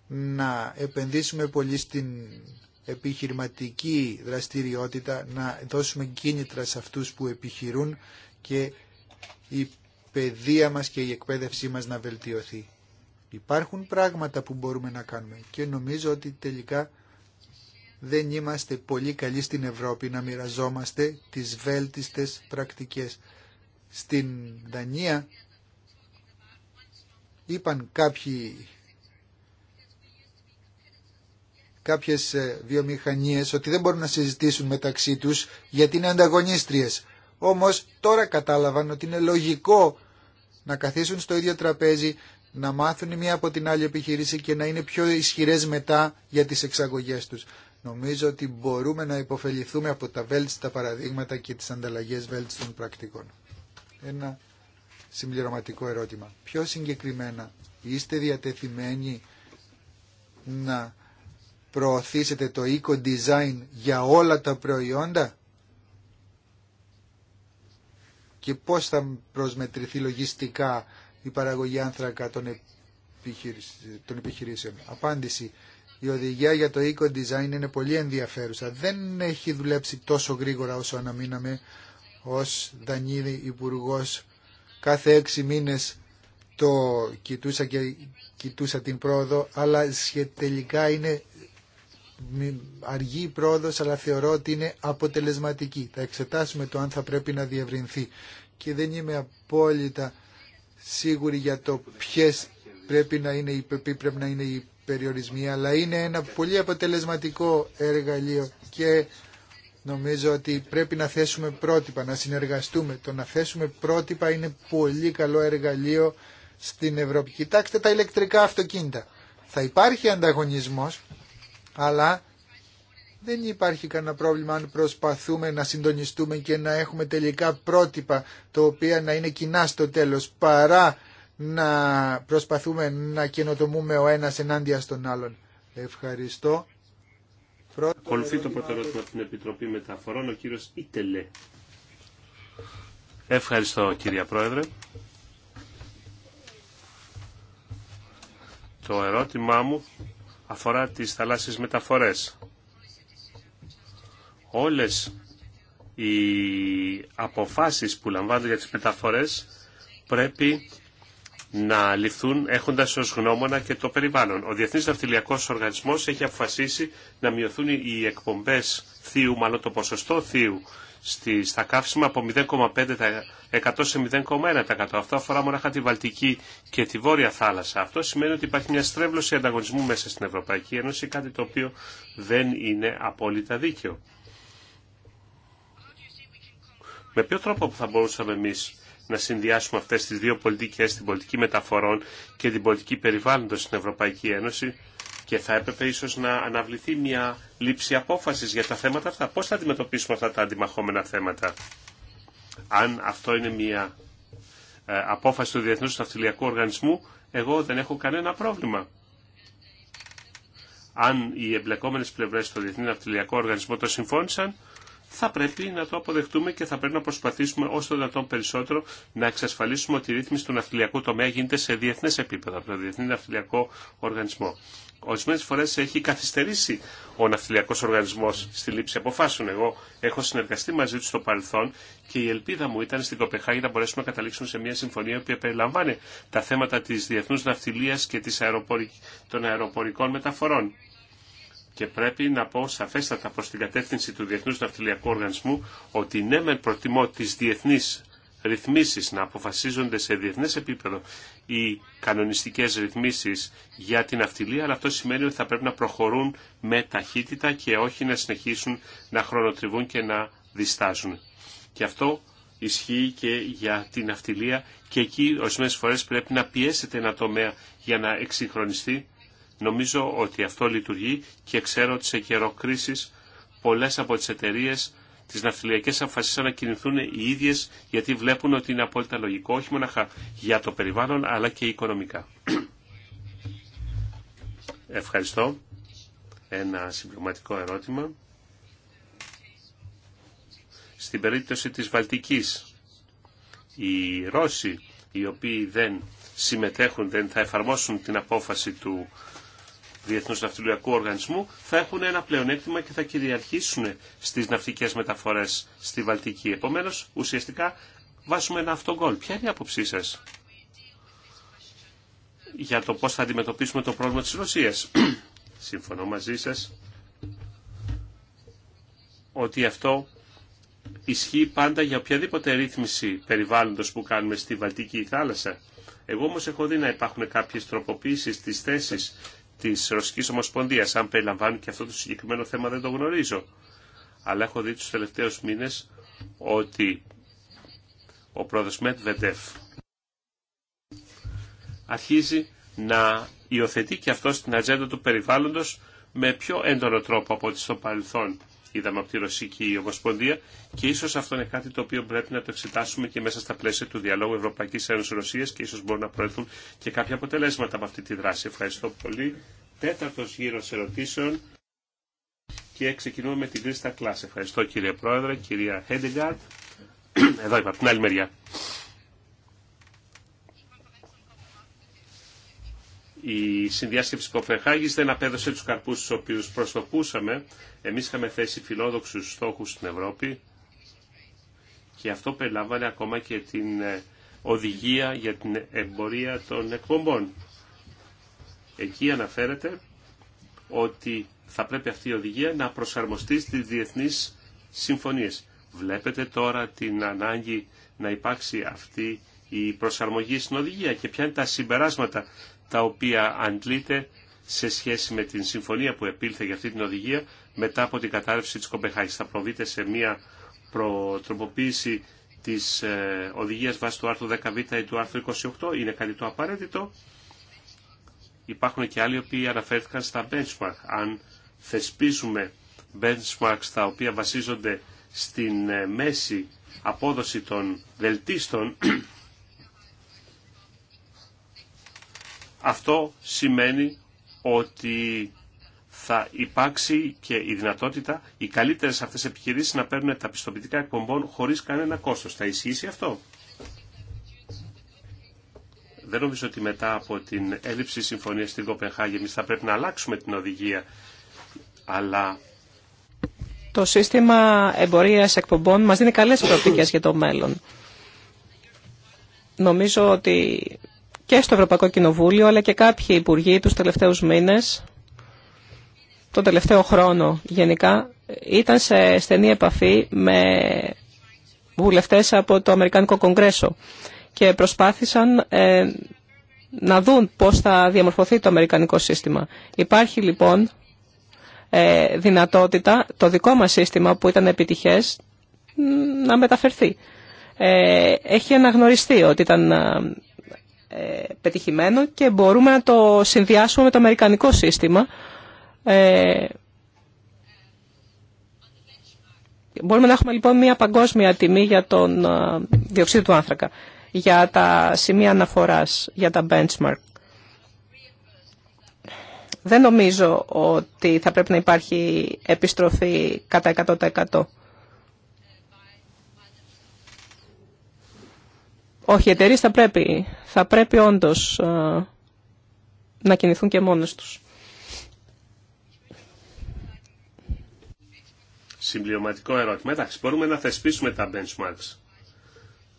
να επενδύσουμε πολύ στην επιχειρηματική δραστηριότητα, να δώσουμε κίνητρα σε αυτούς που επιχειρούν και η παιδεία μας και η εκπαίδευσή μας να βελτιωθεί. Υπάρχουν πράγματα που μπορούμε να κάνουμε και νομίζω ότι τελικά δεν είμαστε πολύ καλοί στην Ευρώπη να μοιραζόμαστε τις βέλτιστες πρακτικές. Στην Δανία είπαν κάποιοι Κάποιε βιομηχανίε ότι δεν μπορούν να συζητήσουν μεταξύ του γιατί είναι ανταγωνιστριε. Όμω, τώρα κατάλαβαν ότι είναι λογικό να καθίσουν στο ίδιο τραπέζι, να μάθουν η μία από την άλλη επιχείρηση και να είναι πιο ισχυρέ μετά για τι εξαγωγέ του. Νομίζω ότι μπορούμε να υποφεληθούμε από τα βέλτιστα παραδείγματα και τις ανταλλαγέ βέλτιστων πρακτικών. Ένα συμπληρωματικό ερώτημα. Πιο συγκεκριμένα, είστε διατεθειμένοι να προωθήσετε το eco-design για όλα τα προϊόντα και πώς θα προσμετρηθεί λογιστικά η παραγωγή άνθρακα των, επιχειρήσεων. Απάντηση. Η οδηγία για το eco-design είναι πολύ ενδιαφέρουσα. Δεν έχει δουλέψει τόσο γρήγορα όσο αναμείναμε ως δανείδη υπουργό. Κάθε έξι μήνες το κοιτούσα και κοιτούσα την πρόοδο, αλλά τελικά είναι αργή η πρόοδος αλλά θεωρώ ότι είναι αποτελεσματική. Θα εξετάσουμε το αν θα πρέπει να διευρυνθεί και δεν είμαι απόλυτα σίγουρη για το ποιε πρέπει να είναι, πρέπει να είναι οι περιορισμοί αλλά είναι ένα πολύ αποτελεσματικό εργαλείο και νομίζω ότι πρέπει να θέσουμε πρότυπα, να συνεργαστούμε. Το να θέσουμε πρότυπα είναι πολύ καλό εργαλείο στην Ευρώπη. Κοιτάξτε τα ηλεκτρικά αυτοκίνητα. Θα υπάρχει ανταγωνισμός αλλά δεν υπάρχει κανένα πρόβλημα αν προσπαθούμε να συντονιστούμε και να έχουμε τελικά πρότυπα τα οποία να είναι κοινά στο τέλος παρά να προσπαθούμε να καινοτομούμε ο ένας ενάντια στον άλλον. Ευχαριστώ. Ακολουθεί το πρώτο ερώτημα από την Επιτροπή Μεταφορών, ο κύριος Ιτελέ. Ευχαριστώ κύριε Πρόεδρε. Το ερώτημά μου αφορά τις θαλάσσιες μεταφορές. Όλες οι αποφάσεις που λαμβάνονται για τις μεταφορές πρέπει να ληφθούν έχοντας ως γνώμονα και το περιβάλλον. Ο Διεθνής Ναυτιλιακός Οργανισμός έχει αποφασίσει να μειωθούν οι εκπομπές θείου, μάλλον το ποσοστό θείου στη, στα καύσιμα από 0,5% σε 0,1%. Αυτό αφορά μονάχα τη Βαλτική και τη Βόρεια Θάλασσα. Αυτό σημαίνει ότι υπάρχει μια στρέβλωση ανταγωνισμού μέσα στην Ευρωπαϊκή Ένωση, κάτι το οποίο δεν είναι απόλυτα δίκαιο. Με ποιο τρόπο που θα μπορούσαμε εμείς να συνδυάσουμε αυτές τις δύο πολιτικές, την πολιτική μεταφορών και την πολιτική περιβάλλοντος στην Ευρωπαϊκή Ένωση, και θα έπρεπε ίσω να αναβληθεί μια λήψη απόφαση για τα θέματα αυτά. Πώ θα αντιμετωπίσουμε αυτά τα αντιμαχόμενα θέματα. Αν αυτό είναι μια ε, απόφαση του διεθνού Ναυτιλιακού Οργανισμού, εγώ δεν έχω κανένα πρόβλημα. Αν οι εμπλεκόμενε πλευρέ στο Διεθνή Ναυτιλιακό Οργανισμό το συμφώνησαν, θα πρέπει να το αποδεχτούμε και θα πρέπει να προσπαθήσουμε όσο το δυνατόν περισσότερο να εξασφαλίσουμε ότι η ρύθμιση του ναυτιλιακού τομέα γίνεται σε διεθνέ επίπεδο από το Διεθνή Ναυτιλιακό Οργανισμό ορισμένε φορέ έχει καθυστερήσει ο ναυτιλιακό οργανισμό στη λήψη αποφάσεων. Εγώ έχω συνεργαστεί μαζί του στο παρελθόν και η ελπίδα μου ήταν στην Κοπεχάγη να μπορέσουμε να καταλήξουμε σε μια συμφωνία που περιλαμβάνει τα θέματα τη διεθνού ναυτιλία και της των αεροπορικών μεταφορών. Και πρέπει να πω σαφέστατα προ την κατεύθυνση του Διεθνού Ναυτιλιακού Οργανισμού ότι ναι, με προτιμώ τι διεθνεί ρυθμίσεις, να αποφασίζονται σε διεθνές επίπεδο οι κανονιστικές ρυθμίσεις για την αυτιλία, αλλά αυτό σημαίνει ότι θα πρέπει να προχωρούν με ταχύτητα και όχι να συνεχίσουν να χρονοτριβούν και να διστάζουν. Και αυτό ισχύει και για την αυτιλία και εκεί ορισμένε φορές πρέπει να πιέσετε ένα τομέα για να εξυγχρονιστεί. Νομίζω ότι αυτό λειτουργεί και ξέρω ότι σε καιρό κρίσης πολλές από τις εταιρείες τις ναυτιλιακές αποφασίσει να κινηθούν οι ίδιες γιατί βλέπουν ότι είναι απόλυτα λογικό όχι μόνο για το περιβάλλον αλλά και οικονομικά. Ευχαριστώ. Ένα συμπληρωματικό ερώτημα. Στην περίπτωση της Βαλτικής, οι Ρώσοι οι οποίοι δεν συμμετέχουν, δεν θα εφαρμόσουν την απόφαση του Διεθνούς Ναυτιλιακού Οργανισμού θα έχουν ένα πλεονέκτημα και θα κυριαρχήσουν στις ναυτικές μεταφορές στη Βαλτική. Επομένως, ουσιαστικά βάζουμε ένα αυτογκόλ. Ποια είναι η άποψή σα για το πώς θα αντιμετωπίσουμε το πρόβλημα της Ρωσίας. Συμφωνώ μαζί σας ότι αυτό ισχύει πάντα για οποιαδήποτε ρύθμιση περιβάλλοντος που κάνουμε στη Βαλτική θάλασσα. Εγώ όμως έχω δει να υπάρχουν κάποιες τροποποίησεις στις θέσεις της Ρωσικής Ομοσπονδίας. Αν περιλαμβάνει και αυτό το συγκεκριμένο θέμα δεν το γνωρίζω. Αλλά έχω δει τους τελευταίους μήνες ότι ο πρόεδρος Μετβεντεφ αρχίζει να υιοθετεί και αυτό στην ατζέντα του περιβάλλοντος με πιο έντονο τρόπο από ό,τι στο παρελθόν είδαμε από τη Ρωσική Ομοσπονδία και ίσως αυτό είναι κάτι το οποίο πρέπει να το εξετάσουμε και μέσα στα πλαίσια του διαλόγου Ευρωπαϊκής Ένωσης Ρωσίας και ίσως μπορούν να προέλθουν και κάποια αποτελέσματα από αυτή τη δράση. Ευχαριστώ πολύ. Τέταρτος γύρος ερωτήσεων και ξεκινούμε με την Κρίστα Κλάς. Ευχαριστώ κύριε Πρόεδρε, κυρία Χέντεγκάρτ. Εδώ είπα, από την άλλη μεριά. η συνδιάσκεψη Κοφεχάγης δεν απέδωσε τους καρπούς τους οποίους προσδοκούσαμε. Εμείς είχαμε θέσει φιλόδοξους στόχους στην Ευρώπη και αυτό περιλάμβανε ακόμα και την ε, οδηγία για την εμπορία των εκπομπών. Εκεί αναφέρεται ότι θα πρέπει αυτή η οδηγία να προσαρμοστεί στις διεθνείς συμφωνίες. Βλέπετε τώρα την ανάγκη να υπάρξει αυτή η προσαρμογή στην οδηγία και ποια είναι τα συμπεράσματα τα οποία αντλείται σε σχέση με την συμφωνία που επήλθε για αυτή την οδηγία μετά από την κατάρρευση της Κομπεχάης. Θα προβείτε σε μια προτροποποίηση της ε, οδηγίας βάσει του άρθρου 10β ή του άρθρου 28. Είναι κάτι το απαραίτητο. Υπάρχουν και άλλοι οποίοι αναφέρθηκαν στα benchmark. Αν θεσπίσουμε benchmarks τα οποία βασίζονται στην ε, μέση απόδοση των δελτίστων, αυτό σημαίνει ότι θα υπάρξει και η δυνατότητα οι καλύτερε αυτέ επιχειρήσει να παίρνουν τα πιστοποιητικά εκπομπών χωρί κανένα κόστο. Θα ισχύσει αυτό. Δεν νομίζω ότι μετά από την έλλειψη συμφωνία στην Κοπενχάγη εμεί θα πρέπει να αλλάξουμε την οδηγία. Αλλά το σύστημα εμπορία εκπομπών μα δίνει καλέ προοπτικέ για το μέλλον. Νομίζω ότι και στο Ευρωπαϊκό Κοινοβούλιο, αλλά και κάποιοι υπουργοί τους τελευταίους μήνες, τον τελευταίο χρόνο γενικά, ήταν σε στενή επαφή με βουλευτές από το Αμερικάνικο Κογκρέσο και προσπάθησαν ε, να δουν πώς θα διαμορφωθεί το Αμερικανικό σύστημα. Υπάρχει λοιπόν ε, δυνατότητα το δικό μας σύστημα που ήταν επιτυχές να μεταφερθεί. Ε, έχει αναγνωριστεί ότι ήταν ε, πετυχημένο και μπορούμε να το συνδυάσουμε με το αμερικανικό σύστημα. Ε, μπορούμε να έχουμε λοιπόν μια παγκόσμια τιμή για τον ε, διοξείδιο του άνθρακα, για τα σημεία αναφοράς, για τα benchmark. Δεν νομίζω ότι θα πρέπει να υπάρχει επιστροφή κατά 100%. Όχι, οι εταιρείε θα πρέπει, θα πρέπει όντως ε, να κινηθούν και μόνες τους. Συμπληρωματικό ερώτημα. Εντάξει, μπορούμε να θεσπίσουμε τα benchmarks.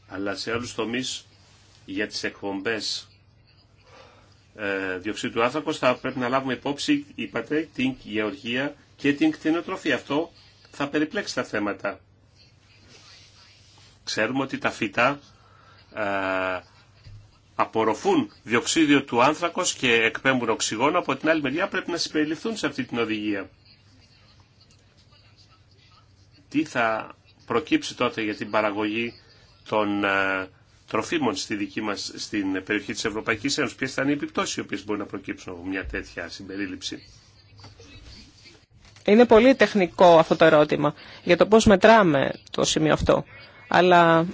Αλλά σε άλλους τομείς για τις εκπομπές ε, διοξείδου θα πρέπει να λάβουμε υπόψη, είπατε, την γεωργία και την κτηνοτροφία. Αυτό θα περιπλέξει τα θέματα. Ξέρουμε ότι τα φυτά ε, απορροφούν διοξίδιο του άνθρακος και εκπέμπουν οξυγόνο, από την άλλη μεριά πρέπει να συμπεριληφθούν σε αυτή την οδηγία. Τι θα προκύψει τότε για την παραγωγή των ε, τροφίμων στη δική μας, στην περιοχή της Ευρωπαϊκής Ένωσης, ποιες θα είναι οι επιπτώσεις οι οποίες μπορεί να προκύψουν από μια τέτοια συμπερίληψη. Είναι πολύ τεχνικό αυτό το ερώτημα για το πώς μετράμε το σημείο αυτό. Αλλά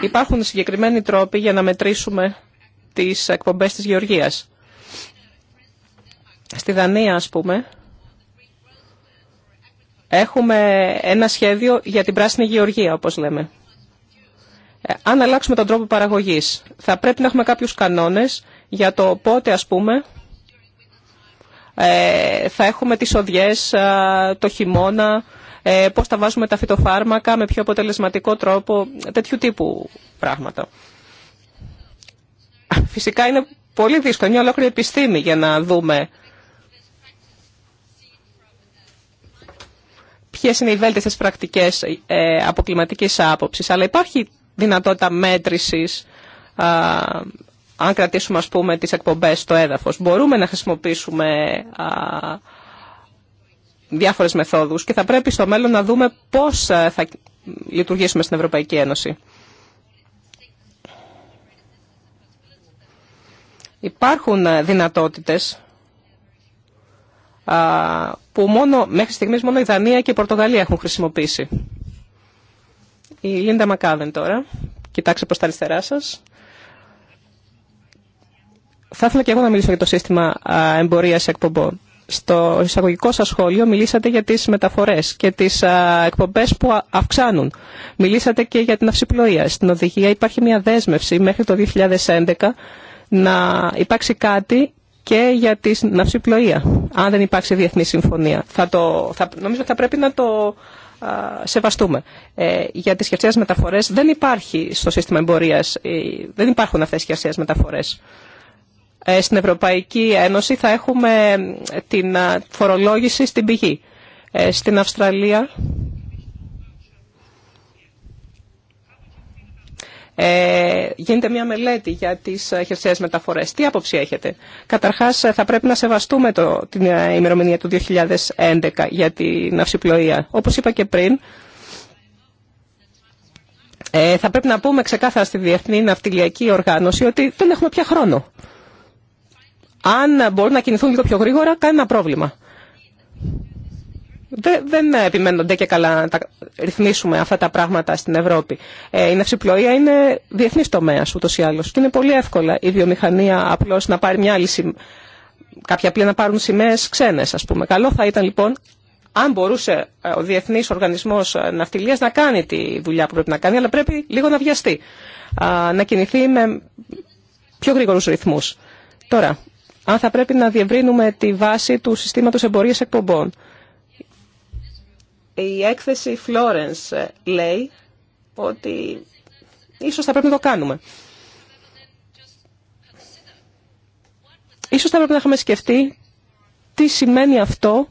Υπάρχουν συγκεκριμένοι τρόποι για να μετρήσουμε τις εκπομπές της γεωργίας. Στη Δανία, ας πούμε, έχουμε ένα σχέδιο για την πράσινη γεωργία, όπως λέμε. Ε, αν αλλάξουμε τον τρόπο παραγωγής, θα πρέπει να έχουμε κάποιους κανόνες για το πότε, ας πούμε, ε, θα έχουμε τις οδιές ε, το χειμώνα, ε, πώς θα βάζουμε τα φυτοφάρμακα με πιο αποτελεσματικό τρόπο, τέτοιου τύπου πράγματα. Φυσικά είναι πολύ δύσκολο, είναι μια ολόκληρη επιστήμη για να δούμε ποιες είναι οι βέλτιστες πρακτικές ε, από κλιματική άποψης, αλλά υπάρχει δυνατότητα μέτρησης αν κρατήσουμε ας πούμε τις εκπομπές στο έδαφος. Μπορούμε να χρησιμοποιήσουμε Διάφορε μεθόδους και θα πρέπει στο μέλλον να δούμε πώς ε, θα λειτουργήσουμε στην Ευρωπαϊκή Ένωση. Υπάρχουν ε, δυνατότητες που μόνο, μέχρι στιγμής μόνο η Δανία και η Πορτογαλία έχουν χρησιμοποιήσει. Η Λίντα Μακάβεν τώρα. Κοιτάξτε προς τα αριστερά σας. Θα ήθελα και εγώ να μιλήσω για το σύστημα εμπορίας εκπομπών. Στο εισαγωγικό σας σχόλιο μιλήσατε για τις μεταφορές και τις εκπομπές που αυξάνουν. Μιλήσατε και για την αυσιπλοεία. Στην οδηγία υπάρχει μια δέσμευση μέχρι το 2011 να υπάρξει κάτι και για την αυσιπλοεία, αν δεν υπάρξει διεθνή συμφωνία. Θα το, θα, νομίζω ότι θα πρέπει να το σεβαστούμε. Ε, για τις χερσαίες μεταφορές δεν υπάρχει στο σύστημα εμπορίας, ε, δεν υπάρχουν αυτές οι χερσαίες μεταφορές. Ε, στην Ευρωπαϊκή Ένωση θα έχουμε ε, την ε, φορολόγηση στην πηγή. Στην Αυστραλία γίνεται μια μελέτη για τις χερσαίες μεταφορές. Τι άποψη έχετε. Καταρχάς θα πρέπει να σεβαστούμε το, την ημερομηνία του 2011 για την αυσιπλοεία. Όπως είπα και πριν, ε, θα πρέπει να πούμε ξεκάθαρα στη Διεθνή Ναυτιλιακή Οργάνωση ότι δεν έχουμε πια χρόνο. Αν μπορούν να κινηθούν λίγο πιο γρήγορα, κάνει ένα πρόβλημα. Δεν, δεν επιμένονται και καλά να τα ρυθμίσουμε αυτά τα πράγματα στην Ευρώπη. Ε, η ναυσιπλοεία είναι διεθνή τομέα ούτω ή άλλω. Και είναι πολύ εύκολα η βιομηχανία απλώ να πάρει μια άλλη. σημαία. Κάποια πλοία να πάρουν σημαίε ξένε, α πούμε. Καλό θα ήταν λοιπόν αν μπορούσε ε, ο Διεθνή Οργανισμό ε, Ναυτιλία να κάνει τη δουλειά που πρέπει να κάνει, αλλά πρέπει λίγο να βιαστεί. Να κινηθεί με πιο γρήγορου ρυθμού. Τώρα, αν θα πρέπει να διευρύνουμε τη βάση του συστήματος εμπορίας εκπομπών. Η έκθεση Florence λέει ότι ίσως θα πρέπει να το κάνουμε. Ίσως θα πρέπει να έχουμε σκεφτεί τι σημαίνει αυτό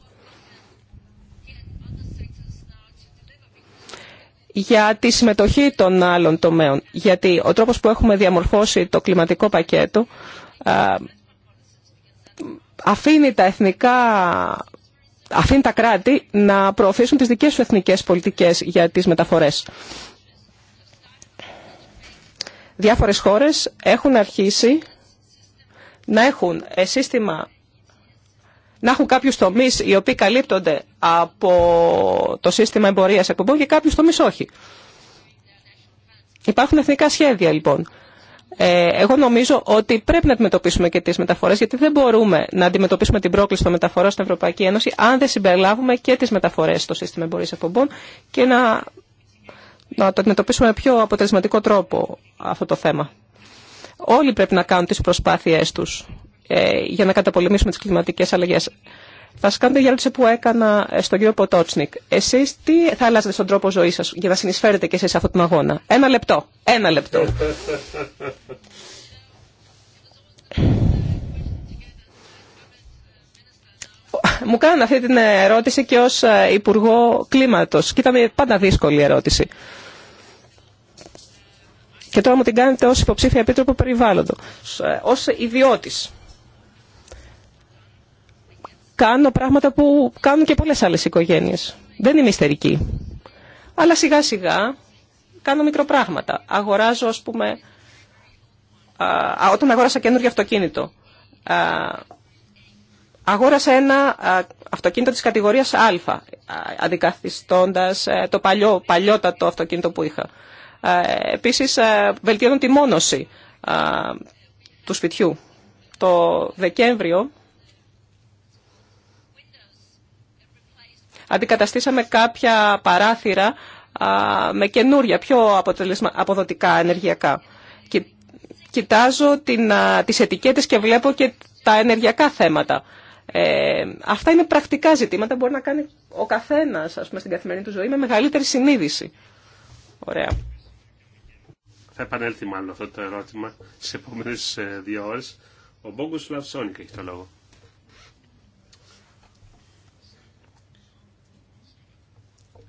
για τη συμμετοχή των άλλων τομέων. Γιατί ο τρόπος που έχουμε διαμορφώσει το κλιματικό πακέτο αφήνει τα εθνικά αφήνει τα κράτη να προωθήσουν τις δικές σου εθνικές πολιτικές για τις μεταφορές. Διάφορες χώρες έχουν αρχίσει να έχουν ε, σύστημα να έχουν κάποιους τομείς οι οποίοι καλύπτονται από το σύστημα εμπορίας εκπομπών και κάποιους τομείς όχι. Υπάρχουν εθνικά σχέδια λοιπόν ε, εγώ νομίζω ότι πρέπει να αντιμετωπίσουμε και τις μεταφορές, γιατί δεν μπορούμε να αντιμετωπίσουμε την πρόκληση των μεταφορών στην Ευρωπαϊκή Ένωση, αν δεν συμπεριλάβουμε και τις μεταφορές στο σύστημα εμπορία εκπομπών και να, να το αντιμετωπίσουμε με πιο αποτελεσματικό τρόπο αυτό το θέμα. Όλοι πρέπει να κάνουν τις προσπάθειές τους ε, για να καταπολεμήσουμε τι κλιματικέ αλλαγέ. Θα σα κάνω την ερώτηση που έκανα ε, στον κύριο Ποτότσνικ. Εσεί τι θα αλλάζετε στον τρόπο ζωή σα για να συνεισφέρετε και εσεί σε αυτόν τον αγώνα. Ένα λεπτό. Ένα λεπτό. Μου κάνανε αυτή την ερώτηση και ως ε, Υπουργό Κλίματος και ήταν πάντα δύσκολη ερώτηση. Και τώρα μου την κάνετε ως υποψήφια επίτροπο περιβάλλοντο: ε, ως ιδιώτης κάνω πράγματα που κάνουν και πολλές άλλες οικογένειες. Δεν είμαι ιστερική. Αλλά σιγά σιγά κάνω μικροπράγματα. Αγοράζω, ας πούμε, α, όταν αγόρασα καινούργιο αυτοκίνητο, α, αγόρασα ένα αυτοκίνητο της κατηγορίας Α, αντικαθιστώντας ε, το παλιό, παλιότατο αυτοκίνητο που είχα. Ε, επίσης, ε, βελτιώνω τη μόνωση του σπιτιού. Το Δεκέμβριο αντικαταστήσαμε κάποια παράθυρα με καινούρια, πιο αποτελεσμα... αποδοτικά ενεργειακά. Κοιτάζω την, τις ετικέτες και βλέπω και τα ενεργειακά θέματα. Ε, αυτά είναι πρακτικά ζητήματα που μπορεί να κάνει ο καθένας ας πούμε, στην καθημερινή του ζωή με μεγαλύτερη συνείδηση. Ωραία. Θα επανέλθει μάλλον αυτό το ερώτημα σε επόμενες ε, δύο ώρες. Ο Μπόγκος Λαυσόνικ έχει το λόγο.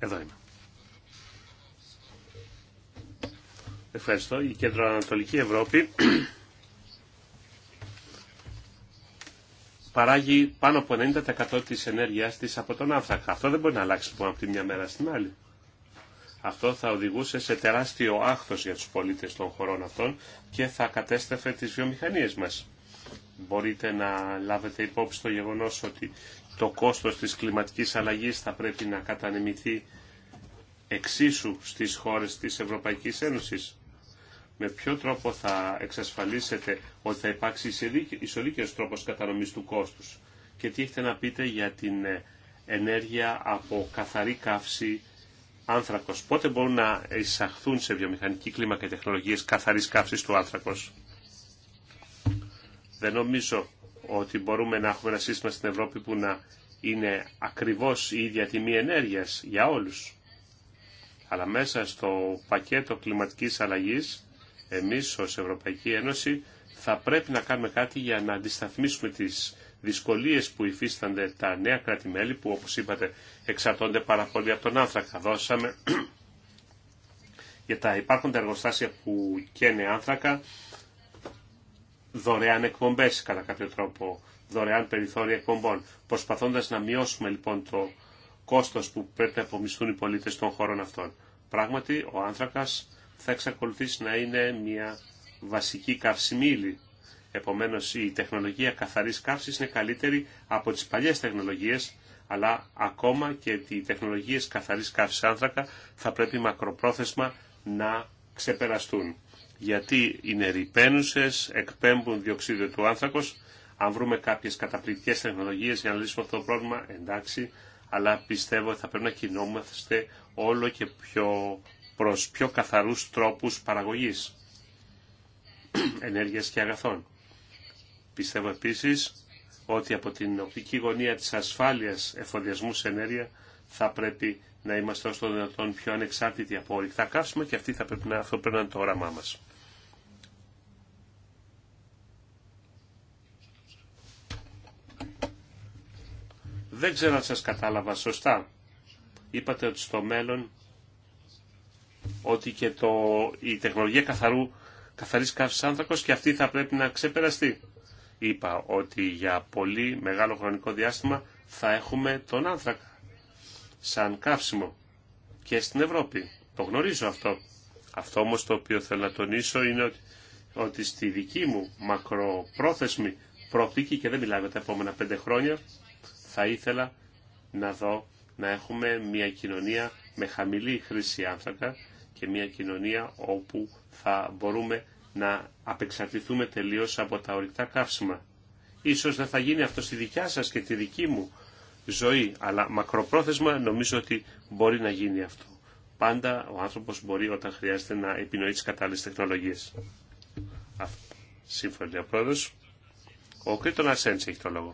Εδώ είμαι. Ευχαριστώ. Η Ανατολική Ευρώπη παράγει πάνω από 90% της ενέργειάς της από τον άνθρακα. Αυτό δεν μπορεί να αλλάξει από τη μια μέρα στην άλλη. Αυτό θα οδηγούσε σε τεράστιο άχθος για τους πολίτες των χωρών αυτών και θα κατέστρεφε τις βιομηχανίες μας. Μπορείτε να λάβετε υπόψη το γεγονός ότι το κόστος της κλιματικής αλλαγής θα πρέπει να κατανεμηθεί εξίσου στις χώρες της Ευρωπαϊκής Ένωσης. Με ποιο τρόπο θα εξασφαλίσετε ότι θα υπάρξει ισοδίκαιος τρόπος κατανομής του κόστους και τι έχετε να πείτε για την ε, ενέργεια από καθαρή καύση άνθρακος. Πότε μπορούν να εισαχθούν σε βιομηχανική κλίμακα και τεχνολογίες καθαρής καύσης του άνθρακος. Δεν νομίζω ότι μπορούμε να έχουμε ένα σύστημα στην Ευρώπη που να είναι ακριβώς η ίδια τιμή ενέργειας για όλους. Αλλά μέσα στο πακέτο κλιματικής αλλαγής, εμείς ως Ευρωπαϊκή Ένωση θα πρέπει να κάνουμε κάτι για να αντισταθμίσουμε τις δυσκολίες που υφίστανται τα νέα κράτη-μέλη που όπως είπατε εξαρτώνται πάρα πολύ από τον άνθρακα. Δώσαμε για τα υπάρχοντα εργοστάσια που καίνε άνθρακα δωρεάν εκπομπέ κατά κάποιο τρόπο, δωρεάν περιθώρια εκπομπών. προσπαθώντα να μειώσουμε λοιπόν το κόστο που πρέπει να απομισθούν οι πολίτε των χωρών αυτών. Πράγματι, ο άνθρακα θα εξακολουθήσει να είναι μια βασική καυσιμήλη. Επομένω, η τεχνολογία καθαρή καύση είναι καλύτερη από τι παλιέ τεχνολογίε, αλλά ακόμα και οι τεχνολογίε καθαρή καύση άνθρακα θα πρέπει μακροπρόθεσμα να ξεπεραστούν γιατί είναι ρηπαίνουσες, εκπέμπουν διοξίδιο του άνθρακος. Αν βρούμε κάποιες καταπληκτικές τεχνολογίες για να λύσουμε αυτό το πρόβλημα, εντάξει, αλλά πιστεύω ότι θα πρέπει να κινόμαστε όλο και πιο προς πιο καθαρούς τρόπους παραγωγής ενέργειας και αγαθών. Πιστεύω επίσης ότι από την οπτική γωνία της ασφάλειας εφοδιασμού ενέργεια θα πρέπει να είμαστε όσο το δυνατόν πιο ανεξάρτητοι από όλοι. Θα κάψουμε και αυτή θα πρέπει να, αυτό πρέπει να είναι το όραμά μας. Δεν ξέρω αν σας κατάλαβα σωστά. Είπατε ότι στο μέλλον ότι και το, η τεχνολογία καθαρού, καθαρής καύσης άνθρακος και αυτή θα πρέπει να ξεπεραστεί. Είπα ότι για πολύ μεγάλο χρονικό διάστημα θα έχουμε τον άνθρακα σαν καύσιμο και στην Ευρώπη. Το γνωρίζω αυτό. Αυτό όμως το οποίο θέλω να τονίσω είναι ότι, ότι στη δική μου μακροπρόθεσμη προοπτική και δεν μιλάμε τα επόμενα πέντε χρόνια θα ήθελα να δω να έχουμε μια κοινωνία με χαμηλή χρήση άνθρακα και μια κοινωνία όπου θα μπορούμε να απεξαρτηθούμε τελείως από τα ορυκτά καύσιμα. Ίσως δεν θα γίνει αυτό στη δικιά σας και τη δική μου ζωή, αλλά μακροπρόθεσμα νομίζω ότι μπορεί να γίνει αυτό. Πάντα ο άνθρωπος μπορεί όταν χρειάζεται να επινοεί τις κατάλληλες τεχνολογίες. Σύμφωνα ο πρόεδρος. Ο Κρήτον έχει το λόγο.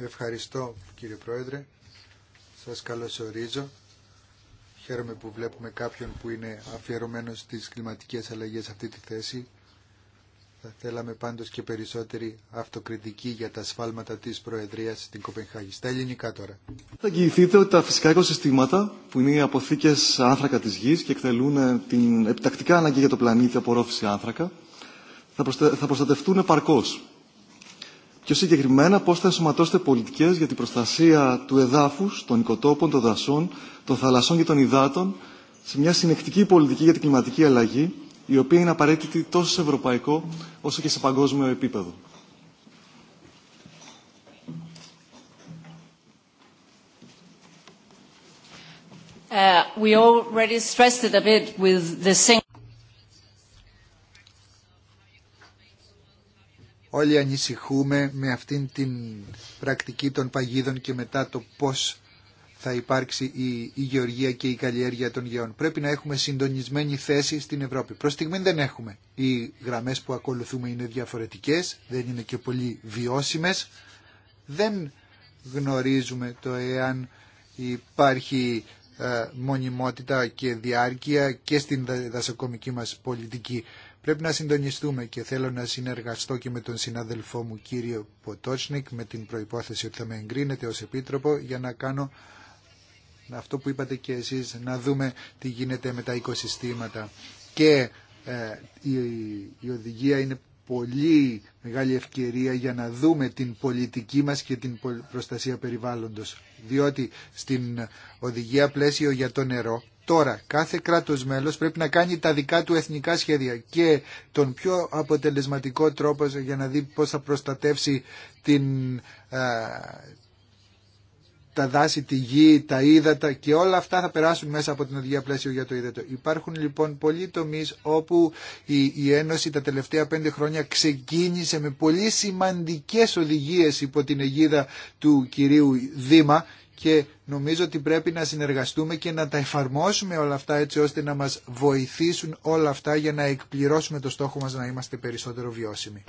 Ευχαριστώ κύριε Πρόεδρε. Σας καλωσορίζω. Χαίρομαι που βλέπουμε κάποιον που είναι αφιερωμένος στις κλιματικές αλλαγές σε αυτή τη θέση. Θα θέλαμε πάντως και περισσότερη αυτοκριτική για τα σφάλματα της Προεδρίας στην Κοπενχάγη. Στα ελληνικά τώρα. Θα εγγυηθείτε ότι τα φυσικά οικοσυστήματα που είναι οι αποθήκες άνθρακα της γης και εκτελούν ε, την επιτακτικά αναγκή για το πλανήτη απορρόφηση άνθρακα θα προστατευτούν επαρκώς Πιο συγκεκριμένα, πώ θα ενσωματώσετε πολιτικέ για την προστασία του εδάφου, των οικοτόπων, των δασών, των θαλασσών και των υδάτων σε μια συνεκτική πολιτική για την κλιματική αλλαγή, η οποία είναι απαραίτητη τόσο σε ευρωπαϊκό όσο και σε παγκόσμιο επίπεδο. Uh, we already stressed it a bit with the όλοι ανησυχούμε με αυτήν την πρακτική των παγίδων και μετά το πώς θα υπάρξει η, η γεωργία και η καλλιέργεια των γεών. Πρέπει να έχουμε συντονισμένη θέση στην Ευρώπη. Προς στιγμή δεν έχουμε. Οι γραμμές που ακολουθούμε είναι διαφορετικές, δεν είναι και πολύ βιώσιμες. Δεν γνωρίζουμε το εάν υπάρχει ε, μονιμότητα και διάρκεια και στην δασοκομική μας πολιτική. Πρέπει να συντονιστούμε και θέλω να συνεργαστώ και με τον συνάδελφό μου κύριο Ποτόσνικ με την προϋπόθεση ότι θα με εγκρίνετε ως επίτροπο για να κάνω αυτό που είπατε και εσείς, να δούμε τι γίνεται με τα οικοσυστήματα. Και ε, η, η οδηγία είναι πολύ μεγάλη ευκαιρία για να δούμε την πολιτική μας και την προστασία περιβάλλοντος. Διότι στην οδηγία πλαίσιο για το νερό Τώρα, κάθε κράτος μέλος πρέπει να κάνει τα δικά του εθνικά σχέδια και τον πιο αποτελεσματικό τρόπο για να δει πώς θα προστατεύσει την, α, τα δάση, τη γη, τα ύδατα και όλα αυτά θα περάσουν μέσα από την οδηγία πλαίσιο για το ύδατο. Υπάρχουν λοιπόν πολλοί τομεί όπου η, Ένωση τα τελευταία πέντε χρόνια ξεκίνησε με πολύ σημαντικές οδηγίες υπό την αιγίδα του κυρίου Δήμα και νομίζω ότι πρέπει να συνεργαστούμε και να τα εφαρμόσουμε όλα αυτά έτσι ώστε να μας βοηθήσουν όλα αυτά για να εκπληρώσουμε το στόχο μας να είμαστε περισσότερο βιώσιμοι.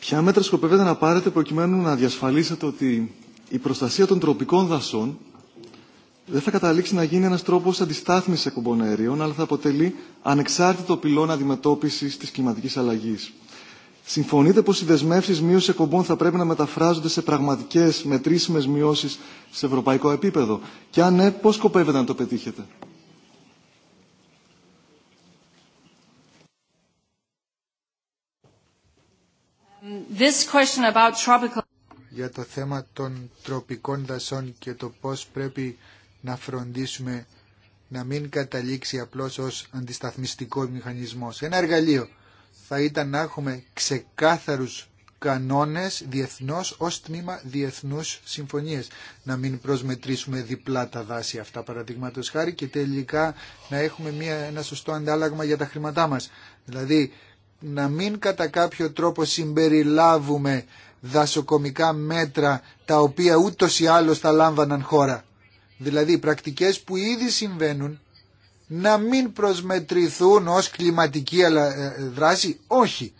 Ποια μέτρα σκοπεύετε να πάρετε προκειμένου να διασφαλίσετε ότι η προστασία των τροπικών δασών δεν θα καταλήξει να γίνει ένας τρόπος αντιστάθμισης εκπομπών αερίων, αλλά θα αποτελεί ανεξάρτητο πυλώνα αντιμετώπισης της κλιματικής αλλαγής. Συμφωνείτε πως οι δεσμεύσει μείωση εκπομπών θα πρέπει να μεταφράζονται σε πραγματικέ μετρήσιμε μειώσει σε ευρωπαϊκό επίπεδο. Και αν ναι, πώ σκοπεύετε να το πετύχετε. This question about tropical... Για το θέμα των τροπικών δασών και το πώς πρέπει να φροντίσουμε να μην καταλήξει απλώς ως αντισταθμιστικό μηχανισμός. Ένα εργαλείο θα ήταν να έχουμε ξεκάθαρους κανόνες διεθνώς ως τμήμα διεθνούς συμφωνίες. Να μην προσμετρήσουμε διπλά τα δάση αυτά παραδείγματος χάρη και τελικά να έχουμε μια, ένα σωστό αντάλλαγμα για τα χρήματά μας. Δηλαδή να μην κατά κάποιο τρόπο συμπεριλάβουμε δασοκομικά μέτρα τα οποία ούτως ή άλλως θα λάμβαναν χώρα. Δηλαδή πρακτικές που ήδη συμβαίνουν να μην προσμετρηθούν ως κλιματική ε, ε, δράση. Όχι,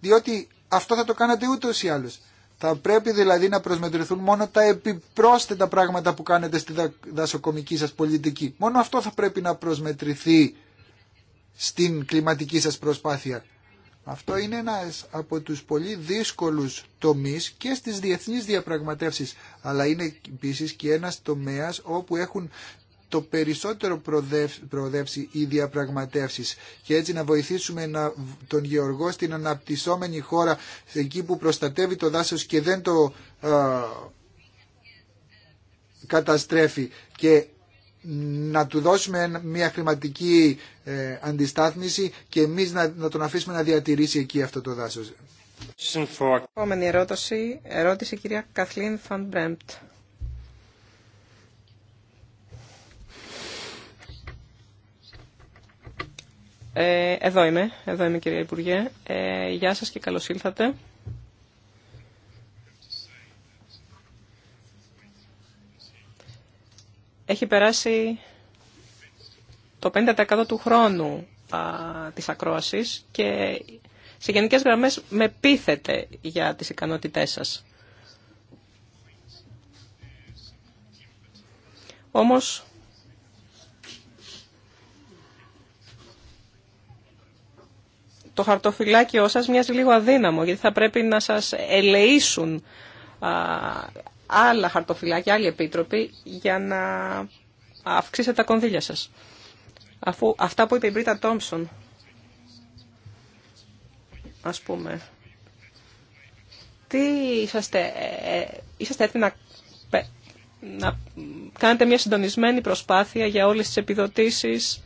διότι αυτό θα το κάνατε ούτως ή άλλως. Θα πρέπει δηλαδή να προσμετρηθούν μόνο τα επιπρόσθετα πράγματα που κάνετε στη δασοκομική σας πολιτική. Μόνο αυτό θα πρέπει να προσμετρηθεί στην κλιματική σας προσπάθεια. Αυτό είναι ένας από τους πολύ δύσκολους τομείς και στις διεθνείς διαπραγματεύσεις, αλλά είναι επίσης και ένας τομέας όπου έχουν το περισσότερο προοδεύσει ή διαπραγματεύσεις και έτσι να βοηθήσουμε να, τον Γεωργό στην αναπτυσσόμενη χώρα εκεί που προστατεύει το δάσος και δεν το καταστρέφει και να του δώσουμε μια χρηματική ε, αντιστάθμιση και εμείς να, να τον αφήσουμε να διατηρήσει εκεί αυτό το δάσος. Επόμενη ερώτηση, ερώτηση κυρία Καθλίν Φαντ Ε, εδώ είμαι, εδώ είμαι κυρία Υπουργέ. Ε, γεια σας και καλώς ήλθατε. Έχει περάσει το 50% του χρόνου α, της ακρόασης και σε γενικές γραμμές με πείθετε για τις ικανότητές σας. Όμως το χαρτοφυλάκιό σας μοιάζει λίγο αδύναμο, γιατί θα πρέπει να σας ελεήσουν άλλα χαρτοφυλάκια, άλλοι επίτροποι, για να αυξήσετε τα κονδύλια σας. Αφού αυτά που είπε η Μπρίτα Τόμψον, ας πούμε, τι είσαστε, ε, ε, είσαστε έτοιμοι να, να κάνετε μια συντονισμένη προσπάθεια για όλες τις επιδοτήσεις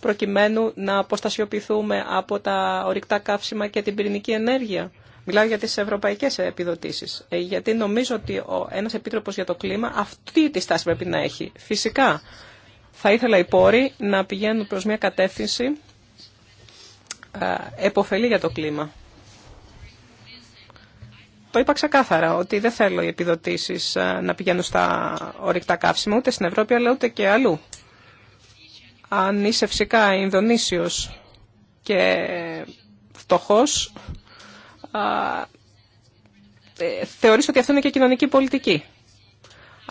προκειμένου να αποστασιοποιηθούμε από τα ορυκτά καύσιμα και την πυρηνική ενέργεια. Μιλάω για τις ευρωπαϊκές επιδοτήσεις, ε, γιατί νομίζω ότι ο, ένας επίτροπος για το κλίμα αυτή τη στάση πρέπει να έχει. Φυσικά, θα ήθελα οι πόροι να πηγαίνουν προς μια κατεύθυνση ε, επωφελή για το κλίμα. Το είπα ξεκάθαρα ότι δεν θέλω οι επιδοτήσεις ε, να πηγαίνουν στα ορυκτά καύσιμα ούτε στην Ευρώπη αλλά ούτε και αλλού. Αν είσαι φυσικά Ινδονήσιος και φτωχός, ε, θεωρείς ότι αυτό είναι και κοινωνική πολιτική.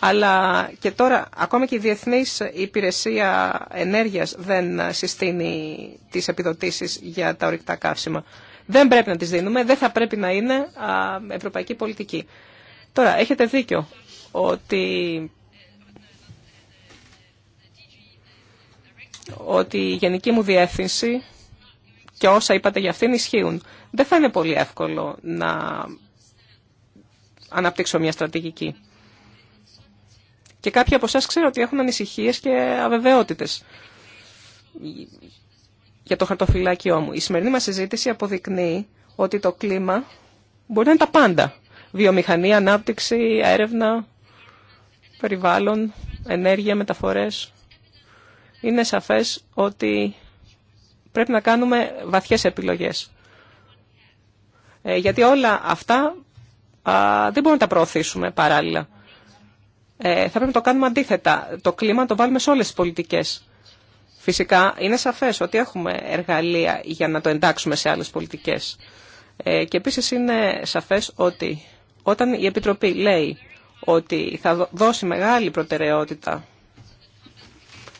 Αλλά και τώρα, ακόμα και η Διεθνής Υπηρεσία Ενέργειας δεν συστήνει τις επιδοτήσεις για τα ορυκτά καύσιμα. Δεν πρέπει να τις δίνουμε, δεν θα πρέπει να είναι ευρωπαϊκή πολιτική. Τώρα, έχετε δίκιο ότι ότι η γενική μου διεύθυνση και όσα είπατε για αυτήν ισχύουν. Δεν θα είναι πολύ εύκολο να αναπτύξω μια στρατηγική. Και κάποιοι από εσά ξέρω ότι έχουν ανησυχίες και αβεβαιότητες για το χαρτοφυλάκιό μου. Η σημερινή μας συζήτηση αποδεικνύει ότι το κλίμα μπορεί να είναι τα πάντα. Βιομηχανία, ανάπτυξη, έρευνα, περιβάλλον, ενέργεια, μεταφορές είναι σαφές ότι πρέπει να κάνουμε βαθιές επιλογές. Ε, γιατί όλα αυτά δεν μπορούμε να τα προωθήσουμε παράλληλα. Ε, θα πρέπει να το κάνουμε αντίθετα. Το κλίμα το βάλουμε σε όλες τις πολιτικές. Φυσικά είναι σαφές ότι έχουμε εργαλεία για να το εντάξουμε σε άλλες πολιτικές. Ε, και επίσης είναι σαφές ότι όταν η Επιτροπή λέει ότι θα δώσει μεγάλη προτεραιότητα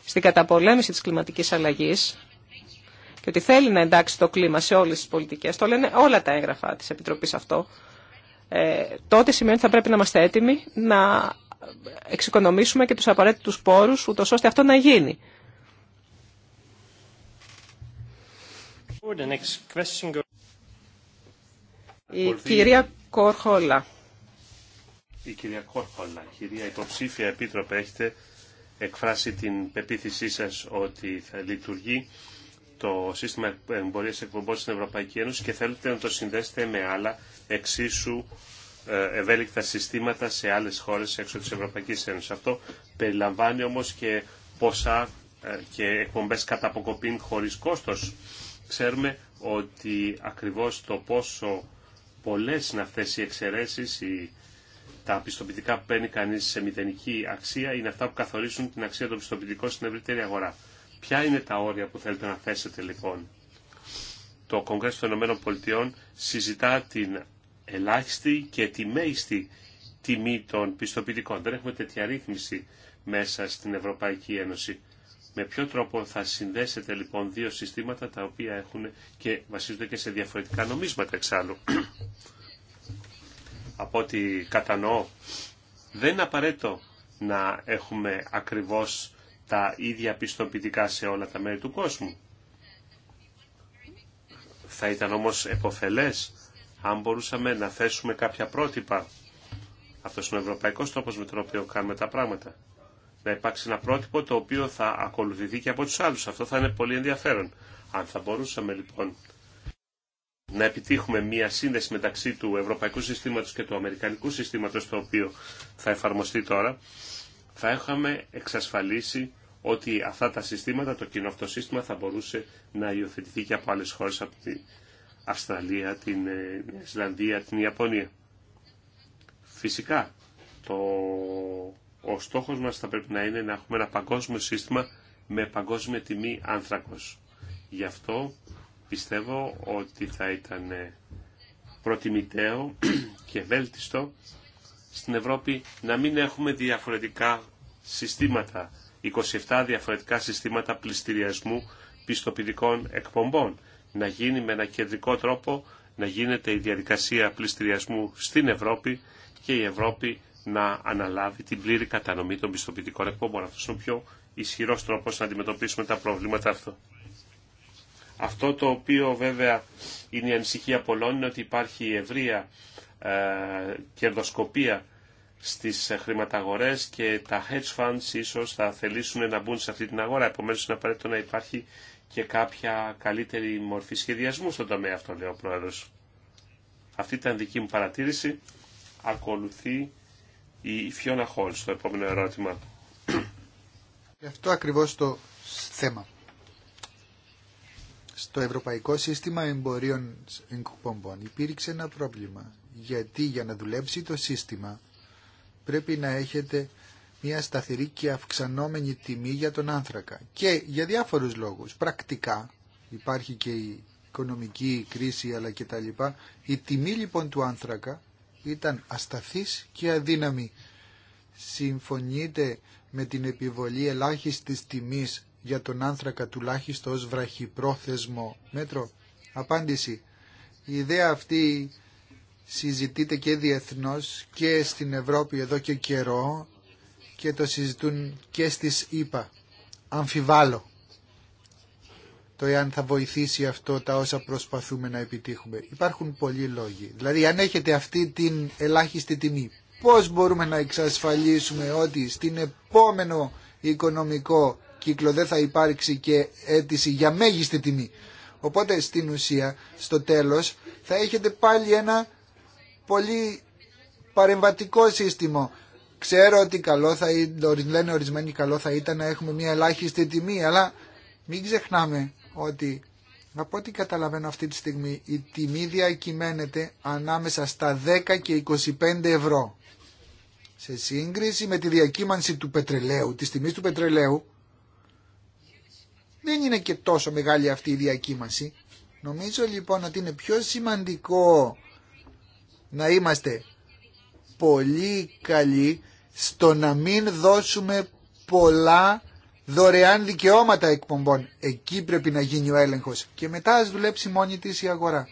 στην καταπολέμηση της κλιματικής αλλαγής και ότι θέλει να εντάξει το κλίμα σε όλες τις πολιτικές, το λένε όλα τα έγγραφα της Επιτροπής αυτό, ε, τότε σημαίνει ότι θα πρέπει να είμαστε έτοιμοι να εξοικονομήσουμε και τους απαραίτητους πόρους, ούτως ώστε αυτό να γίνει. Η κυρία Κορχόλα. Η κυρία Κορχόλα, κυρία υποψήφια επίτροπε, έχετε εκφράσει την πεποίθησή σας ότι θα λειτουργεί το σύστημα εμπορία εκπομπών στην Ευρωπαϊκή Ένωση και θέλετε να το συνδέσετε με άλλα εξίσου ε, ευέλικτα συστήματα σε άλλες χώρες έξω της Ευρωπαϊκής Ένωσης. Αυτό περιλαμβάνει όμως και ποσά ε, και εκπομπές κατά χωρίς κόστος. Ξέρουμε ότι ακριβώς το πόσο πολλές είναι αυτές οι εξαιρέσεις, οι τα πιστοποιητικά που παίρνει κανεί σε μηδενική αξία είναι αυτά που καθορίζουν την αξία των πιστοποιητικών στην ευρύτερη αγορά. Ποια είναι τα όρια που θέλετε να θέσετε λοιπόν. Το Κογκρέσιο των ΗΠΑ συζητά την ελάχιστη και τη μέγιστη τιμή των πιστοποιητικών. Δεν έχουμε τέτοια ρύθμιση μέσα στην Ευρωπαϊκή Ένωση. Με ποιο τρόπο θα συνδέσετε λοιπόν δύο συστήματα τα οποία έχουν και βασίζονται και σε διαφορετικά νομίσματα εξάλλου από ό,τι κατανοώ, δεν είναι απαραίτητο να έχουμε ακριβώς τα ίδια πιστοποιητικά σε όλα τα μέρη του κόσμου. Θα ήταν όμως εποφελές αν μπορούσαμε να θέσουμε κάποια πρότυπα. αυτός είναι ο ευρωπαϊκό τρόπος με τον οποίο κάνουμε τα πράγματα. Να υπάρξει ένα πρότυπο το οποίο θα ακολουθηθεί και από τους άλλους. Αυτό θα είναι πολύ ενδιαφέρον. Αν θα μπορούσαμε λοιπόν να επιτύχουμε μια σύνδεση μεταξύ του ευρωπαϊκού συστήματος και του αμερικανικού συστήματος το οποίο θα εφαρμοστεί τώρα, θα έχαμε εξασφαλίσει ότι αυτά τα συστήματα, το κοινό αυτό σύστημα θα μπορούσε να υιοθετηθεί και από άλλες χώρες, από την Αυστραλία, την Ισλανδία, ε, την Ιαπωνία. Φυσικά, το... ο στόχος μας θα πρέπει να είναι να έχουμε ένα παγκόσμιο σύστημα με παγκόσμια τιμή άνθρακος. Γι' αυτό Πιστεύω ότι θα ήταν προτιμητέο και βέλτιστο στην Ευρώπη να μην έχουμε διαφορετικά συστήματα, 27 διαφορετικά συστήματα πληστηριασμού πιστοποιητικών εκπομπών. Να γίνει με ένα κεντρικό τρόπο, να γίνεται η διαδικασία πληστηριασμού στην Ευρώπη και η Ευρώπη να αναλάβει την πλήρη κατανομή των πιστοποιητικών εκπομπών. Αυτό είναι ο πιο ισχυρό τρόπο να αντιμετωπίσουμε τα προβλήματα αυτά. Αυτό το οποίο βέβαια είναι η ανησυχία πολλών είναι ότι υπάρχει ευρεία ε, κερδοσκοπία στις ε, χρηματαγορές και τα hedge funds ίσως θα θελήσουν να μπουν σε αυτή την αγορά. Επομένως είναι απαραίτητο να υπάρχει και κάποια καλύτερη μορφή σχεδιασμού στον τομέα αυτό, λέει ο Πρόεδρος. Αυτή ήταν δική μου παρατήρηση. Ακολουθεί η Φιώνα Χόλ στο επόμενο ερώτημα. Γι' αυτό ακριβώς το θέμα στο Ευρωπαϊκό Σύστημα Εμπορίων Εγκουπομπών υπήρξε ένα πρόβλημα. Γιατί για να δουλέψει το σύστημα πρέπει να έχετε μια σταθερή και αυξανόμενη τιμή για τον άνθρακα. Και για διάφορους λόγους. Πρακτικά υπάρχει και η οικονομική κρίση αλλά και τα λοιπά. Η τιμή λοιπόν του άνθρακα ήταν ασταθής και αδύναμη. Συμφωνείτε με την επιβολή ελάχιστης τιμής για τον άνθρακα τουλάχιστον ως βραχυπρόθεσμο μέτρο. Απάντηση. Η ιδέα αυτή συζητείται και διεθνώς και στην Ευρώπη εδώ και καιρό και το συζητούν και στις ΗΠΑ. Αμφιβάλλω το εάν θα βοηθήσει αυτό τα όσα προσπαθούμε να επιτύχουμε. Υπάρχουν πολλοί λόγοι. Δηλαδή αν έχετε αυτή την ελάχιστη τιμή, πώς μπορούμε να εξασφαλίσουμε ότι στην επόμενο οικονομικό κύκλο δεν θα υπάρξει και αίτηση για μέγιστη τιμή. Οπότε στην ουσία, στο τέλος, θα έχετε πάλι ένα πολύ παρεμβατικό σύστημα. Ξέρω ότι καλό θα ήταν, λένε ορισμένοι καλό θα ήταν να έχουμε μια ελάχιστη τιμή, αλλά μην ξεχνάμε ότι από ό,τι καταλαβαίνω αυτή τη στιγμή η τιμή διακυμαίνεται ανάμεσα στα 10 και 25 ευρώ. Σε σύγκριση με τη διακύμανση του πετρελαίου, της τιμής του πετρελαίου, δεν είναι και τόσο μεγάλη αυτή η διακύμαση. Νομίζω λοιπόν ότι είναι πιο σημαντικό να είμαστε πολύ καλοί στο να μην δώσουμε πολλά δωρεάν δικαιώματα εκπομπών. Εκεί πρέπει να γίνει ο έλεγχος και μετά ας δουλέψει μόνη της η αγορά.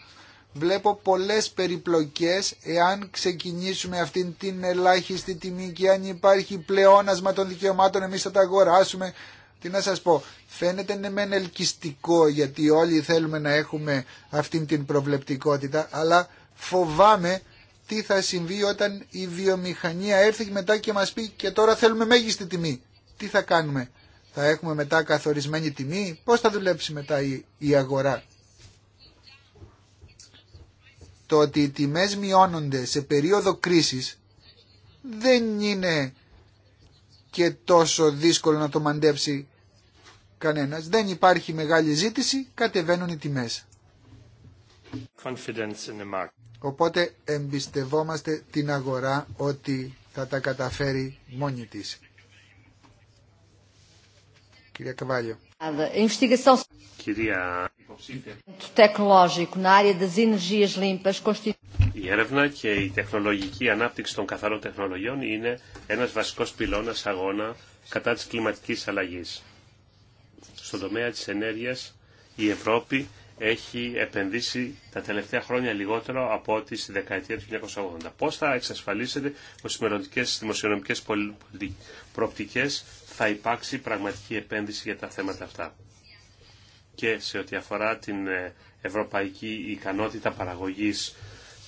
Βλέπω πολλές περιπλοκές εάν ξεκινήσουμε αυτήν την ελάχιστη τιμή και αν υπάρχει πλεόνασμα των δικαιωμάτων εμείς θα τα αγοράσουμε τι να σας πω, φαίνεται ναι μεν ελκυστικό γιατί όλοι θέλουμε να έχουμε αυτήν την προβλεπτικότητα, αλλά φοβάμαι τι θα συμβεί όταν η βιομηχανία έρθει μετά και μας πει και τώρα θέλουμε μέγιστη τιμή. Τι θα κάνουμε, θα έχουμε μετά καθορισμένη τιμή, πώς θα δουλέψει μετά η, αγορά. Το ότι οι τιμές μειώνονται σε περίοδο κρίσης δεν είναι και τόσο δύσκολο να το μαντέψει κανένας. Δεν υπάρχει μεγάλη ζήτηση, κατεβαίνουν οι τιμές. Οπότε εμπιστευόμαστε την αγορά ότι θα τα καταφέρει μόνη της. Κυρία Καβάλιο. Η e έρευνα και η τεχνολογική ανάπτυξη των καθαρών τεχνολογιών είναι ένας βασικός πυλώνας αγώνα κατά της κλιματικής αλλαγής. Στον τομέα της ενέργειας η Ευρώπη έχει επενδύσει τα τελευταία χρόνια λιγότερο από ό,τι στη δεκαετία του 1980. Πώς θα εξασφαλίσετε ότι οι μελλοντικές δημοσιονομικές προοπτικές θα υπάρξει πραγματική επένδυση για τα θέματα αυτά. Και σε ό,τι αφορά την ε, ευρωπαϊκή ικανότητα παραγωγής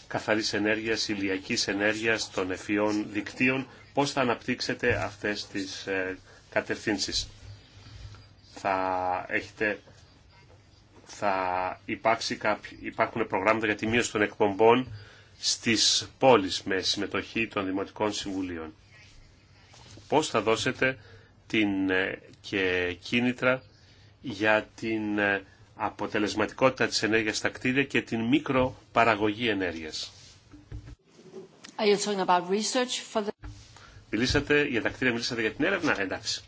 καθαρής ενέργειας, ηλιακής ενέργειας, των εφιών δικτύων, πώς θα αναπτύξετε αυτές τις ε, κατευθύνσεις. Θα έχετε θα υπάρξει υπάρχουν προγράμματα για τη μείωση των εκπομπών στις πόλεις με συμμετοχή των Δημοτικών Συμβουλίων. Πώς θα δώσετε την, ε, και κίνητρα για την ε, αποτελεσματικότητα της ενέργειας στα κτίρια και την μικροπαραγωγή ενέργειας. the... Μιλήσατε για τα κτίρια, μιλήσατε για την έρευνα, εντάξει.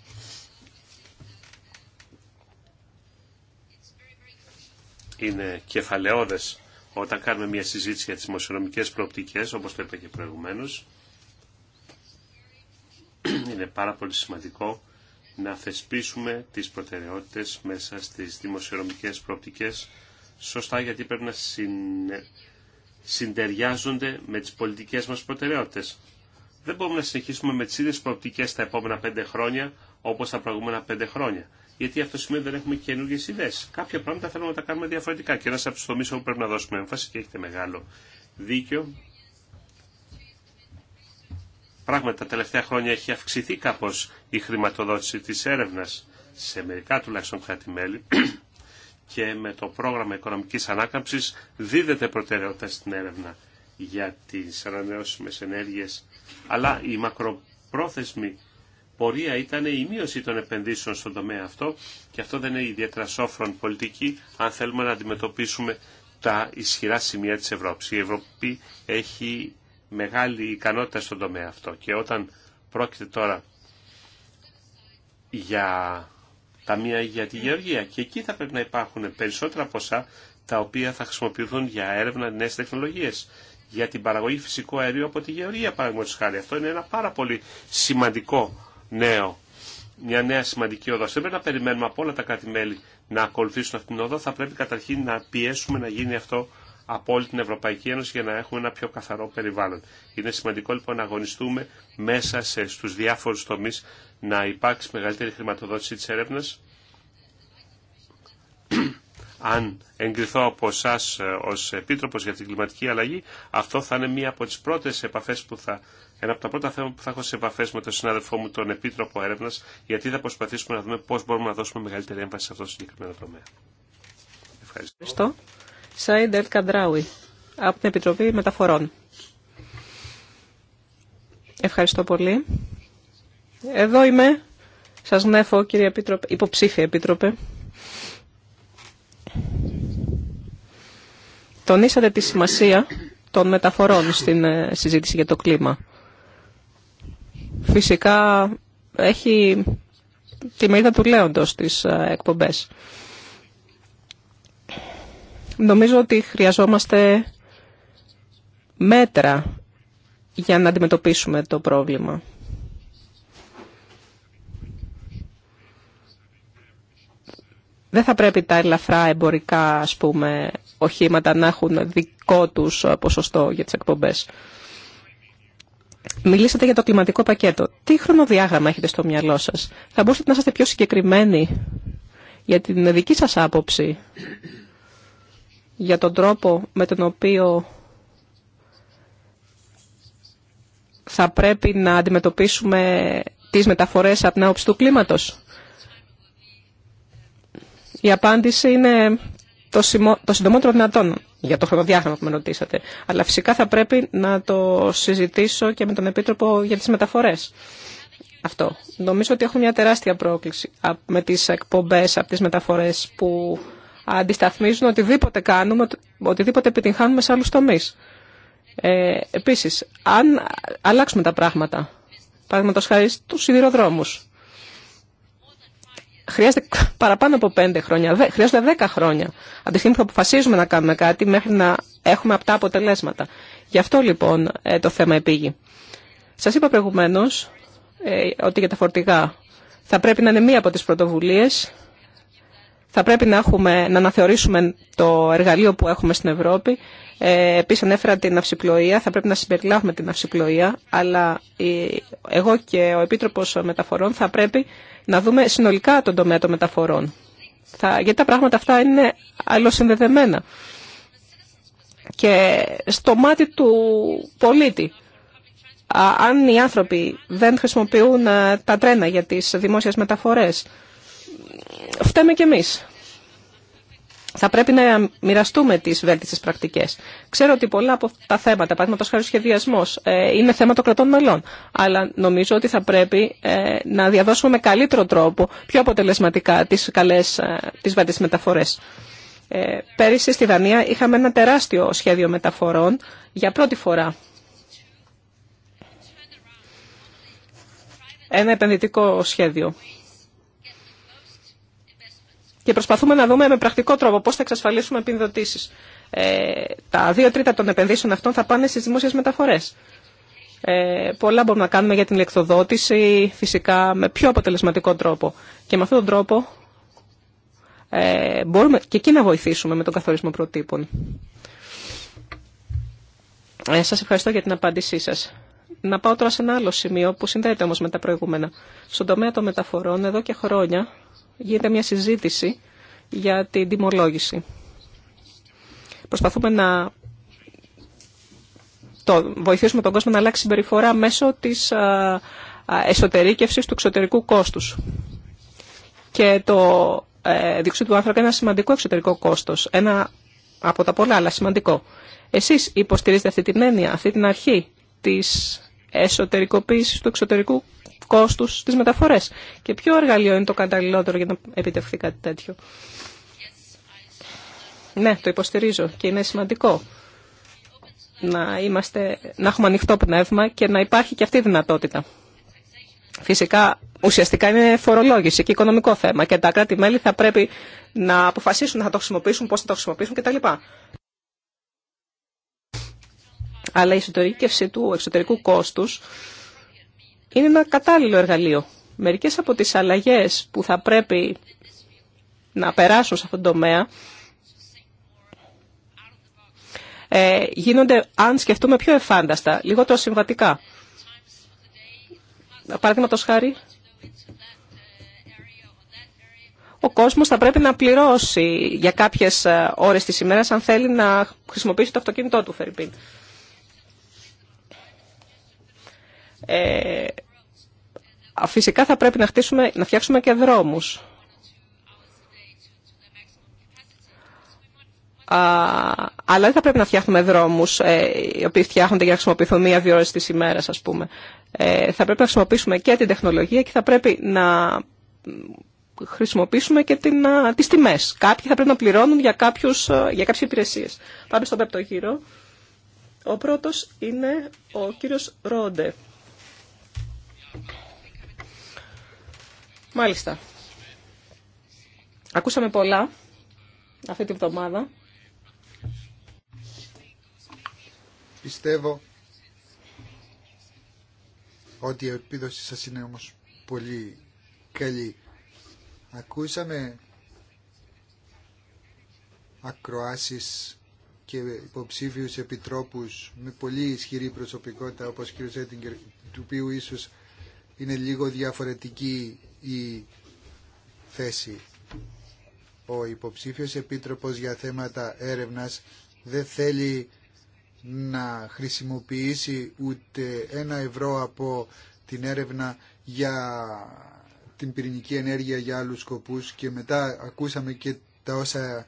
Είναι κεφαλαιώδες όταν κάνουμε μια συζήτηση για τις δημοσιονομικές προοπτικές, όπως το είπα και προηγουμένως. Είναι πάρα πολύ σημαντικό να θεσπίσουμε τις προτεραιότητες μέσα στις δημοσιονομικές προοπτικές σωστά γιατί πρέπει να συντεριάζονται με τις πολιτικές μας προτεραιότητες. Δεν μπορούμε να συνεχίσουμε με τις ίδιες προοπτικές τα επόμενα πέντε χρόνια όπως τα προηγούμενα πέντε χρόνια. Γιατί αυτό σημαίνει ότι δεν έχουμε καινούργιε ιδέε. Κάποια πράγματα θέλουμε να τα κάνουμε διαφορετικά. Και ένα από του τομεί όπου πρέπει να δώσουμε έμφαση και έχετε μεγάλο δίκιο. Πράγματι, τα τελευταία χρόνια έχει αυξηθεί κάπω η χρηματοδότηση της έρευνας σε μερικά τουλάχιστον κράτη-μέλη και με το πρόγραμμα οικονομικής ανάκαμψης δίδεται προτεραιότητα στην έρευνα για τις ανανεώσιμες ενέργειες αλλά η μακροπρόθεσμη πορεία ήταν η μείωση των επενδύσεων στον τομέα αυτό και αυτό δεν είναι ιδιαίτερα σόφρον πολιτική αν θέλουμε να αντιμετωπίσουμε τα ισχυρά σημεία της Ευρώπης. Η Ευρώπη έχει μεγάλη ικανότητα στον τομέα αυτό και όταν πρόκειται τώρα για ταμεία για τη γεωργία και εκεί θα πρέπει να υπάρχουν περισσότερα ποσά τα οποία θα χρησιμοποιηθούν για έρευνα νέε τεχνολογίε για την παραγωγή φυσικού αερίου από τη γεωργία παραδείγματο χάρη. Αυτό είναι ένα πάρα πολύ σημαντικό νέο μια νέα σημαντική οδό. Δεν πρέπει να περιμένουμε από όλα τα κράτη-μέλη να ακολουθήσουν αυτήν την οδό. Θα πρέπει καταρχήν να πιέσουμε να γίνει αυτό από όλη την Ευρωπαϊκή Ένωση για να έχουμε ένα πιο καθαρό περιβάλλον. Είναι σημαντικό λοιπόν να αγωνιστούμε μέσα στου διάφορου τομεί να υπάρξει μεγαλύτερη χρηματοδότηση της έρευνας. Αν εγκριθώ από εσά ε, ως Επίτροπος για την κλιματική αλλαγή, αυτό θα είναι μία από τις πρώτες επαφές που θα ένα από τα πρώτα θέματα που θα έχω σε επαφέ με τον συνάδελφό μου, τον Επίτροπο Έρευνα, γιατί θα προσπαθήσουμε να δούμε πώ μπορούμε να δώσουμε μεγαλύτερη έμφαση σε αυτό το συγκεκριμένο τομέα. Ευχαριστώ. Ευχαριστώ. Σάιντερ Καντράουι, από την Επιτροπή Μεταφορών. Ευχαριστώ πολύ. Εδώ είμαι. Σας γνέφω, κύριε Επίτροπε, υποψήφια Επίτροπε. Τονίσατε τη σημασία των μεταφορών στην ε, συζήτηση για το κλίμα. Φυσικά έχει τη μερίδα του λέοντος τις ε, εκπομπές. Νομίζω ότι χρειαζόμαστε μέτρα για να αντιμετωπίσουμε το πρόβλημα. δεν θα πρέπει τα ελαφρά εμπορικά ας πούμε, οχήματα να έχουν δικό τους ε, ποσοστό για τις εκπομπές. Μιλήσατε για το κλιματικό πακέτο. Τι χρονοδιάγραμμα έχετε στο μυαλό σας. Θα μπορούσατε να είστε πιο συγκεκριμένοι για την δική σας άποψη, για τον τρόπο με τον οποίο θα πρέπει να αντιμετωπίσουμε τις μεταφορές από την άποψη του κλίματος. Η απάντηση είναι το, το συντομότερο δυνατόν για το χρονοδιάγραμμα που με ρωτήσατε. Αλλά φυσικά θα πρέπει να το συζητήσω και με τον Επίτροπο για τις μεταφορές. Αυτό. Νομίζω ότι έχουμε μια τεράστια πρόκληση με τις εκπομπές από τις μεταφορές που αντισταθμίζουν οτιδήποτε κάνουμε, οτιδήποτε επιτυγχάνουμε σε άλλους τομείς. Ε, επίσης, αν αλλάξουμε τα πράγματα, παραδείγματος χάρη στους σιδηροδρόμους, χρειάζεται παραπάνω από πέντε χρόνια, χρειάζονται δέκα χρόνια. Από τη στιγμή που αποφασίζουμε να κάνουμε κάτι μέχρι να έχουμε αυτά αποτελέσματα. Γι' αυτό λοιπόν ε, το θέμα επήγει. Σας είπα προηγουμένως ε, ότι για τα φορτηγά θα πρέπει να είναι μία από τις πρωτοβουλίες. Θα πρέπει να, έχουμε, να αναθεωρήσουμε το εργαλείο που έχουμε στην Ευρώπη ε, Επίση, ανέφερα την αυσιπλοεία. Θα πρέπει να συμπεριλάβουμε την αυσιπλοεία, αλλά εγώ και ο Επίτροπο Μεταφορών θα πρέπει να δούμε συνολικά τον τομέα των μεταφορών. Θα, γιατί τα πράγματα αυτά είναι αλλοσυνδεδεμένα. Και στο μάτι του πολίτη, αν οι άνθρωποι δεν χρησιμοποιούν ε, τα τρένα για τις δημόσιες μεταφορές, φταίμε κι εμείς θα πρέπει να μοιραστούμε τι βέλτιστε πρακτικέ. Ξέρω ότι πολλά από τα θέματα, παραδείγματο χάρη σχεδιασμό, ε, είναι θέμα των κρατών μελών. Αλλά νομίζω ότι θα πρέπει ε, να διαδώσουμε με καλύτερο τρόπο, πιο αποτελεσματικά, τι τις ε, βέλτιστε μεταφορέ. πέρυσι στη Δανία είχαμε ένα τεράστιο σχέδιο μεταφορών για πρώτη φορά. Ένα επενδυτικό σχέδιο και προσπαθούμε να δούμε με πρακτικό τρόπο πώς θα εξασφαλίσουμε επιδοτήσεις. Ε, τα δύο τρίτα των επενδύσεων αυτών θα πάνε στις δημόσιες μεταφορές. Ε, πολλά μπορούμε να κάνουμε για την ηλεκτροδότηση, φυσικά με πιο αποτελεσματικό τρόπο. Και με αυτόν τον τρόπο ε, μπορούμε και εκεί να βοηθήσουμε με τον καθορισμό προτύπων. Ε, σας ευχαριστώ για την απάντησή σας. Να πάω τώρα σε ένα άλλο σημείο που συνδέεται όμως με τα προηγούμενα. Στον τομέα των μεταφορών εδώ και χρόνια γίνεται μια συζήτηση για την τιμολόγηση. Προσπαθούμε να το βοηθήσουμε τον κόσμο να αλλάξει συμπεριφορά μέσω της εσωτερήκευσης του εξωτερικού κόστους. Και το ε, του άνθρακα είναι ένα σημαντικό εξωτερικό κόστος, ένα από τα πολλά, αλλά σημαντικό. Εσείς υποστηρίζετε αυτή την έννοια, αυτή την αρχή της εσωτερικοποίησης του εξωτερικού Κόστου τις μεταφορές. Και ποιο εργαλείο είναι το καταλληλότερο για να επιτευχθεί κάτι τέτοιο. Ναι, το υποστηρίζω και είναι σημαντικό να, είμαστε, να έχουμε ανοιχτό πνεύμα και να υπάρχει και αυτή η δυνατότητα. Φυσικά, ουσιαστικά είναι φορολόγηση και οικονομικό θέμα και τα κράτη-μέλη θα πρέπει να αποφασίσουν να το χρησιμοποιήσουν, πώς θα το χρησιμοποιήσουν κτλ. Αλλά η εσωτερήκευση του εξωτερικού κόστους είναι ένα κατάλληλο εργαλείο. Μερικές από τις αλλαγές που θα πρέπει να περάσουν σε αυτόν τον τομέα ε, γίνονται, αν σκεφτούμε, πιο εφάνταστα, λιγότερο συμβατικά. Παραδείγματο χάρη, ο κόσμος θα πρέπει να πληρώσει για κάποιες ε, ώρες της ημέρας αν θέλει να χρησιμοποιήσει το αυτοκίνητό του, Φερρυπίν. Ε, φυσικά θα πρέπει να, χτίσουμε, να φτιάξουμε και δρόμους. Α, αλλά δεν θα πρέπει να φτιάχνουμε δρόμους ε, οι οποίοι φτιάχνονται για να χρησιμοποιηθούν μία-δύο ώρες της ημέρας, ας πούμε. Ε, θα πρέπει να χρησιμοποιήσουμε και την τεχνολογία και θα πρέπει να χρησιμοποιήσουμε και την, α, τις τιμές. Κάποιοι θα πρέπει να πληρώνουν για, κάποιους, ε, για κάποιες υπηρεσίες. Πάμε στον πέπτο γύρο. Ο πρώτος είναι ο κύριος Ρόντε. Μάλιστα. Ακούσαμε πολλά αυτή την εβδομάδα. Πιστεύω ότι η επίδοση σας είναι όμως πολύ καλή. Ακούσαμε ακροάσεις και υποψήφιους επιτρόπους με πολύ ισχυρή προσωπικότητα όπως ο κ. Ζέτιγκερ του οποίου ίσως είναι λίγο διαφορετική η θέση. Ο υποψήφιος επίτροπος για θέματα έρευνας δεν θέλει να χρησιμοποιήσει ούτε ένα ευρώ από την έρευνα για την πυρηνική ενέργεια για άλλους σκοπούς και μετά ακούσαμε και τα όσα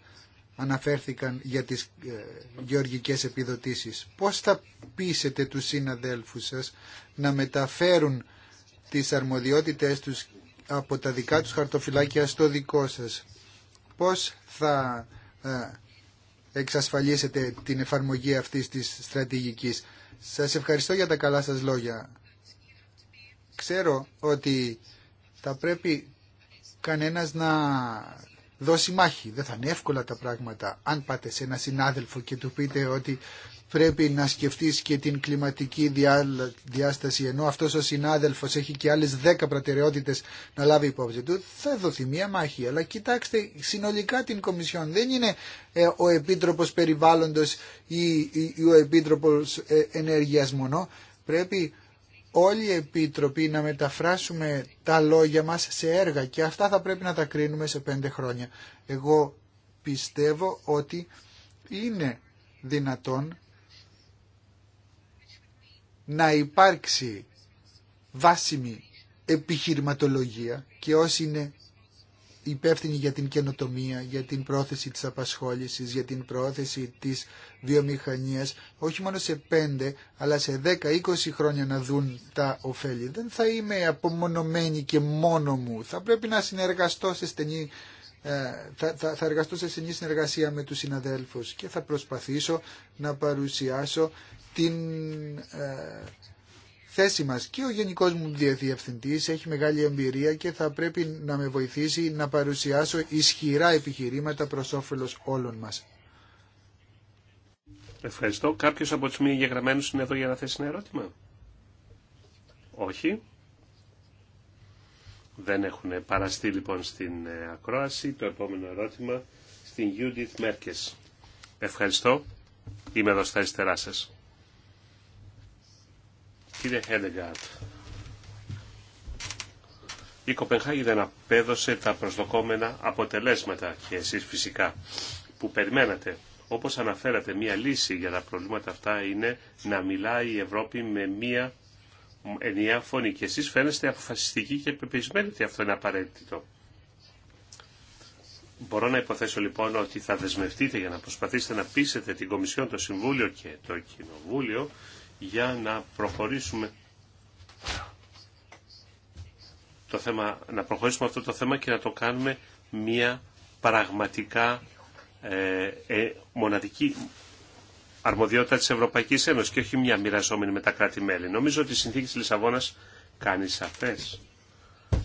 αναφέρθηκαν για τις ε, γεωργικές επιδοτήσεις. Πώς θα πείσετε τους συναδέλφους σας να μεταφέρουν τις αρμοδιότητες τους από τα δικά τους χαρτοφυλάκια στο δικό σας. Πώς θα ε, εξασφαλίσετε την εφαρμογή αυτής της στρατηγικής. Σας ευχαριστώ για τα καλά σας λόγια. Ξέρω ότι θα πρέπει κανένας να δώσει μάχη. Δεν θα είναι εύκολα τα πράγματα. Αν πάτε σε ένα συνάδελφο και του πείτε ότι πρέπει να σκεφτείς και την κλιματική διάσταση ενώ αυτός ο συνάδελφος έχει και άλλες δέκα προτεραιότητες να λάβει υπόψη του θα δοθεί μία μάχη αλλά κοιτάξτε συνολικά την Κομισιόν δεν είναι ε, ο Επίτροπος Περιβάλλοντος ή, ο Επίτροπος ε, Ενέργειας μόνο πρέπει όλοι οι Επίτροποι να μεταφράσουμε τα λόγια μας σε έργα και αυτά θα πρέπει να τα κρίνουμε σε πέντε χρόνια εγώ πιστεύω ότι είναι δυνατόν να υπάρξει βάσιμη επιχειρηματολογία και όσοι είναι υπεύθυνοι για την καινοτομία, για την πρόθεση της απασχόλησης, για την πρόθεση της βιομηχανίας, όχι μόνο σε 5 αλλά σε 10-20 χρόνια να δουν τα ωφέλη. Δεν θα είμαι απομονωμένη και μόνο μου. Θα πρέπει να συνεργαστώ σε στενή ε, θα, θα, θα εργαστώ σε στενή συνεργασία με τους συναδέλφους και θα προσπαθήσω να παρουσιάσω την ε, θέση μας. Και ο γενικός μου διευθυντής έχει μεγάλη εμπειρία και θα πρέπει να με βοηθήσει να παρουσιάσω ισχυρά επιχειρήματα προς όφελος όλων μας. Ευχαριστώ. Κάποιος από τους μη εγγεγραμμένους είναι εδώ για να θέσει ένα ερώτημα. Όχι. Δεν έχουν παραστεί λοιπόν στην ε, ακρόαση. Το επόμενο ερώτημα στην Judith Μέρκες. Ευχαριστώ. Είμαι εδώ στα αριστερά σας. Κύριε Χέντεγκάρτ, η Κοπενχάγη δεν απέδωσε τα προσδοκόμενα αποτελέσματα και εσείς φυσικά που περιμένατε. Όπως αναφέρατε, μία λύση για τα προβλήματα αυτά είναι να μιλάει η Ευρώπη με μία ενιαία φωνή και εσείς φαίνεστε αποφασιστικοί και πεπισμένοι ότι αυτό είναι απαραίτητο. Μπορώ να υποθέσω λοιπόν ότι θα δεσμευτείτε για να προσπαθήσετε να πείσετε την Κομισιόν, το Συμβούλιο και το Κοινοβούλιο για να προχωρήσουμε το θέμα, να προχωρήσουμε αυτό το θέμα και να το κάνουμε μια πραγματικά ε, ε μοναδική, αρμοδιότητα της Ευρωπαϊκής Ένωσης και όχι μια μοιραζόμενη με τα κράτη-μέλη. Νομίζω ότι η συνθήκη της Λισαβόνας κάνει σαφές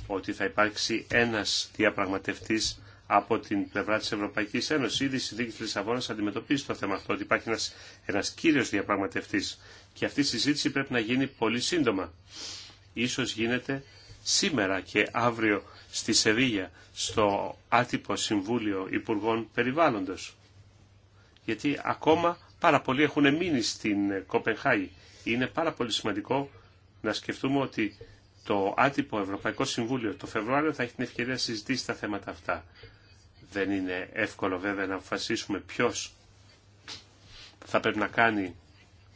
ότι θα υπάρξει ένας διαπραγματευτής από την πλευρά της Ευρωπαϊκής Ένωσης. Ήδη η συνθήκη της Λισαβόνας αντιμετωπίζει το θέμα αυτό, ότι υπάρχει ένας, κύριο κύριος διαπραγματευτής και αυτή η συζήτηση πρέπει να γίνει πολύ σύντομα. Ίσως γίνεται σήμερα και αύριο στη Σεβίγια, στο άτυπο Συμβούλιο Υπουργών Περιβάλλοντος. Γιατί ακόμα Πάρα πολλοί έχουν μείνει στην Κοπενχάγη. Είναι πάρα πολύ σημαντικό να σκεφτούμε ότι το άτυπο Ευρωπαϊκό Συμβούλιο το Φεβρουάριο θα έχει την ευκαιρία να συζητήσει τα θέματα αυτά. Δεν είναι εύκολο βέβαια να αποφασίσουμε ποιο θα πρέπει να κάνει,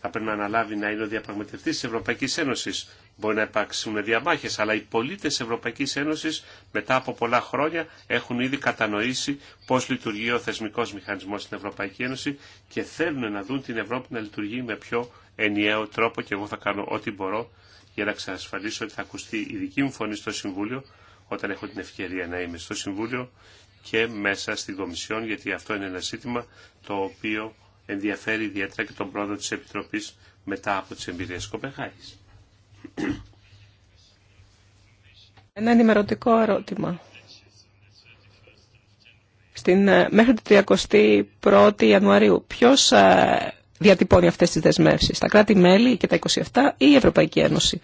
θα πρέπει να αναλάβει να είναι ο διαπραγματευτής της Ευρωπαϊκής Ένωσης. Μπορεί να υπάρξουν διαμάχες, αλλά οι πολίτες Ευρωπαϊκής Ένωσης μετά από πολλά χρόνια έχουν ήδη κατανοήσει πώς λειτουργεί ο θεσμικός μηχανισμός στην Ευρωπαϊκή Ένωση και θέλουν να δουν την Ευρώπη να λειτουργεί με πιο ενιαίο τρόπο και εγώ θα κάνω ό,τι μπορώ για να ξασφαλίσω ότι θα ακουστεί η δική μου φωνή στο Συμβούλιο όταν έχω την ευκαιρία να είμαι στο Συμβούλιο και μέσα στην Κομισιόν, γιατί αυτό είναι ένα ζήτημα το οποίο ενδιαφέρει ιδιαίτερα και τον πρόεδρο τη Επιτροπής μετά από ένα ενημερωτικό ερώτημα. Στην, ε, μέχρι την 31η Ιανουαρίου, ποιος ε, διατυπώνει αυτές τις δεσμεύσεις, τα κράτη-μέλη και τα 27 ή η Ευρωπαϊκή Ένωση.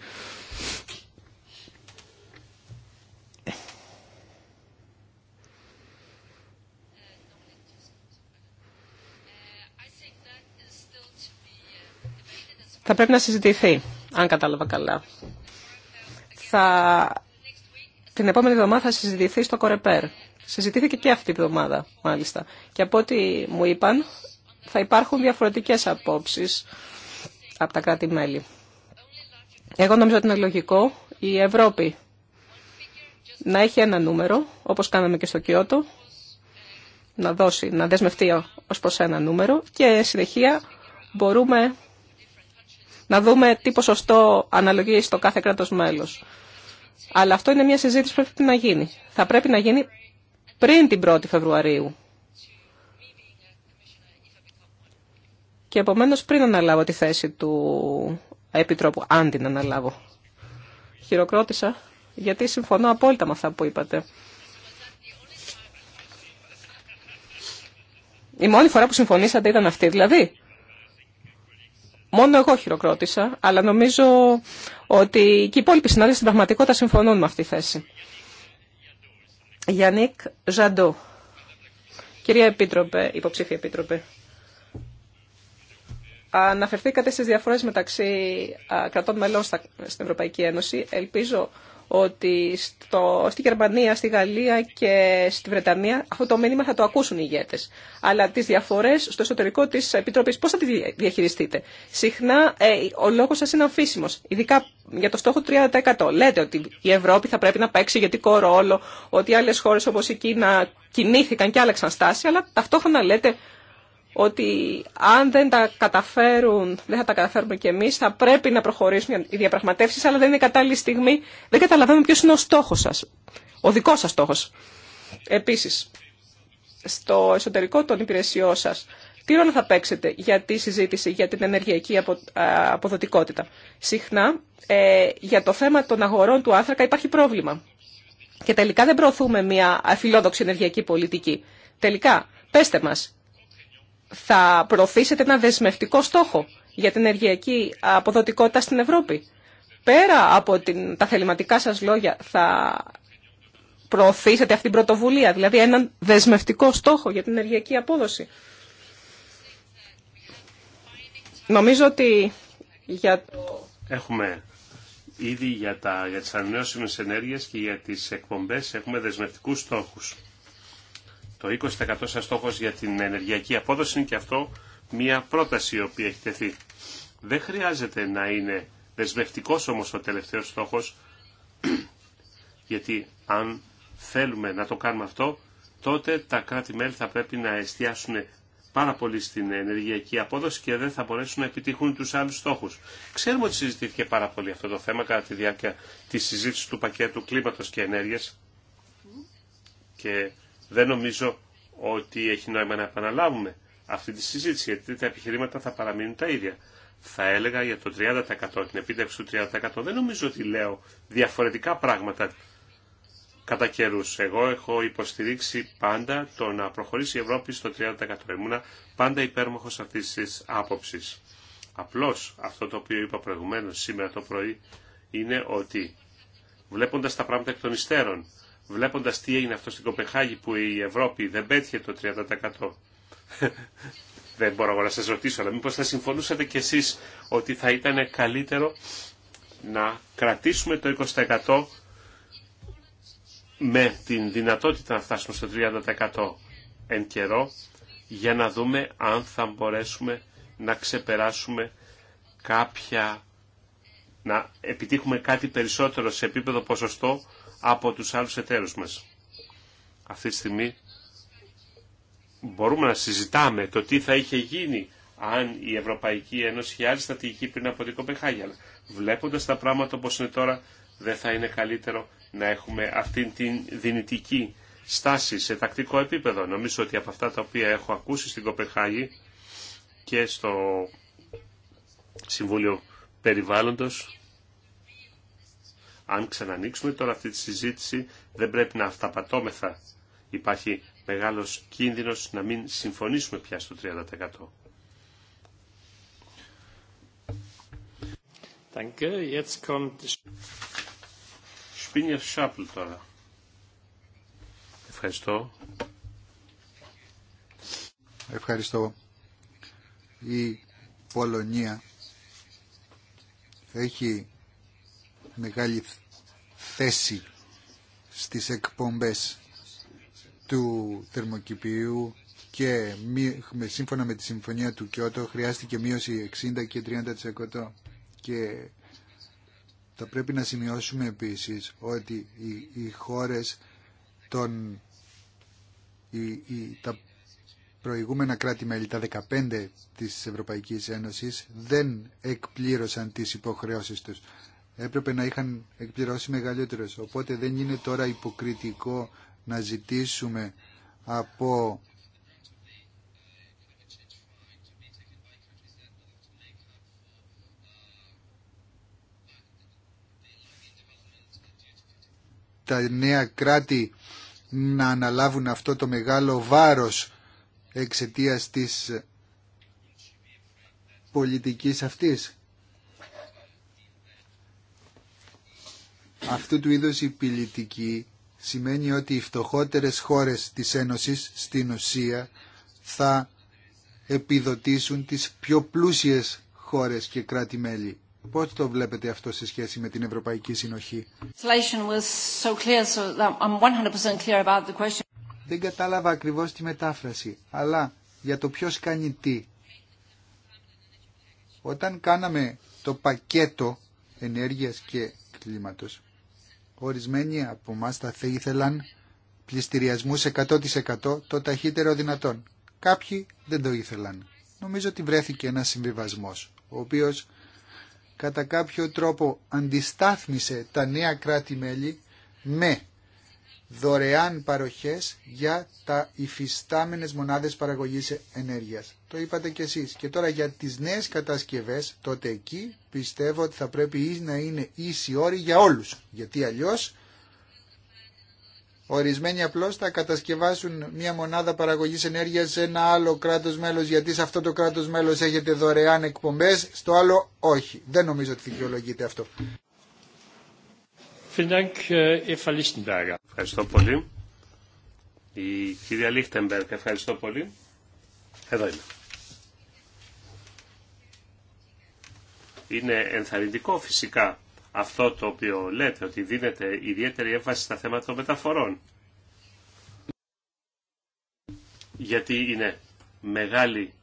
Θα πρέπει να συζητηθεί αν κατάλαβα καλά. Θα... Την επόμενη εβδομάδα θα συζητηθεί στο Κορεπέρ. Συζητήθηκε και αυτή η εβδομάδα, μάλιστα. Και από ό,τι μου είπαν, θα υπάρχουν διαφορετικές απόψεις από τα κράτη-μέλη. Εγώ νομίζω ότι είναι λογικό η Ευρώπη να έχει ένα νούμερο, όπως κάναμε και στο Κιώτο, να δώσει, να δεσμευτεί ως προς ένα νούμερο και συνεχεία μπορούμε να δούμε τι ποσοστό αναλογεί στο κάθε κράτος μέλος. Αλλά αυτό είναι μια συζήτηση που πρέπει να γίνει. Θα πρέπει να γίνει πριν την 1η Φεβρουαρίου. Και επομενω πριν αναλάβω τη θέση του Επιτρόπου, αν την αναλάβω. Χειροκρότησα, γιατί συμφωνώ απόλυτα με αυτά που είπατε. Η μόνη φορά που συμφωνήσατε ήταν αυτή, δηλαδή. Μόνο εγώ χειροκρότησα, αλλά νομίζω ότι και οι υπόλοιποι συνάδελφοι στην πραγματικότητα συμφωνούν με αυτή τη θέση. Γιάννικ Ζαντό. Κυρία Επίτροπε, υποψήφια Επίτροπε, αναφερθήκατε στις διαφορές μεταξύ κρατών μελών στην Ευρωπαϊκή Ένωση. Ελπίζω ότι στη Γερμανία, στη Γαλλία και στη Βρετανία αυτό το μήνυμα θα το ακούσουν οι ηγέτες. Αλλά τις διαφορές στο εσωτερικό της Επιτροπής πώς θα τη διαχειριστείτε. Συχνά ε, ο λόγος σας είναι αμφίσιμος, ειδικά για το στόχο 30%. Λέτε ότι η Ευρώπη θα πρέπει να παίξει ηγετικό ρόλο, ότι άλλες χώρες όπως η Κίνα κινήθηκαν και άλλαξαν στάση, αλλά ταυτόχρονα λέτε ότι αν δεν τα καταφέρουν, δεν θα τα καταφέρουμε κι εμείς, θα πρέπει να προχωρήσουν οι διαπραγματεύσεις, αλλά δεν είναι κατάλληλη στιγμή. Δεν καταλαβαίνουμε ποιος είναι ο στόχος σας, ο δικός σας στόχος. Επίσης, στο εσωτερικό των υπηρεσιών σας, τι ρόλο θα παίξετε για τη συζήτηση για την ενεργειακή αποδοτικότητα. Συχνά, ε, για το θέμα των αγορών του άνθρακα υπάρχει πρόβλημα. Και τελικά δεν προωθούμε μια αφιλόδοξη ενεργειακή πολιτική. Τελικά, πέστε μας, θα προωθήσετε ένα δεσμευτικό στόχο για την ενεργειακή αποδοτικότητα στην Ευρώπη. Πέρα από την, τα θεληματικά σας λόγια θα προωθήσετε αυτή την πρωτοβουλία, δηλαδή έναν δεσμευτικό στόχο για την ενεργειακή απόδοση. Νομίζω ότι για Έχουμε ήδη για, τα, για τις ανανεώσιμες ενέργειες και για τις εκπομπές έχουμε δεσμευτικούς στόχους. Το 20% σας στόχος για την ενεργειακή απόδοση είναι και αυτό μια πρόταση η οποία έχει τεθεί. Δεν χρειάζεται να είναι δεσμευτικός όμως ο τελευταίος στόχος, γιατί αν θέλουμε να το κάνουμε αυτό, τότε τα κράτη-μέλη θα πρέπει να εστιάσουν πάρα πολύ στην ενεργειακή απόδοση και δεν θα μπορέσουν να επιτύχουν τους άλλους στόχους. Ξέρουμε ότι συζητήθηκε πάρα πολύ αυτό το θέμα κατά τη διάρκεια της συζήτησης του πακέτου κλίματος και ενέργειας και δεν νομίζω ότι έχει νόημα να επαναλάβουμε αυτή τη συζήτηση, γιατί τα επιχειρήματα θα παραμείνουν τα ίδια. Θα έλεγα για το 30%, την επίτευξη του 30%. Δεν νομίζω ότι λέω διαφορετικά πράγματα κατά καιρού. Εγώ έχω υποστηρίξει πάντα το να προχωρήσει η Ευρώπη στο 30%. Ήμουνα πάντα υπέρμαχος αυτής της άποψης. Απλώς αυτό το οποίο είπα προηγουμένως σήμερα το πρωί είναι ότι βλέποντας τα πράγματα εκ των υστέρων βλέποντας τι έγινε αυτό στην Κοπεχάγη που η Ευρώπη δεν πέτυχε το 30%. δεν μπορώ να σας ρωτήσω, αλλά μήπως θα συμφωνούσατε κι εσείς ότι θα ήταν καλύτερο να κρατήσουμε το 20% με την δυνατότητα να φτάσουμε στο 30% εν καιρό για να δούμε αν θα μπορέσουμε να ξεπεράσουμε κάποια, να επιτύχουμε κάτι περισσότερο σε επίπεδο ποσοστό από τους άλλους εταίρους μας. Αυτή τη στιγμή μπορούμε να συζητάμε το τι θα είχε γίνει αν η Ευρωπαϊκή Ένωση είχε άλλη στρατηγική πριν από την Κοπεχάγια. Βλέποντας τα πράγματα όπως είναι τώρα, δεν θα είναι καλύτερο να έχουμε αυτήν την δυνητική στάση σε τακτικό επίπεδο. Νομίζω ότι από αυτά τα οποία έχω ακούσει στην Κοπεχάγη και στο Συμβούλιο Περιβάλλοντος αν ξανανοίξουμε τώρα αυτή τη συζήτηση δεν πρέπει να αυταπατώμεθα. Υπάρχει μεγάλος κίνδυνος να μην συμφωνήσουμε πια στο 30%. Σπίνιερ τώρα. Ευχαριστώ. Ευχαριστώ. Η Πολωνία έχει μεγάλη θέση στις εκπομπές του θερμοκηπίου και σύμφωνα με τη συμφωνία του Κιώτο χρειάστηκε μείωση 60 και 30% και θα πρέπει να σημειώσουμε επίσης ότι οι, οι χώρες των τα προηγούμενα κράτη-μέλη, τα 15 της Ευρωπαϊκής Ένωσης, δεν εκπλήρωσαν τις υποχρεώσεις τους έπρεπε να είχαν εκπληρώσει μεγαλύτερες. Οπότε δεν είναι τώρα υποκριτικό να ζητήσουμε από τα νέα κράτη να αναλάβουν αυτό το μεγάλο βάρος εξαιτίας της πολιτικής αυτής. αυτού του είδους η πολιτική σημαίνει ότι οι φτωχότερες χώρες της Ένωσης στην ουσία θα επιδοτήσουν τις πιο πλούσιες χώρες και κράτη-μέλη. Πώς το βλέπετε αυτό σε σχέση με την Ευρωπαϊκή Συνοχή. Δεν κατάλαβα ακριβώς τη μετάφραση, αλλά για το ποιος κάνει τι. Όταν κάναμε το πακέτο ενέργειας και κλίματος, Ορισμένοι από εμά θα ήθελαν πληστηριασμού 100% το ταχύτερο δυνατόν. Κάποιοι δεν το ήθελαν. Νομίζω ότι βρέθηκε ένα συμβιβασμό, ο οποίο κατά κάποιο τρόπο αντιστάθμισε τα νέα κράτη-μέλη με δωρεάν παροχές για τα υφιστάμενες μονάδες παραγωγής ενέργειας. Το είπατε κι εσείς. Και τώρα για τις νέες κατασκευές, τότε εκεί πιστεύω ότι θα πρέπει να είναι ίση όροι για όλους. Γιατί αλλιώς ορισμένοι απλώς θα κατασκευάσουν μια μονάδα παραγωγής ενέργειας σε ένα άλλο κράτος μέλος γιατί σε αυτό το κράτος μέλος έχετε δωρεάν εκπομπές, στο άλλο όχι. Δεν νομίζω ότι δικαιολογείται αυτό. Äh, ευχαριστώ πολύ. Η κυρία Λίχτεμπεργκ, ευχαριστώ πολύ. Εδώ είμαι. Είναι ενθαρρυντικό φυσικά αυτό το οποίο λέτε, ότι δίνεται ιδιαίτερη έμφαση στα θέματα των μεταφορών. Γιατί είναι μεγάλη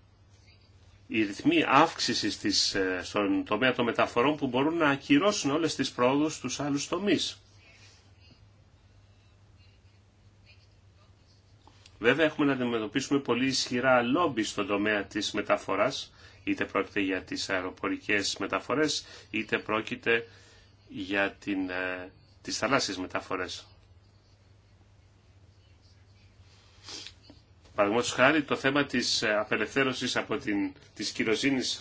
οι ρυθμοί αύξηση ε, στον τομέα των μεταφορών που μπορούν να ακυρώσουν όλες τις πρόοδους στους άλλους τομείς. Βέβαια έχουμε να αντιμετωπίσουμε πολύ ισχυρά λόμπι στον τομέα της μεταφοράς, είτε πρόκειται για τις αεροπορικές μεταφορές, είτε πρόκειται για την, ε, τις θαλάσσιες μεταφορές. Παραδείγματο χάρη το θέμα τη ε, απελευθέρωση από την, της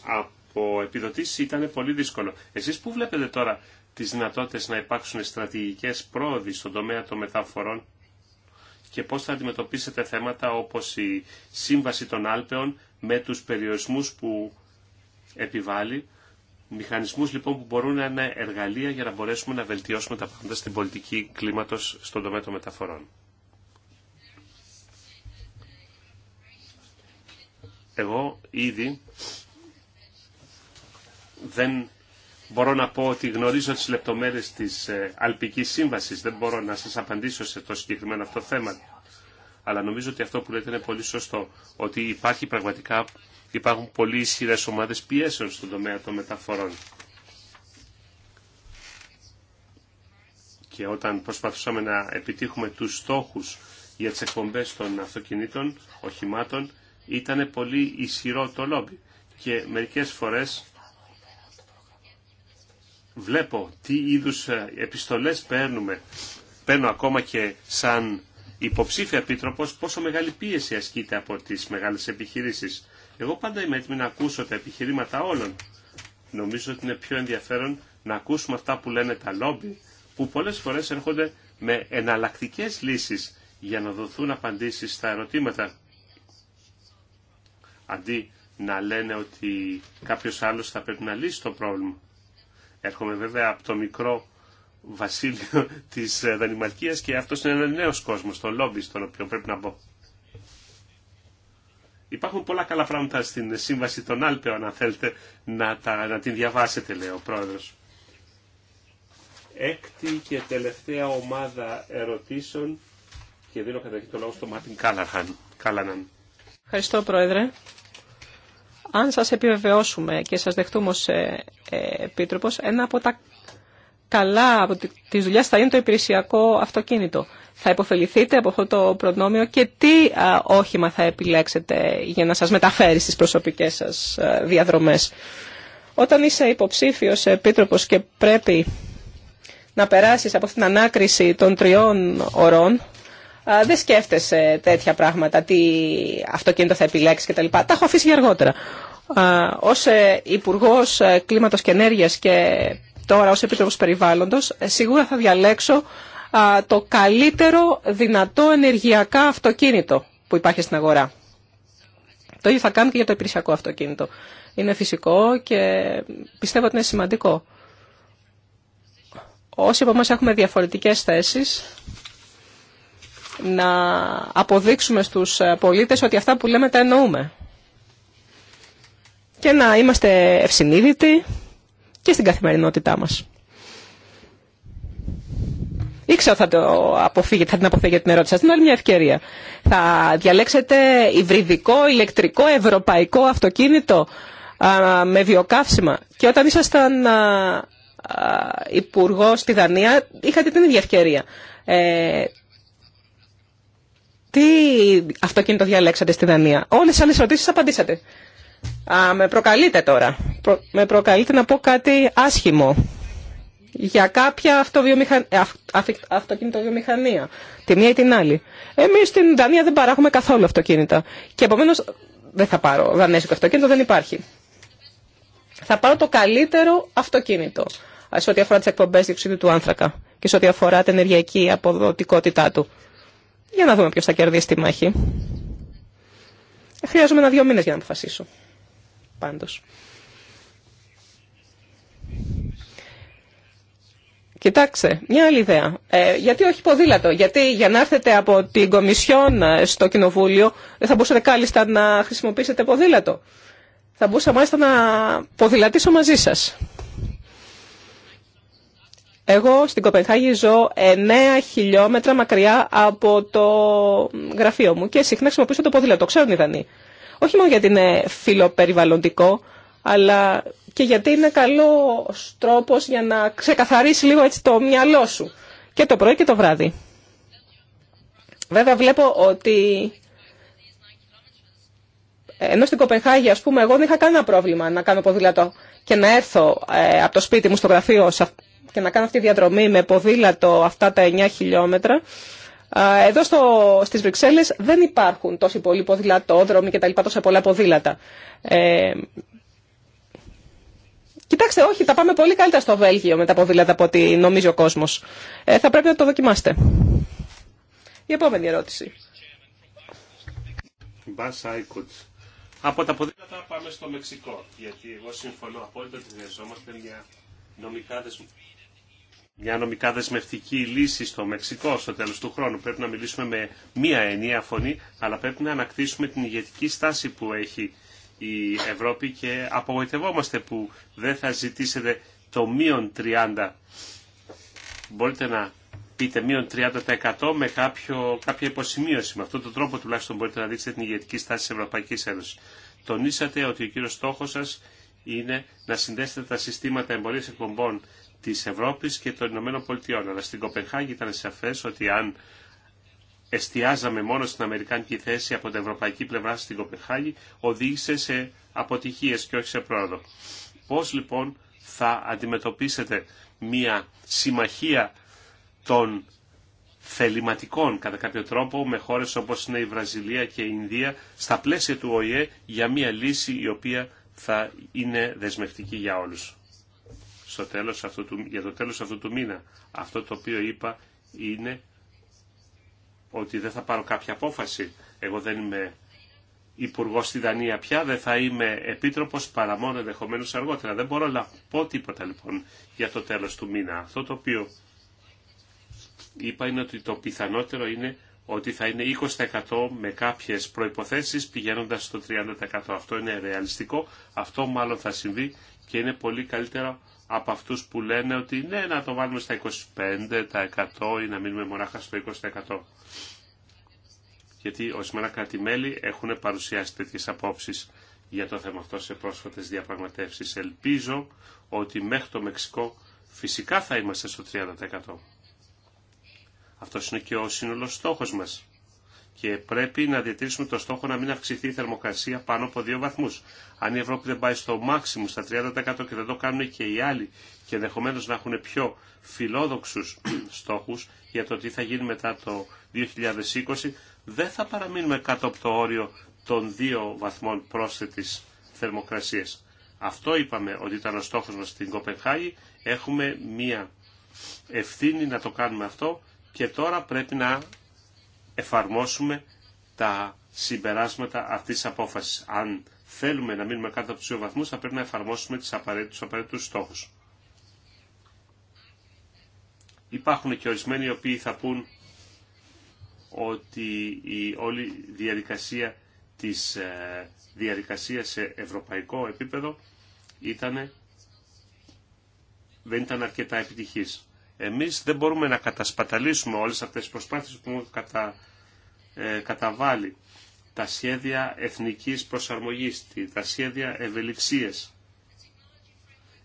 από επιδοτήσει ήταν πολύ δύσκολο. Εσείς πού βλέπετε τώρα τι δυνατότητε να υπάρξουν στρατηγικέ πρόοδοι στον τομέα των μεταφορών και πώς θα αντιμετωπίσετε θέματα όπως η σύμβαση των Άλπαιων με τους περιορισμούς που επιβάλλει, μηχανισμούς λοιπόν που μπορούν να είναι εργαλεία για να μπορέσουμε να βελτιώσουμε τα πάντα στην πολιτική κλίματος στον τομέα των μεταφορών. Εγώ ήδη δεν μπορώ να πω ότι γνωρίζω τις λεπτομέρειες της ε, Αλπικής Σύμβασης. Δεν μπορώ να σας απαντήσω σε το συγκεκριμένο αυτό θέμα. Αλλά νομίζω ότι αυτό που λέτε είναι πολύ σωστό. Ότι υπάρχει πραγματικά, υπάρχουν πολύ ισχυρέ ομάδες πιέσεων στον τομέα των μεταφορών. Και όταν προσπαθούσαμε να επιτύχουμε τους στόχους για τις εκπομπές των αυτοκινήτων, οχημάτων, ήταν πολύ ισχυρό το λόμπι και μερικές φορές βλέπω τι είδους ε, επιστολές παίρνουμε. Παίρνω ακόμα και σαν υποψήφια επίτροπος πόσο μεγάλη πίεση ασκείται από τις μεγάλες επιχειρήσεις. Εγώ πάντα είμαι έτοιμη να ακούσω τα επιχειρήματα όλων. Νομίζω ότι είναι πιο ενδιαφέρον να ακούσουμε αυτά που λένε τα λόμπι, που πολλές φορές έρχονται με εναλλακτικές λύσεις για να δοθούν απαντήσεις στα ερωτήματα αντί να λένε ότι κάποιος άλλος θα πρέπει να λύσει το πρόβλημα. Έρχομαι βέβαια από το μικρό βασίλειο της ε, Δανημαρκίας και αυτός είναι ένα νέος κόσμος, το λόμπι στον οποίο πρέπει να μπω. Υπάρχουν πολλά καλά πράγματα στην Σύμβαση των Άλπαιων, αν θέλετε να, τα, να την διαβάσετε, λέει ο πρόεδρος. Έκτη και τελευταία ομάδα ερωτήσεων και δίνω καταρχήν το λόγο στο Μάρτιν Κάλαναν. Ευχαριστώ, Πρόεδρε. Αν σας επιβεβαιώσουμε και σας δεχτούμε ως ε, ε, Επίτροπος, ένα από τα καλά από τη δουλειά θα είναι το υπηρεσιακό αυτοκίνητο. Θα υποφεληθείτε από αυτό το προνόμιο και τι όχημα θα επιλέξετε για να σας μεταφέρει στις προσωπικές σας διαδρομές. Όταν είσαι υποψήφιος επίτροπος και πρέπει να περάσεις από αυτήν την ανάκριση των τριών ωρών, δεν σκέφτεσαι τέτοια πράγματα, τι αυτοκίνητο θα επιλέξεις κτλ. Τα έχω αφήσει για αργότερα. Ως ε, υπουργό ε, Κλίματος και Ενέργειας και τώρα ως Επίτροπος Περιβάλλοντος, ε, σίγουρα θα διαλέξω το καλύτερο δυνατό ενεργειακά αυτοκίνητο που υπάρχει στην αγορά. Το ίδιο θα κάνω και για το υπηρεσιακό αυτοκίνητο. Είναι φυσικό και πιστεύω ότι είναι σημαντικό. Όσοι από εμάς έχουμε διαφορετικές θέσεις, να αποδείξουμε στους ε, πολίτες ότι αυτά που λέμε τα εννοούμε. Και να είμαστε ευσυνείδητοι και στην καθημερινότητά μας. Ήξερα θα, το αποφύγετε, θα την αποφύγετε την ερώτηση σας. είναι άλλη μια ευκαιρία. Θα διαλέξετε υβριδικό, ηλεκτρικό, ευρωπαϊκό αυτοκίνητο με βιοκαύσιμα. Και όταν ήσασταν υπουργό στη Δανία είχατε την ίδια ευκαιρία. Ε, τι αυτοκίνητο διαλέξατε στη Δανία. όλε τι άλλε ερωτήσει απαντήσατε. Α, με προκαλείτε τώρα. με προκαλείτε να πω κάτι άσχημο για κάποια αυτοβιομηχαν... αυ... αυτοκινητοβιομηχανία, τη μία ή την άλλη. Εμεί στην Δανία δεν παράγουμε καθόλου αυτοκίνητα. Και επομένω δεν θα πάρω δανέζικο αυτοκίνητο, δεν υπάρχει. Θα πάρω το καλύτερο αυτοκίνητο σε ό,τι αφορά τι εκπομπέ διοξιδίου του άνθρακα και σε ό,τι αφορά την ενεργειακή αποδοτικότητά του. Για να δούμε ποιος θα κερδίσει τη μάχη. Χρειάζομαι ένα-δύο μήνες για να αποφασίσω. Πάντως. Κοιτάξτε, μια άλλη ιδέα. Ε, γιατί όχι ποδήλατο, γιατί για να έρθετε από την Κομισιόν ε, στο Κοινοβούλιο δεν θα μπορούσατε κάλλιστα να χρησιμοποιήσετε ποδήλατο. Θα μπορούσα μάλιστα να ποδηλατήσω μαζί σας. Εγώ στην Κοπενχάγη ζω 9 χιλιόμετρα μακριά από το γραφείο μου και συχνά χρησιμοποιήσω το ποδήλατο. Το ξέρουν οι Δανείοι. Όχι μόνο γιατί είναι φιλοπεριβαλλοντικό, αλλά και γιατί είναι καλό τρόπο για να ξεκαθαρίσει λίγο έτσι το μυαλό σου. Και το πρωί και το βράδυ. Βέβαια βλέπω ότι ενώ στην Κοπενχάγη, ας πούμε, εγώ δεν είχα κανένα πρόβλημα να κάνω ποδήλατο και να έρθω ε, από το σπίτι μου στο γραφείο και να κάνω αυτή τη διαδρομή με ποδήλατο αυτά τα 9 χιλιόμετρα. Εδώ στο, στις Βρυξέλλες δεν υπάρχουν τόσοι πολλοί ποδηλατόδρομοι και τα λοιπά τόσα πολλά ποδήλατα. Ε, κοιτάξτε, όχι, θα πάμε πολύ καλύτερα στο Βέλγιο με τα ποδήλατα από ό,τι νομίζει ο κόσμος. Ε, θα πρέπει να το δοκιμάστε. Η επόμενη ερώτηση. Από τα ποδήλατα πάμε στο Μεξικό, γιατί εγώ συμφωνώ απόλυτα ότι χρειαζόμαστε μια νομικά μια νομικά δεσμευτική λύση στο Μεξικό στο τέλος του χρόνου. Πρέπει να μιλήσουμε με μία ενιαία φωνή, αλλά πρέπει να ανακτήσουμε την ηγετική στάση που έχει η Ευρώπη και απογοητευόμαστε που δεν θα ζητήσετε το μείον 30. Μπορείτε να πείτε μείον 30% με κάποιο, κάποια υποσημείωση. Με αυτόν τον τρόπο τουλάχιστον μπορείτε να δείξετε την ηγετική στάση της Ευρωπαϊκής Ένωσης. Τονίσατε ότι ο κύριος στόχος σας είναι να συνδέσετε τα συστήματα εμπορίας εκπομπών της Ευρώπης και των Ηνωμένων Πολιτειών. Αλλά στην Κοπενχάγη ήταν σαφέ ότι αν εστιάζαμε μόνο στην αμερικάνικη θέση από την ευρωπαϊκή πλευρά στην Κοπενχάγη, οδήγησε σε αποτυχίες και όχι σε πρόοδο. Πώς λοιπόν θα αντιμετωπίσετε μια συμμαχία των θεληματικών κατά κάποιο τρόπο με χώρες όπως είναι η Βραζιλία και η Ινδία στα πλαίσια του ΟΗΕ για μια λύση η οποία θα είναι δεσμευτική για όλους. Στο τέλος αυτού του, για το τέλος αυτού του μήνα. Αυτό το οποίο είπα είναι ότι δεν θα πάρω κάποια απόφαση. Εγώ δεν είμαι υπουργό στη Δανία πια, δεν θα είμαι επίτροπο παρά μόνο ενδεχομένω αργότερα. Δεν μπορώ να πω τίποτα λοιπόν για το τέλο του μήνα. Αυτό το οποίο είπα είναι ότι το πιθανότερο είναι ότι θα είναι 20% με κάποιες προϋποθέσεις πηγαίνοντας στο 30%. Αυτό είναι ρεαλιστικό, αυτό μάλλον θα συμβεί και είναι πολύ καλύτερο από αυτούς που λένε ότι ναι να το βάλουμε στα 25% ή να μείνουμε μονάχα στο 20%. Γιατί ορισμένα κράτη-μέλη έχουν παρουσιάσει τέτοιε απόψεις για το θέμα αυτό σε πρόσφατες διαπραγματεύσεις. Ελπίζω ότι μέχρι το Μεξικό φυσικά θα είμαστε στο 30%. Αυτό είναι και ο σύνολο στόχος μας. Και πρέπει να διατηρήσουμε το στόχο να μην αυξηθεί η θερμοκρασία πάνω από δύο βαθμούς. Αν η Ευρώπη δεν πάει στο μάξιμου στα 30% και δεν το κάνουν και οι άλλοι και ενδεχομένω να έχουν πιο φιλόδοξους στόχους για το τι θα γίνει μετά το 2020, δεν θα παραμείνουμε κάτω από το όριο των δύο βαθμών πρόσθετη θερμοκρασία. Αυτό είπαμε ότι ήταν ο στόχος μας στην Κοπενχάγη. Έχουμε μία ευθύνη να το κάνουμε αυτό και τώρα πρέπει να εφαρμόσουμε τα συμπεράσματα αυτής της απόφασης. Αν θέλουμε να μείνουμε κάτω από τους δύο βαθμούς, θα πρέπει να εφαρμόσουμε τις απαραίτητους, τους απαραίτητους στόχους. Υπάρχουν και ορισμένοι οι οποίοι θα πούν ότι η όλη διαδικασία της ε, διαδικασίας σε ευρωπαϊκό επίπεδο ήτανε δεν ήταν αρκετά επιτυχής. Εμείς δεν μπορούμε να κατασπαταλήσουμε όλες αυτές τις προσπάθειες που έχουν κατα, ε, καταβάλει τα σχέδια εθνικής προσαρμογής, τα σχέδια ευελιξίες.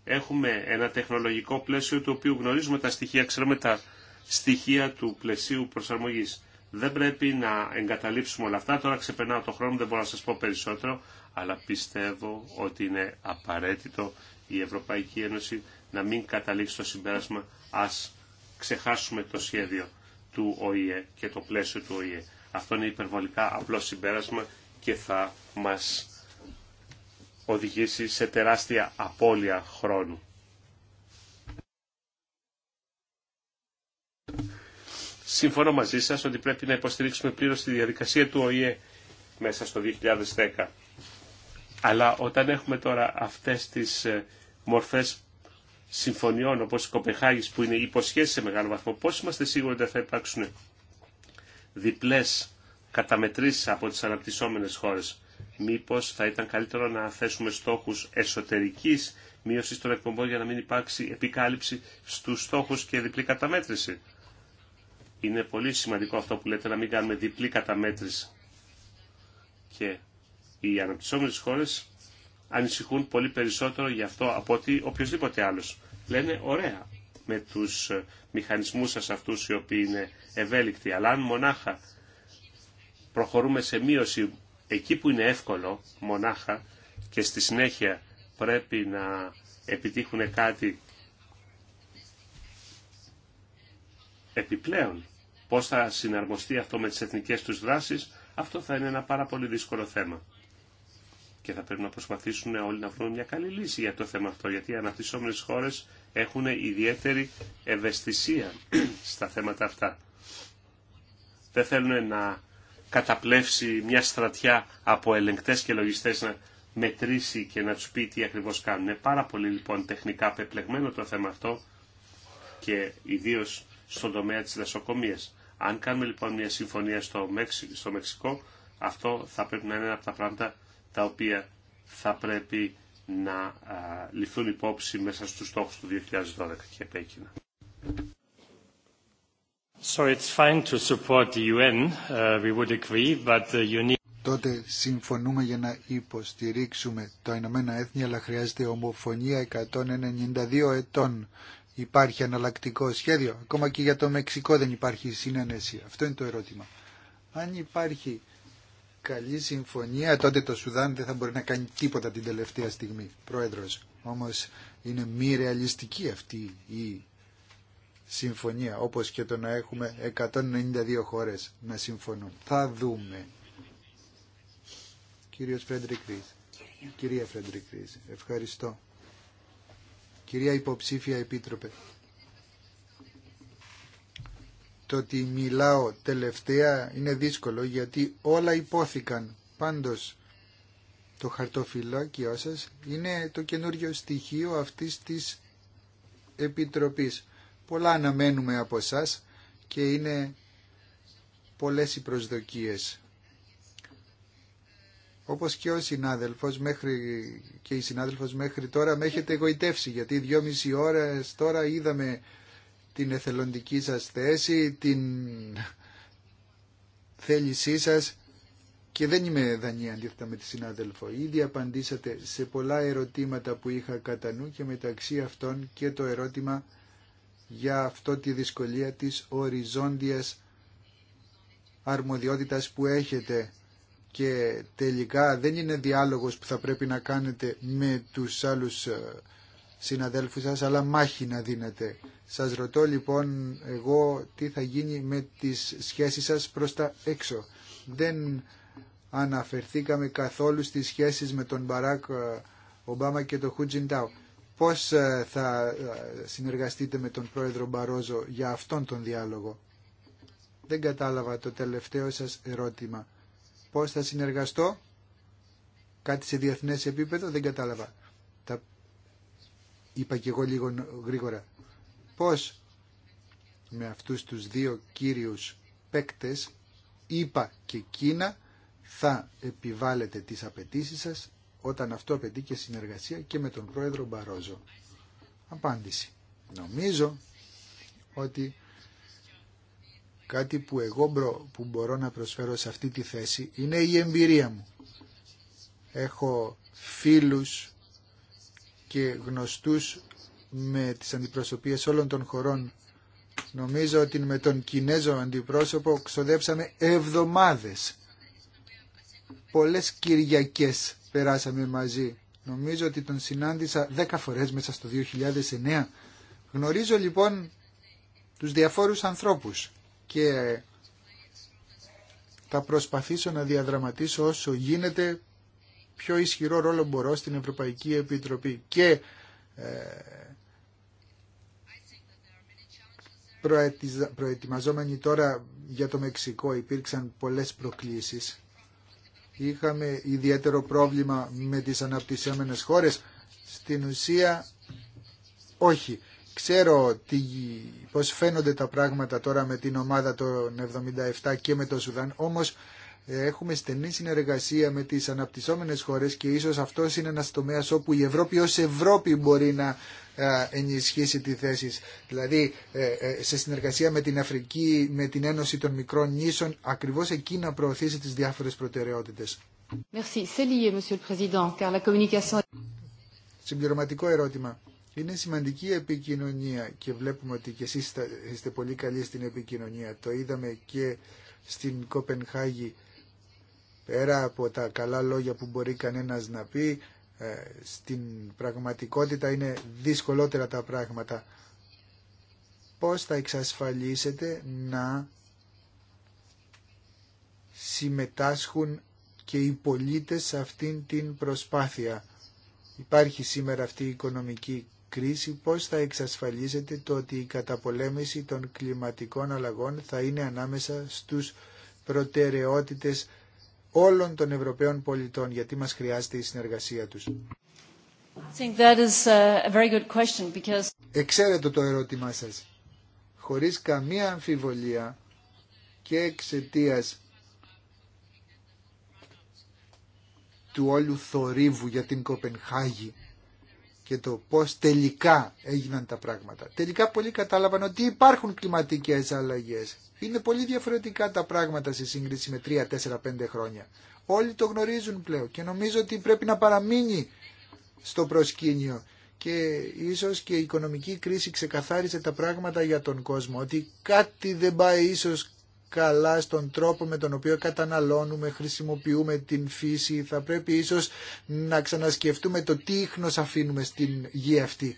Έχουμε ένα τεχνολογικό πλαίσιο του οποίου γνωρίζουμε τα στοιχεία, ξέρουμε τα στοιχεία του πλαισίου προσαρμογής. Δεν πρέπει να εγκαταλείψουμε όλα αυτά. Τώρα ξεπερνάω το χρόνο, δεν μπορώ να σας πω περισσότερο, αλλά πιστεύω ότι είναι απαραίτητο η Ευρωπαϊκή Ένωση να μην καταλήξει το συμπέρασμα ας ξεχάσουμε το σχέδιο του ΟΗΕ και το πλαίσιο του ΟΗΕ. Αυτό είναι υπερβολικά απλό συμπέρασμα και θα μας οδηγήσει σε τεράστια απώλεια χρόνου. Συμφωνώ μαζί σας ότι πρέπει να υποστηρίξουμε πλήρως τη διαδικασία του ΟΗΕ μέσα στο 2010. Αλλά όταν έχουμε τώρα αυτές τις ε, μορφές συμφωνιών όπω η Κοπεχάγη που είναι υποσχέσει σε μεγάλο βαθμό, πώ είμαστε σίγουροι ότι θα υπάρξουν διπλές καταμετρήσεις από τις αναπτυσσόμενες χώρες. Μήπως θα ήταν καλύτερο να θέσουμε στόχους εσωτερική μείωση των εκπομπών για να μην υπάρξει επικάλυψη στους στόχους και διπλή καταμέτρηση. Είναι πολύ σημαντικό αυτό που λέτε να μην κάνουμε διπλή καταμέτρηση. Και οι αναπτυσσόμενες χώρες ανησυχούν πολύ περισσότερο γι' αυτό από ότι οποιοδήποτε άλλο. Λένε ωραία με τους ε, μηχανισμούς σα αυτού οι οποίοι είναι ευέλικτοι, αλλά αν μονάχα προχωρούμε σε μείωση εκεί που είναι εύκολο μονάχα και στη συνέχεια πρέπει να επιτύχουν κάτι επιπλέον. Πώς θα συναρμοστεί αυτό με τις εθνικές τους δράσεις, αυτό θα είναι ένα πάρα πολύ δύσκολο θέμα και θα πρέπει να προσπαθήσουν όλοι να βρουν μια καλή λύση για το θέμα αυτό, γιατί οι αναπτυσσόμενες χώρες έχουν ιδιαίτερη ευαισθησία στα θέματα αυτά. Δεν θέλουν να καταπλέψει μια στρατιά από ελεγκτές και λογιστές να μετρήσει και να τους πει τι ακριβώς κάνουν. Είναι πάρα πολύ λοιπόν τεχνικά πεπλεγμένο το θέμα αυτό και ιδίως στον τομέα της δασοκομείας. Αν κάνουμε λοιπόν μια συμφωνία στο, Μεξι... στο Μεξικό, αυτό θα πρέπει να είναι ένα από τα πράγματα τα οποία θα πρέπει να α, ληφθούν υπόψη μέσα στους στόχους του 2012 και επέκεινα. So it's fine to support the UN, uh, we would agree, but uh, Τότε συμφωνούμε για να υποστηρίξουμε τα Ηνωμένα Έθνη, αλλά χρειάζεται ομοφωνία 192 ετών. Υπάρχει αναλλακτικό σχέδιο. Ακόμα και για το Μεξικό δεν υπάρχει συνένεση. Αυτό είναι το ερώτημα. Αν υπάρχει καλή συμφωνία, τότε το Σουδάν δεν θα μπορεί να κάνει τίποτα την τελευταία στιγμή. Πρόεδρος, όμως είναι μη ρεαλιστική αυτή η συμφωνία, όπως και το να έχουμε 192 χώρες να συμφωνούν. Θα δούμε. Κύριος Φρέντρικ Κυρία Φρέντρικ ευχαριστώ. Κυρία Υποψήφια Επίτροπε, το ότι μιλάω τελευταία είναι δύσκολο γιατί όλα υπόθηκαν. Πάντως το χαρτοφυλάκιό σας είναι το καινούριο στοιχείο αυτής της Επιτροπής. Πολλά αναμένουμε από εσά και είναι πολλές οι προσδοκίες. Όπως και ο συνάδελφος μέχρι, και η συνάδελφος μέχρι τώρα με έχετε εγωιτεύσει γιατί δυόμιση ώρες τώρα είδαμε την εθελοντική σας θέση, την θέλησή σας και δεν είμαι δανή αντίθετα με τη συνάδελφο. Ήδη απαντήσατε σε πολλά ερωτήματα που είχα κατά νου και μεταξύ αυτών και το ερώτημα για αυτό τη δυσκολία της οριζόντιας αρμοδιότητας που έχετε και τελικά δεν είναι διάλογος που θα πρέπει να κάνετε με τους άλλους ε, συναδέλφους σας αλλά μάχη να δίνετε σας ρωτώ λοιπόν εγώ τι θα γίνει με τις σχέσεις σας προς τα έξω. Δεν αναφερθήκαμε καθόλου στις σχέσεις με τον Μπαράκ ε, Ομπάμα και τον Χουτζιντάου. Πώς ε, θα ε, συνεργαστείτε με τον πρόεδρο Μπαρόζο για αυτόν τον διάλογο. Δεν κατάλαβα το τελευταίο σας ερώτημα. Πώς θα συνεργαστώ. Κάτι σε διεθνές επίπεδο δεν κατάλαβα. Τα είπα και εγώ λίγο γρήγορα πώς με αυτούς τους δύο κύριους παίκτες, είπα και Κίνα, θα επιβάλλετε τις απαιτήσει σας όταν αυτό απαιτεί και συνεργασία και με τον πρόεδρο Μπαρόζο. Απάντηση. Νομίζω ότι κάτι που εγώ που μπορώ να προσφέρω σε αυτή τη θέση είναι η εμπειρία μου. Έχω φίλους και γνωστούς με τις αντιπροσωπείες όλων των χωρών. Νομίζω ότι με τον Κινέζο αντιπρόσωπο ξοδέψαμε εβδομάδες. Πολλές Κυριακές περάσαμε μαζί. Νομίζω ότι τον συνάντησα δέκα φορές μέσα στο 2009. Γνωρίζω λοιπόν τους διαφόρους ανθρώπους και θα προσπαθήσω να διαδραματίσω όσο γίνεται πιο ισχυρό ρόλο μπορώ στην Ευρωπαϊκή Επιτροπή και ε, προετοιμαζόμενοι τώρα για το Μεξικό υπήρξαν πολλές προκλήσεις. Είχαμε ιδιαίτερο πρόβλημα με τις αναπτυσσόμενες χώρες. Στην ουσία όχι. Ξέρω τι, πώς φαίνονται τα πράγματα τώρα με την ομάδα των 77 και με το Σουδάν, όμως Έχουμε στενή συνεργασία με τις αναπτυσσόμενες χώρες και ίσως αυτό είναι ένας τομέας όπου η Ευρώπη ως Ευρώπη μπορεί να ε, ενισχύσει τη θέση. Δηλαδή ε, ε, σε συνεργασία με την Αφρική, με την Ένωση των Μικρών Νήσων, ακριβώς εκεί να προωθήσει τις διάφορες προτεραιότητες. Συμπληρωματικό ερώτημα. Είναι σημαντική η επικοινωνία και βλέπουμε ότι και εσείς είστε πολύ καλοί στην επικοινωνία. Το είδαμε και στην Κοπενχάγη πέρα από τα καλά λόγια που μπορεί κανένας να πει, ε, στην πραγματικότητα είναι δυσκολότερα τα πράγματα. Πώς θα εξασφαλίσετε να συμμετάσχουν και οι πολίτες σε αυτήν την προσπάθεια. Υπάρχει σήμερα αυτή η οικονομική κρίση, πώς θα εξασφαλίσετε το ότι η καταπολέμηση των κλιματικών αλλαγών θα είναι ανάμεσα στους προτεραιότητες όλων των Ευρωπαίων πολιτών, γιατί μας χρειάζεται η συνεργασία τους. Uh, because... Εξαίρετο το ερώτημά σας. Χωρίς καμία αμφιβολία και εξαιτία του όλου θορύβου για την Κοπενχάγη και το πώς τελικά έγιναν τα πράγματα. Τελικά πολλοί κατάλαβαν ότι υπάρχουν κλιματικές αλλαγές. Είναι πολύ διαφορετικά τα πράγματα σε σύγκριση με 3, 4, 5 χρόνια. Όλοι το γνωρίζουν πλέον και νομίζω ότι πρέπει να παραμείνει στο προσκήνιο. Και ίσως και η οικονομική κρίση ξεκαθάρισε τα πράγματα για τον κόσμο, ότι κάτι δεν πάει ίσως καλά στον τρόπο με τον οποίο καταναλώνουμε, χρησιμοποιούμε την φύση. Θα πρέπει ίσως να ξανασκεφτούμε το τι ίχνος αφήνουμε στην γη αυτή.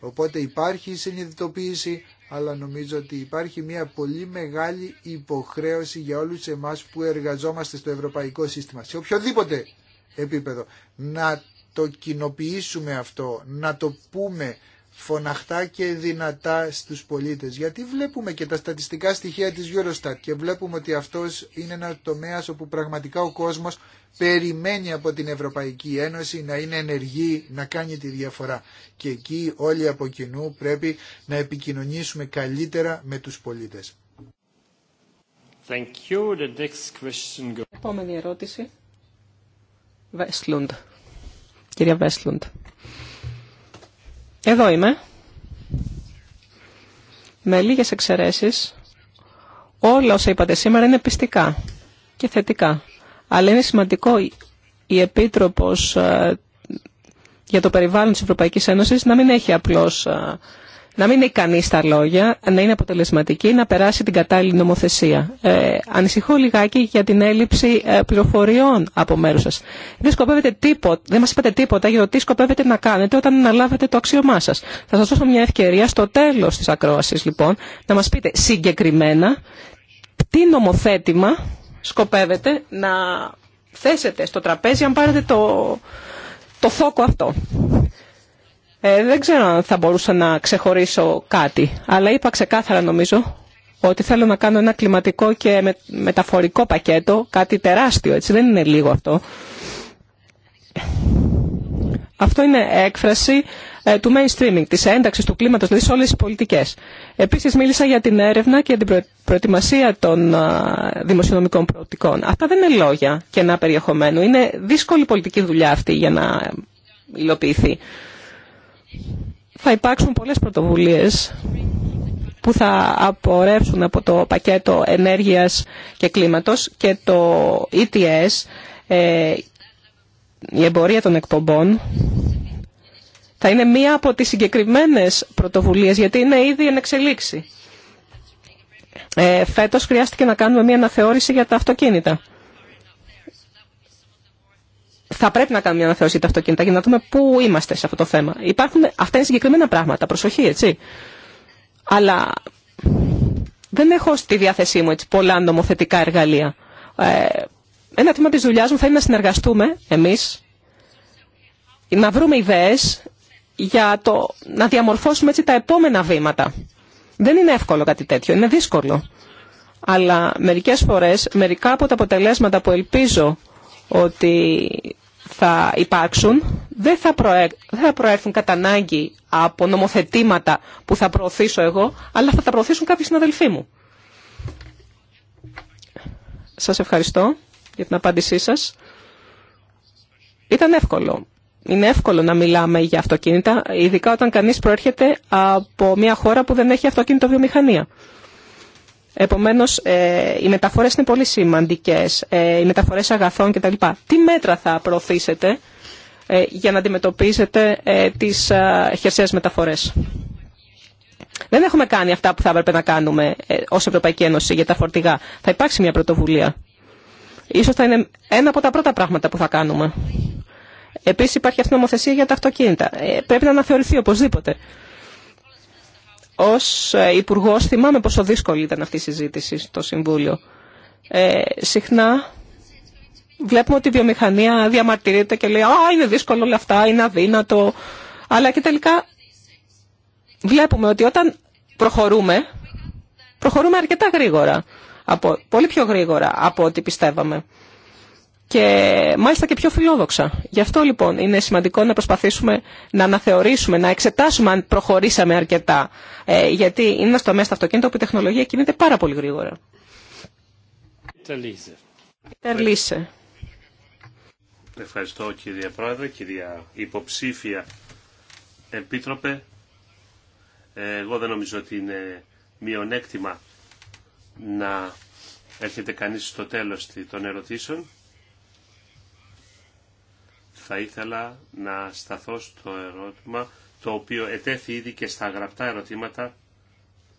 Οπότε υπάρχει η συνειδητοποίηση, αλλά νομίζω ότι υπάρχει μια πολύ μεγάλη υποχρέωση για όλους εμάς που εργαζόμαστε στο ευρωπαϊκό σύστημα, σε οποιοδήποτε επίπεδο. Να το κοινοποιήσουμε αυτό, να το πούμε φωναχτά και δυνατά στους πολίτες. Γιατί βλέπουμε και τα στατιστικά στοιχεία της Eurostat και βλέπουμε ότι αυτός είναι ένα τομέας όπου πραγματικά ο κόσμος περιμένει από την Ευρωπαϊκή Ένωση να είναι ενεργή, να κάνει τη διαφορά. Και εκεί όλοι από κοινού πρέπει να επικοινωνήσουμε καλύτερα με τους πολίτες. Thank you. The Επόμενη ερώτηση. Βέσλουντ. Κυρία Βέσλουντ. Εδώ είμαι. Με λίγες εξαιρέσεις, όλα όσα είπατε σήμερα είναι πιστικά και θετικά. Αλλά είναι σημαντικό η Επίτροπος ε, για το περιβάλλον της Ευρωπαϊκής Ένωσης να μην έχει απλώς ε, να μην είναι ικανή στα λόγια, να είναι αποτελεσματική, να περάσει την κατάλληλη νομοθεσία. Ε, ανησυχώ λιγάκι για την έλλειψη ε, πληροφοριών από μέρου σα. Δεν, δεν μα είπατε τίποτα για το τι σκοπεύετε να κάνετε όταν αναλάβετε το αξίωμά σα. Θα σα δώσω μια ευκαιρία στο τέλο τη ακρόαση, λοιπόν, να μα πείτε συγκεκριμένα τι νομοθέτημα σκοπεύετε να θέσετε στο τραπέζι αν πάρετε το, το θόκο αυτό. Ε, δεν ξέρω αν θα μπορούσα να ξεχωρίσω κάτι, αλλά είπα ξεκάθαρα νομίζω ότι θέλω να κάνω ένα κλιματικό και μεταφορικό πακέτο, κάτι τεράστιο, έτσι δεν είναι λίγο αυτό. Αυτό είναι έκφραση ε, του mainstreaming, της ένταξης του κλίματος, δηλαδή σε όλες τις πολιτικές. Επίσης μίλησα για την έρευνα και την προετοιμασία των δημοσιονομικών προοπτικών. Αυτά δεν είναι λόγια και ένα περιεχομένου. Είναι δύσκολη πολιτική δουλειά αυτή για να υλοποιηθεί θα υπάρξουν πολλές πρωτοβουλίες που θα απορρεύσουν από το πακέτο ενέργειας και κλίματος και το ETS, ε, η εμπορία των εκπομπών, θα είναι μία από τις συγκεκριμένες πρωτοβουλίες, γιατί είναι ήδη εν εξελίξη. Ε, φέτος χρειάστηκε να κάνουμε μία αναθεώρηση για τα αυτοκίνητα θα πρέπει να κάνουμε μια αναθεώρηση τα αυτοκίνητα για να δούμε πού είμαστε σε αυτό το θέμα. Υπάρχουν, αυτά είναι συγκεκριμένα πράγματα, προσοχή, έτσι. Αλλά δεν έχω στη διάθεσή μου έτσι, πολλά νομοθετικά εργαλεία. Ε, ένα τμήμα τη δουλειά μου θα είναι να συνεργαστούμε εμείς, να βρούμε ιδέε για το, να διαμορφώσουμε έτσι τα επόμενα βήματα. Δεν είναι εύκολο κάτι τέτοιο, είναι δύσκολο. Αλλά μερικές φορές, μερικά από τα αποτελέσματα που ελπίζω ότι θα υπάρξουν δεν θα, θα προέρθουν κατά ανάγκη από νομοθετήματα που θα προωθήσω εγώ, αλλά θα τα προωθήσουν κάποιοι συναδελφοί μου. Σας ευχαριστώ για την απάντησή σας. Ήταν εύκολο. Είναι εύκολο να μιλάμε για αυτοκίνητα, ειδικά όταν κανείς προέρχεται από μια χώρα που δεν έχει αυτοκίνητο βιομηχανία. Επομένως, ε, οι μεταφορέ είναι πολύ σημαντικές, ε, οι μεταφορέ αγαθών κτλ. Τι μέτρα θα προωθήσετε ε, για να αντιμετωπίσετε τις χερσαίε μεταφορέ. Δεν έχουμε κάνει αυτά που θα έπρεπε να κάνουμε ω Ευρωπαϊκή Ένωση για τα φορτηγά. Θα υπάρξει μια πρωτοβουλία. Ίσως θα είναι ένα από τα πρώτα πράγματα που θα κάνουμε. Επίση υπάρχει αυτή η νομοθεσία για τα αυτοκίνητα. Πρέπει να αναθεωρηθεί οπωσδήποτε. Ως ε, υπουργό θυμάμαι πόσο δύσκολη ήταν αυτή η συζήτηση στο Συμβούλιο. Ε, συχνά βλέπουμε ότι η βιομηχανία διαμαρτυρείται και λέει «Α, είναι δύσκολο όλα αυτά, είναι αδύνατο». Αλλά και τελικά βλέπουμε ότι όταν προχωρούμε, προχωρούμε αρκετά γρήγορα. Από, πολύ πιο γρήγορα από ό,τι πιστεύαμε και μάλιστα και πιο φιλόδοξα. Γι' αυτό λοιπόν είναι σημαντικό να προσπαθήσουμε να αναθεωρήσουμε, να εξετάσουμε αν προχωρήσαμε αρκετά. Ε, γιατί είναι στο τομέα αυτοκίνητο που η τεχνολογία κινείται πάρα πολύ γρήγορα. Ευχαριστώ κύριε Πρόεδρε, κυρία υποψήφια Επίτροπε. Ε, εγώ δεν νομίζω ότι είναι μειονέκτημα να έρχεται κανείς στο τέλος των ερωτήσεων θα ήθελα να σταθώ στο ερώτημα το οποίο ετέθη ήδη και στα γραπτά ερωτήματα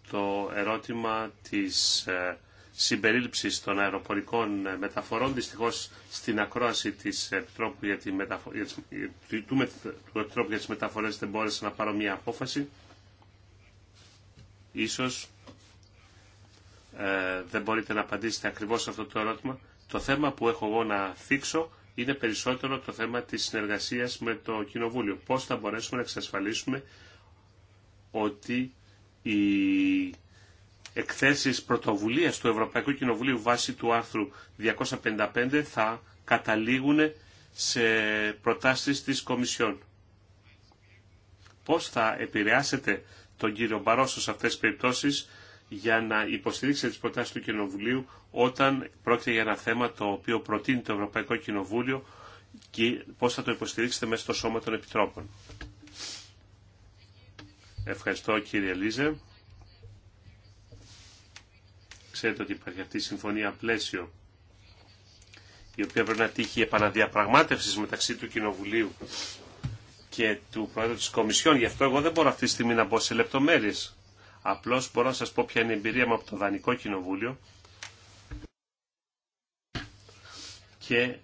το ερώτημα της ε, συμπερίληψης των αεροπορικών μεταφορών. Δυστυχώς στην ακρόαση της Επιτρόπου τη μεταφο... του... Επιτρόπου για τις μεταφορές δεν μπόρεσα να πάρω μια απόφαση. Ίσως ε, δεν μπορείτε να απαντήσετε ακριβώς σε αυτό το ερώτημα. Το θέμα που έχω εγώ να θίξω είναι περισσότερο το θέμα της συνεργασίας με το Κοινοβούλιο. Πώς θα μπορέσουμε να εξασφαλίσουμε ότι οι εκθέσεις πρωτοβουλίας του Ευρωπαϊκού Κοινοβουλίου βάσει του άρθρου 255 θα καταλήγουν σε προτάσεις της Κομισιόν. Πώς θα επηρεάσετε τον κύριο Μπαρόσο σε αυτές τις περιπτώσεις για να υποστηρίξετε τις προτάσεις του Κοινοβουλίου όταν πρόκειται για ένα θέμα το οποίο προτείνει το Ευρωπαϊκό Κοινοβούλιο και πώς θα το υποστηρίξετε μέσα στο Σώμα των Επιτρόπων. Ευχαριστώ κύριε Λίζε. Ξέρετε ότι υπάρχει αυτή η συμφωνία πλαίσιο η οποία πρέπει να τύχει επαναδιαπραγμάτευση μεταξύ του Κοινοβουλίου και του Πρόεδρου της Κομισιόν. Γι' αυτό εγώ δεν μπορώ αυτή τη στιγμή να μπω σε λεπτομέρειες. Απλώς μπορώ να σας πω ποια είναι η εμπειρία μου από το Δανικό Κοινοβούλιο και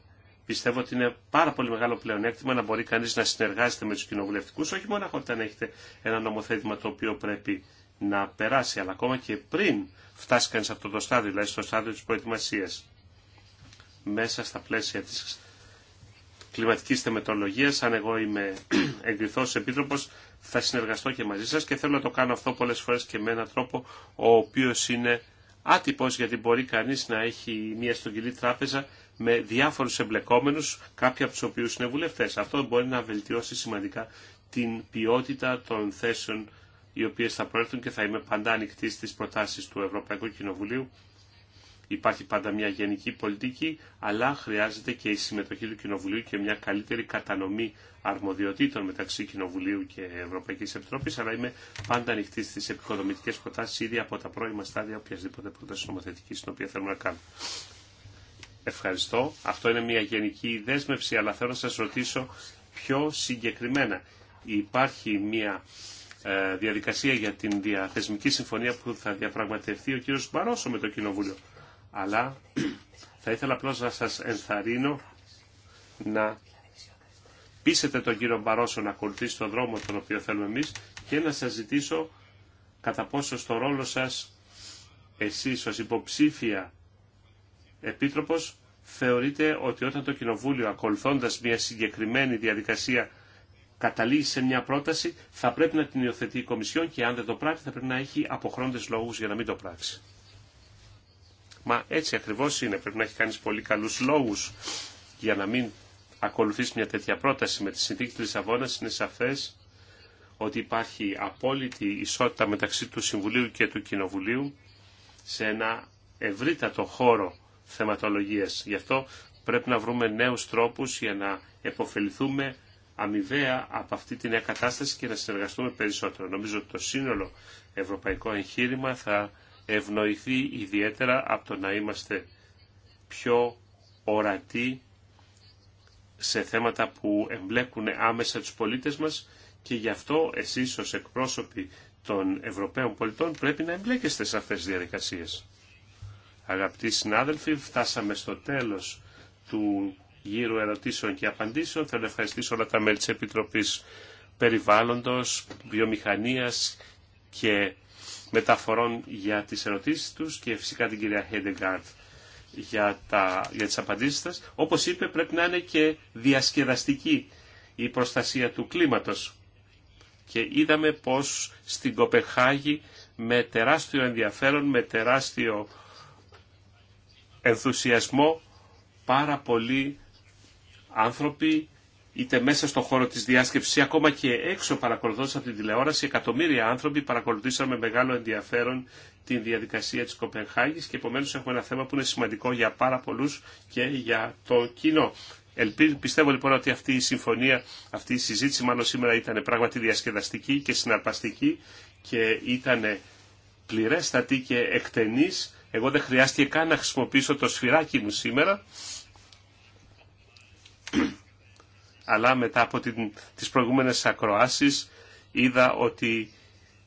πιστεύω ότι είναι πάρα πολύ μεγάλο πλεονέκτημα να μπορεί κανείς να συνεργάζεται με τους κοινοβουλευτικούς, όχι μόνο όταν έχετε ένα νομοθέτημα το οποίο πρέπει να περάσει, αλλά ακόμα και πριν φτάσει κανείς αυτό το στάδιο, δηλαδή στο στάδιο της προετοιμασίας. Μέσα στα πλαίσια της κλιματικής θεμετολογίας, αν εγώ είμαι εγκριθός επίτροπο, θα συνεργαστώ και μαζί σας και θέλω να το κάνω αυτό πολλές φορές και με έναν τρόπο ο οποίος είναι άτυπος γιατί μπορεί κανείς να έχει μια στρογγυλή τράπεζα με διάφορους εμπλεκόμενους, κάποιοι από τους οποίους είναι βουλευτές. Αυτό μπορεί να βελτιώσει σημαντικά την ποιότητα των θέσεων οι οποίες θα προέρθουν και θα είμαι πάντα ανοιχτή στις προτάσεις του Ευρωπαϊκού Κοινοβουλίου. Υπάρχει πάντα μια γενική πολιτική, αλλά χρειάζεται και η συμμετοχή του Κοινοβουλίου και μια καλύτερη κατανομή αρμοδιοτήτων μεταξύ Κοινοβουλίου και Ευρωπαϊκή Επιτροπή. Αλλά είμαι πάντα ανοιχτή στι επικοδομητικέ προτάσει ήδη από τα πρώιμα στάδια οποιασδήποτε πρόταση νομοθετική, την οποία θέλουμε να κάνουμε. Ευχαριστώ. Αυτό είναι μια γενική δέσμευση, αλλά θέλω να σας ρωτήσω πιο συγκεκριμένα. Υπάρχει μια ε, διαδικασία για την διαθεσμική συμφωνία που θα διαπραγματευτεί ο κύριος Μπαρόσο με το Κοινοβούλιο. Αλλά θα ήθελα απλώς να σας ενθαρρύνω να πείσετε τον κύριο Μπαρόσο να ακολουθήσει τον δρόμο τον οποίο θέλουμε εμείς και να σας ζητήσω κατά πόσο στο ρόλο σας εσείς ως υποψήφια Επίτροπος θεωρείται ότι όταν το Κοινοβούλιο ακολουθώντας μια συγκεκριμένη διαδικασία καταλήγει σε μια πρόταση, θα πρέπει να την υιοθετεί η Κομισιόν και αν δεν το πράξει θα πρέπει να έχει αποχρόντες λόγους για να μην το πράξει. Μα έτσι ακριβώς είναι. Πρέπει να έχει κάνει πολύ καλούς λόγους για να μην ακολουθήσει μια τέτοια πρόταση. Με τη συνθήκη της Λισαβόνας είναι σαφές ότι υπάρχει απόλυτη ισότητα μεταξύ του Συμβουλίου και του Κοινοβουλίου σε ένα ευρύτατο χώρο θεματολογίες. Γι' αυτό πρέπει να βρούμε νέους τρόπους για να επωφεληθούμε αμοιβαία από αυτή τη νέα κατάσταση και να συνεργαστούμε περισσότερο. Νομίζω ότι το σύνολο ευρωπαϊκό εγχείρημα θα ευνοηθεί ιδιαίτερα από το να είμαστε πιο ορατοί σε θέματα που εμπλέκουν άμεσα τους πολίτες μας και γι' αυτό εσείς ως εκπρόσωποι των Ευρωπαίων πολιτών πρέπει να εμπλέκεστε σε αυτές τις διαδικασίες. Αγαπητοί συνάδελφοι, φτάσαμε στο τέλος του γύρου ερωτήσεων και απαντήσεων. Θέλω να ευχαριστήσω όλα τα μέλη της Επιτροπής Περιβάλλοντος, Βιομηχανίας και Μεταφορών για τις ερωτήσεις τους και φυσικά την κυρία Χέντεγκάρτ για, τα, για τις απαντήσεις σας. Όπως είπε πρέπει να είναι και διασκεδαστική η προστασία του κλίματος. Και είδαμε πως στην Κοπεχάγη με τεράστιο ενδιαφέρον, με τεράστιο ενθουσιασμό πάρα πολλοί άνθρωποι είτε μέσα στον χώρο της διάσκεψης ή ακόμα και έξω παρακολουθώντας από την τηλεόραση εκατομμύρια άνθρωποι παρακολουθήσαν με μεγάλο ενδιαφέρον την διαδικασία της Κοπενχάγης και επομένως έχουμε ένα θέμα που είναι σημαντικό για πάρα πολλούς και για το κοινό. Ελπίζω, πιστεύω λοιπόν ότι αυτή η συμφωνία, αυτή η συζήτηση μάλλον σήμερα ήταν πράγματι διασκεδαστική και συναρπαστική και ήταν πληρέστατη και εκτενής εγώ δεν χρειάστηκε καν να χρησιμοποιήσω το σφυράκι μου σήμερα. Αλλά μετά από την, τις προηγούμενες ακροάσεις είδα ότι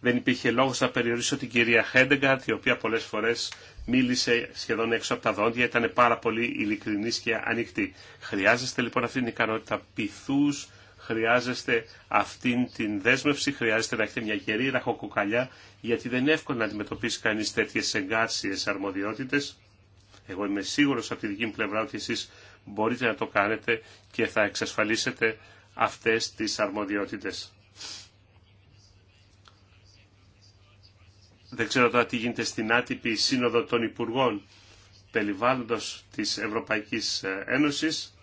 δεν υπήρχε λόγος να περιορίσω την κυρία Χέντεγκαρτ, η οποία πολλές φορές μίλησε σχεδόν έξω από τα δόντια, ήταν πάρα πολύ ειλικρινής και ανοιχτή. Χρειάζεστε λοιπόν αυτή την ικανότητα πυθούς χρειάζεστε αυτήν την δέσμευση, χρειάζεστε να έχετε μια γερή ραχοκοκαλιά γιατί δεν είναι εύκολο να αντιμετωπίσει κανείς τέτοιες εγκάρσιες αρμοδιότητες. Εγώ είμαι σίγουρος από τη δική μου πλευρά ότι εσείς μπορείτε να το κάνετε και θα εξασφαλίσετε αυτές τις αρμοδιότητες. Δεν ξέρω τώρα τι γίνεται στην άτυπη σύνοδο των Υπουργών περιβάλλοντος της Ευρωπαϊκής ε, Ένωσης.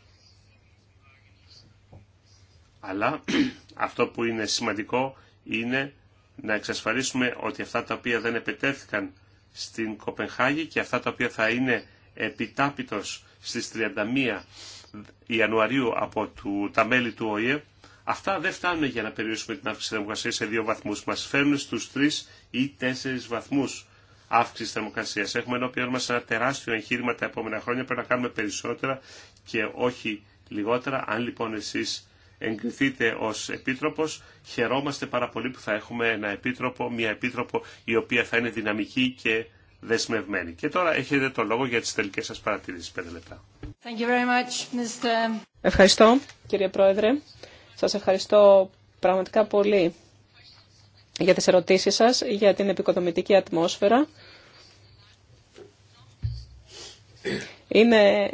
Αλλά αυτό που είναι σημαντικό είναι να εξασφαλίσουμε ότι αυτά τα οποία δεν επετέθηκαν στην Κοπενχάγη και αυτά τα οποία θα είναι επιτάπητος στις 31 Ιανουαρίου από του, τα μέλη του ΟΗΕ, αυτά δεν φτάνουν για να περιορίσουμε την αύξηση θερμοκρασία σε δύο βαθμούς. Μας φέρνουν στους τρεις ή τέσσερις βαθμούς αύξηση θερμοκρασία. Έχουμε ενώπιον μας ένα τεράστιο εγχείρημα τα επόμενα χρόνια. Πρέπει να κάνουμε περισσότερα και όχι λιγότερα. Αν λοιπόν εσείς εγκριθείτε ως επίτροπος. Χαιρόμαστε πάρα πολύ που θα έχουμε ένα επίτροπο, μια επίτροπο η οποία θα είναι δυναμική και δεσμευμένη. Και τώρα έχετε το λόγο για τις τελικές σας παρατηρήσεις. Πέντε λεπτά. Ευχαριστώ κύριε Πρόεδρε. Σας ευχαριστώ πραγματικά πολύ για τις ερωτήσεις σας, για την επικοδομητική ατμόσφαιρα. Είναι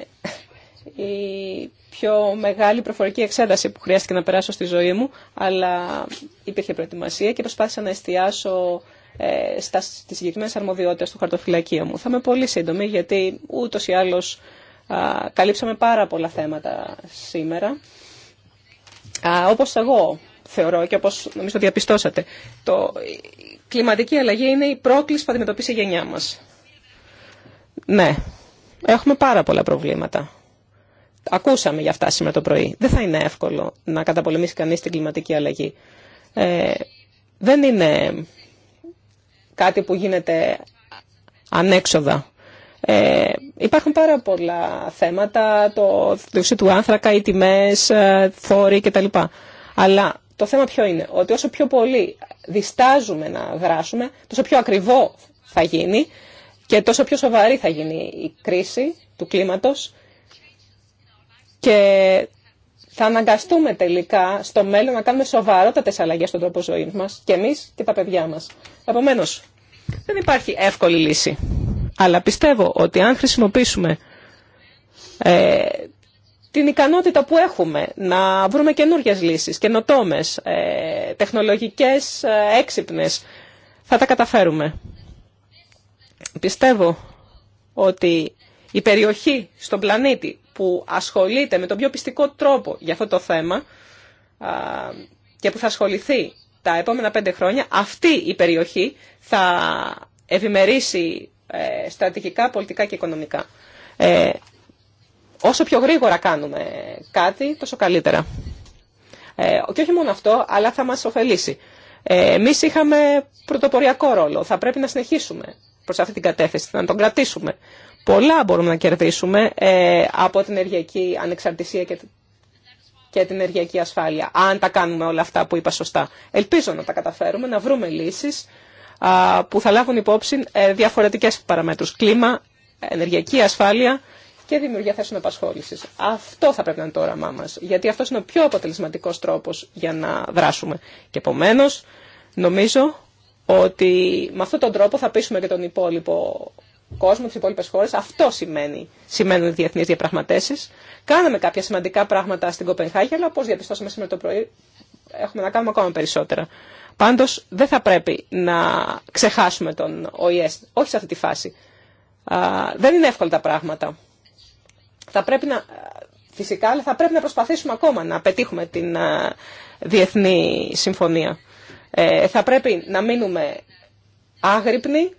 η πιο μεγάλη προφορική εξέταση που χρειάστηκε να περάσω στη ζωή μου, αλλά υπήρχε προετοιμασία και προσπάθησα να εστιάσω ε, στα, στις συγκεκριμένες αρμοδιότητες του χαρτοφυλακίου μου. Θα είμαι πολύ σύντομη, γιατί ούτως ή άλλως α, καλύψαμε πάρα πολλά θέματα σήμερα. Α, όπως εγώ θεωρώ και όπως νομίζω διαπιστώσατε, το, η κλιματική αλλαγή είναι η πρόκληση που αντιμετωπίσει η γενιά μας. Ναι, έχουμε πάρα πολλά προβλήματα. Ακούσαμε για αυτά σήμερα το πρωί. Δεν θα είναι εύκολο να καταπολεμήσει κανείς την κλιματική αλλαγή. Ε, δεν είναι κάτι που γίνεται ανέξοδα. Ε, υπάρχουν πάρα πολλά θέματα, το διοξύ του άνθρακα, οι τιμές, φόροι ε, κτλ. Αλλά το θέμα ποιο είναι, ότι όσο πιο πολύ διστάζουμε να δράσουμε, τόσο πιο ακριβό θα γίνει και τόσο πιο σοβαρή θα γίνει η κρίση του κλίματος και θα αναγκαστούμε τελικά στο μέλλον να κάνουμε σοβαρότατε αλλαγέ στον τρόπο ζωή μας και εμείς και τα παιδιά μας. Επομένως, δεν υπάρχει εύκολη λύση. Αλλά πιστεύω ότι αν χρησιμοποιήσουμε ε, την ικανότητα που έχουμε να βρούμε καινούριε λύσεις, καινοτόμε, ε, τεχνολογικές, ε, θα τα καταφέρουμε. Πιστεύω ότι η περιοχή στον πλανήτη που ασχολείται με τον πιο πιστικό τρόπο για αυτό το θέμα και που θα ασχοληθεί τα επόμενα πέντε χρόνια, αυτή η περιοχή θα ευημερήσει ε, στρατηγικά, πολιτικά και οικονομικά. Ε, όσο πιο γρήγορα κάνουμε κάτι, τόσο καλύτερα. Ε, και όχι μόνο αυτό, αλλά θα μας ωφελήσει. Ε, εμείς είχαμε πρωτοποριακό ρόλο. Θα πρέπει να συνεχίσουμε προς αυτή την κατεύθυνση, να τον κρατήσουμε. Πολλά μπορούμε να κερδίσουμε ε, από την ενεργειακή ανεξαρτησία και την ενεργειακή ασφάλεια, αν τα κάνουμε όλα αυτά που είπα σωστά. Ελπίζω να τα καταφέρουμε, να βρούμε λύσεις που θα λάβουν υπόψη ε, διαφορετικές παραμέτρους. Κλίμα, ενεργειακή ασφάλεια και δημιουργία θέσεων απασχόληση. Αυτό θα πρέπει να είναι το όραμά μας, γιατί αυτό είναι ο πιο αποτελεσματικός τρόπος για να δράσουμε. Και επομένω, νομίζω ότι με αυτόν τον τρόπο θα πείσουμε και τον υπόλοιπο κόσμου, τις υπόλοιπες χώρες. Αυτό σημαίνει, σημαίνουν οι διεθνείς διαπραγματεύσεις. Κάναμε κάποια σημαντικά πράγματα στην Κοπενχάγη, αλλά όπως διαπιστώσαμε σήμερα το πρωί, έχουμε να κάνουμε ακόμα περισσότερα. Πάντως, δεν θα πρέπει να ξεχάσουμε τον ΟΗΕΣ, όχι σε αυτή τη φάση. δεν είναι εύκολα τα πράγματα. Θα πρέπει να, φυσικά, αλλά θα πρέπει να προσπαθήσουμε ακόμα να πετύχουμε την διεθνή συμφωνία. Ε, θα πρέπει να μείνουμε άγρυπνοι,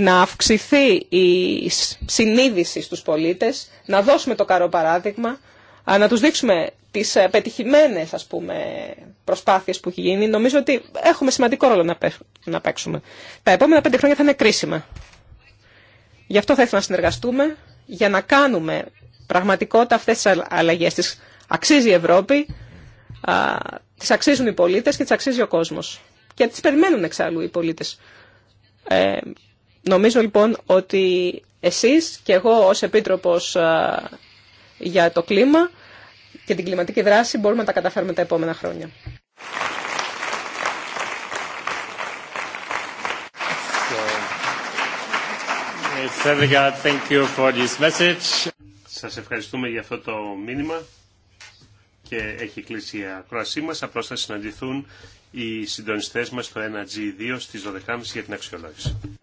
να αυξηθεί η συνείδηση στους πολίτες, να δώσουμε το καρό παράδειγμα, να τους δείξουμε τις ε, πετυχημένες ας πούμε, προσπάθειες που έχει γίνει. Νομίζω ότι έχουμε σημαντικό ρόλο να παίξουμε. Τα επόμενα πέντε χρόνια θα είναι κρίσιμα. Γι' αυτό θα ήθελα να συνεργαστούμε για να κάνουμε πραγματικότητα αυτές τις αλλαγές. Τις αξίζει η Ευρώπη, τις αξίζουν οι πολίτες και τις αξίζει ο κόσμος. Και τις περιμένουν εξάλλου οι πολίτες. Ε, Νομίζω λοιπόν ότι εσείς και εγώ ως Επίτροπος για το κλίμα και την κλιματική δράση μπορούμε να τα καταφέρουμε τα επόμενα χρόνια. Thank Σας ευχαριστούμε για αυτό το μήνυμα και έχει κλείσει η ακρόασή μας. Απλώς θα συναντηθούν οι συντονιστές μας στο 1G2 στις 12.30 για την αξιολόγηση.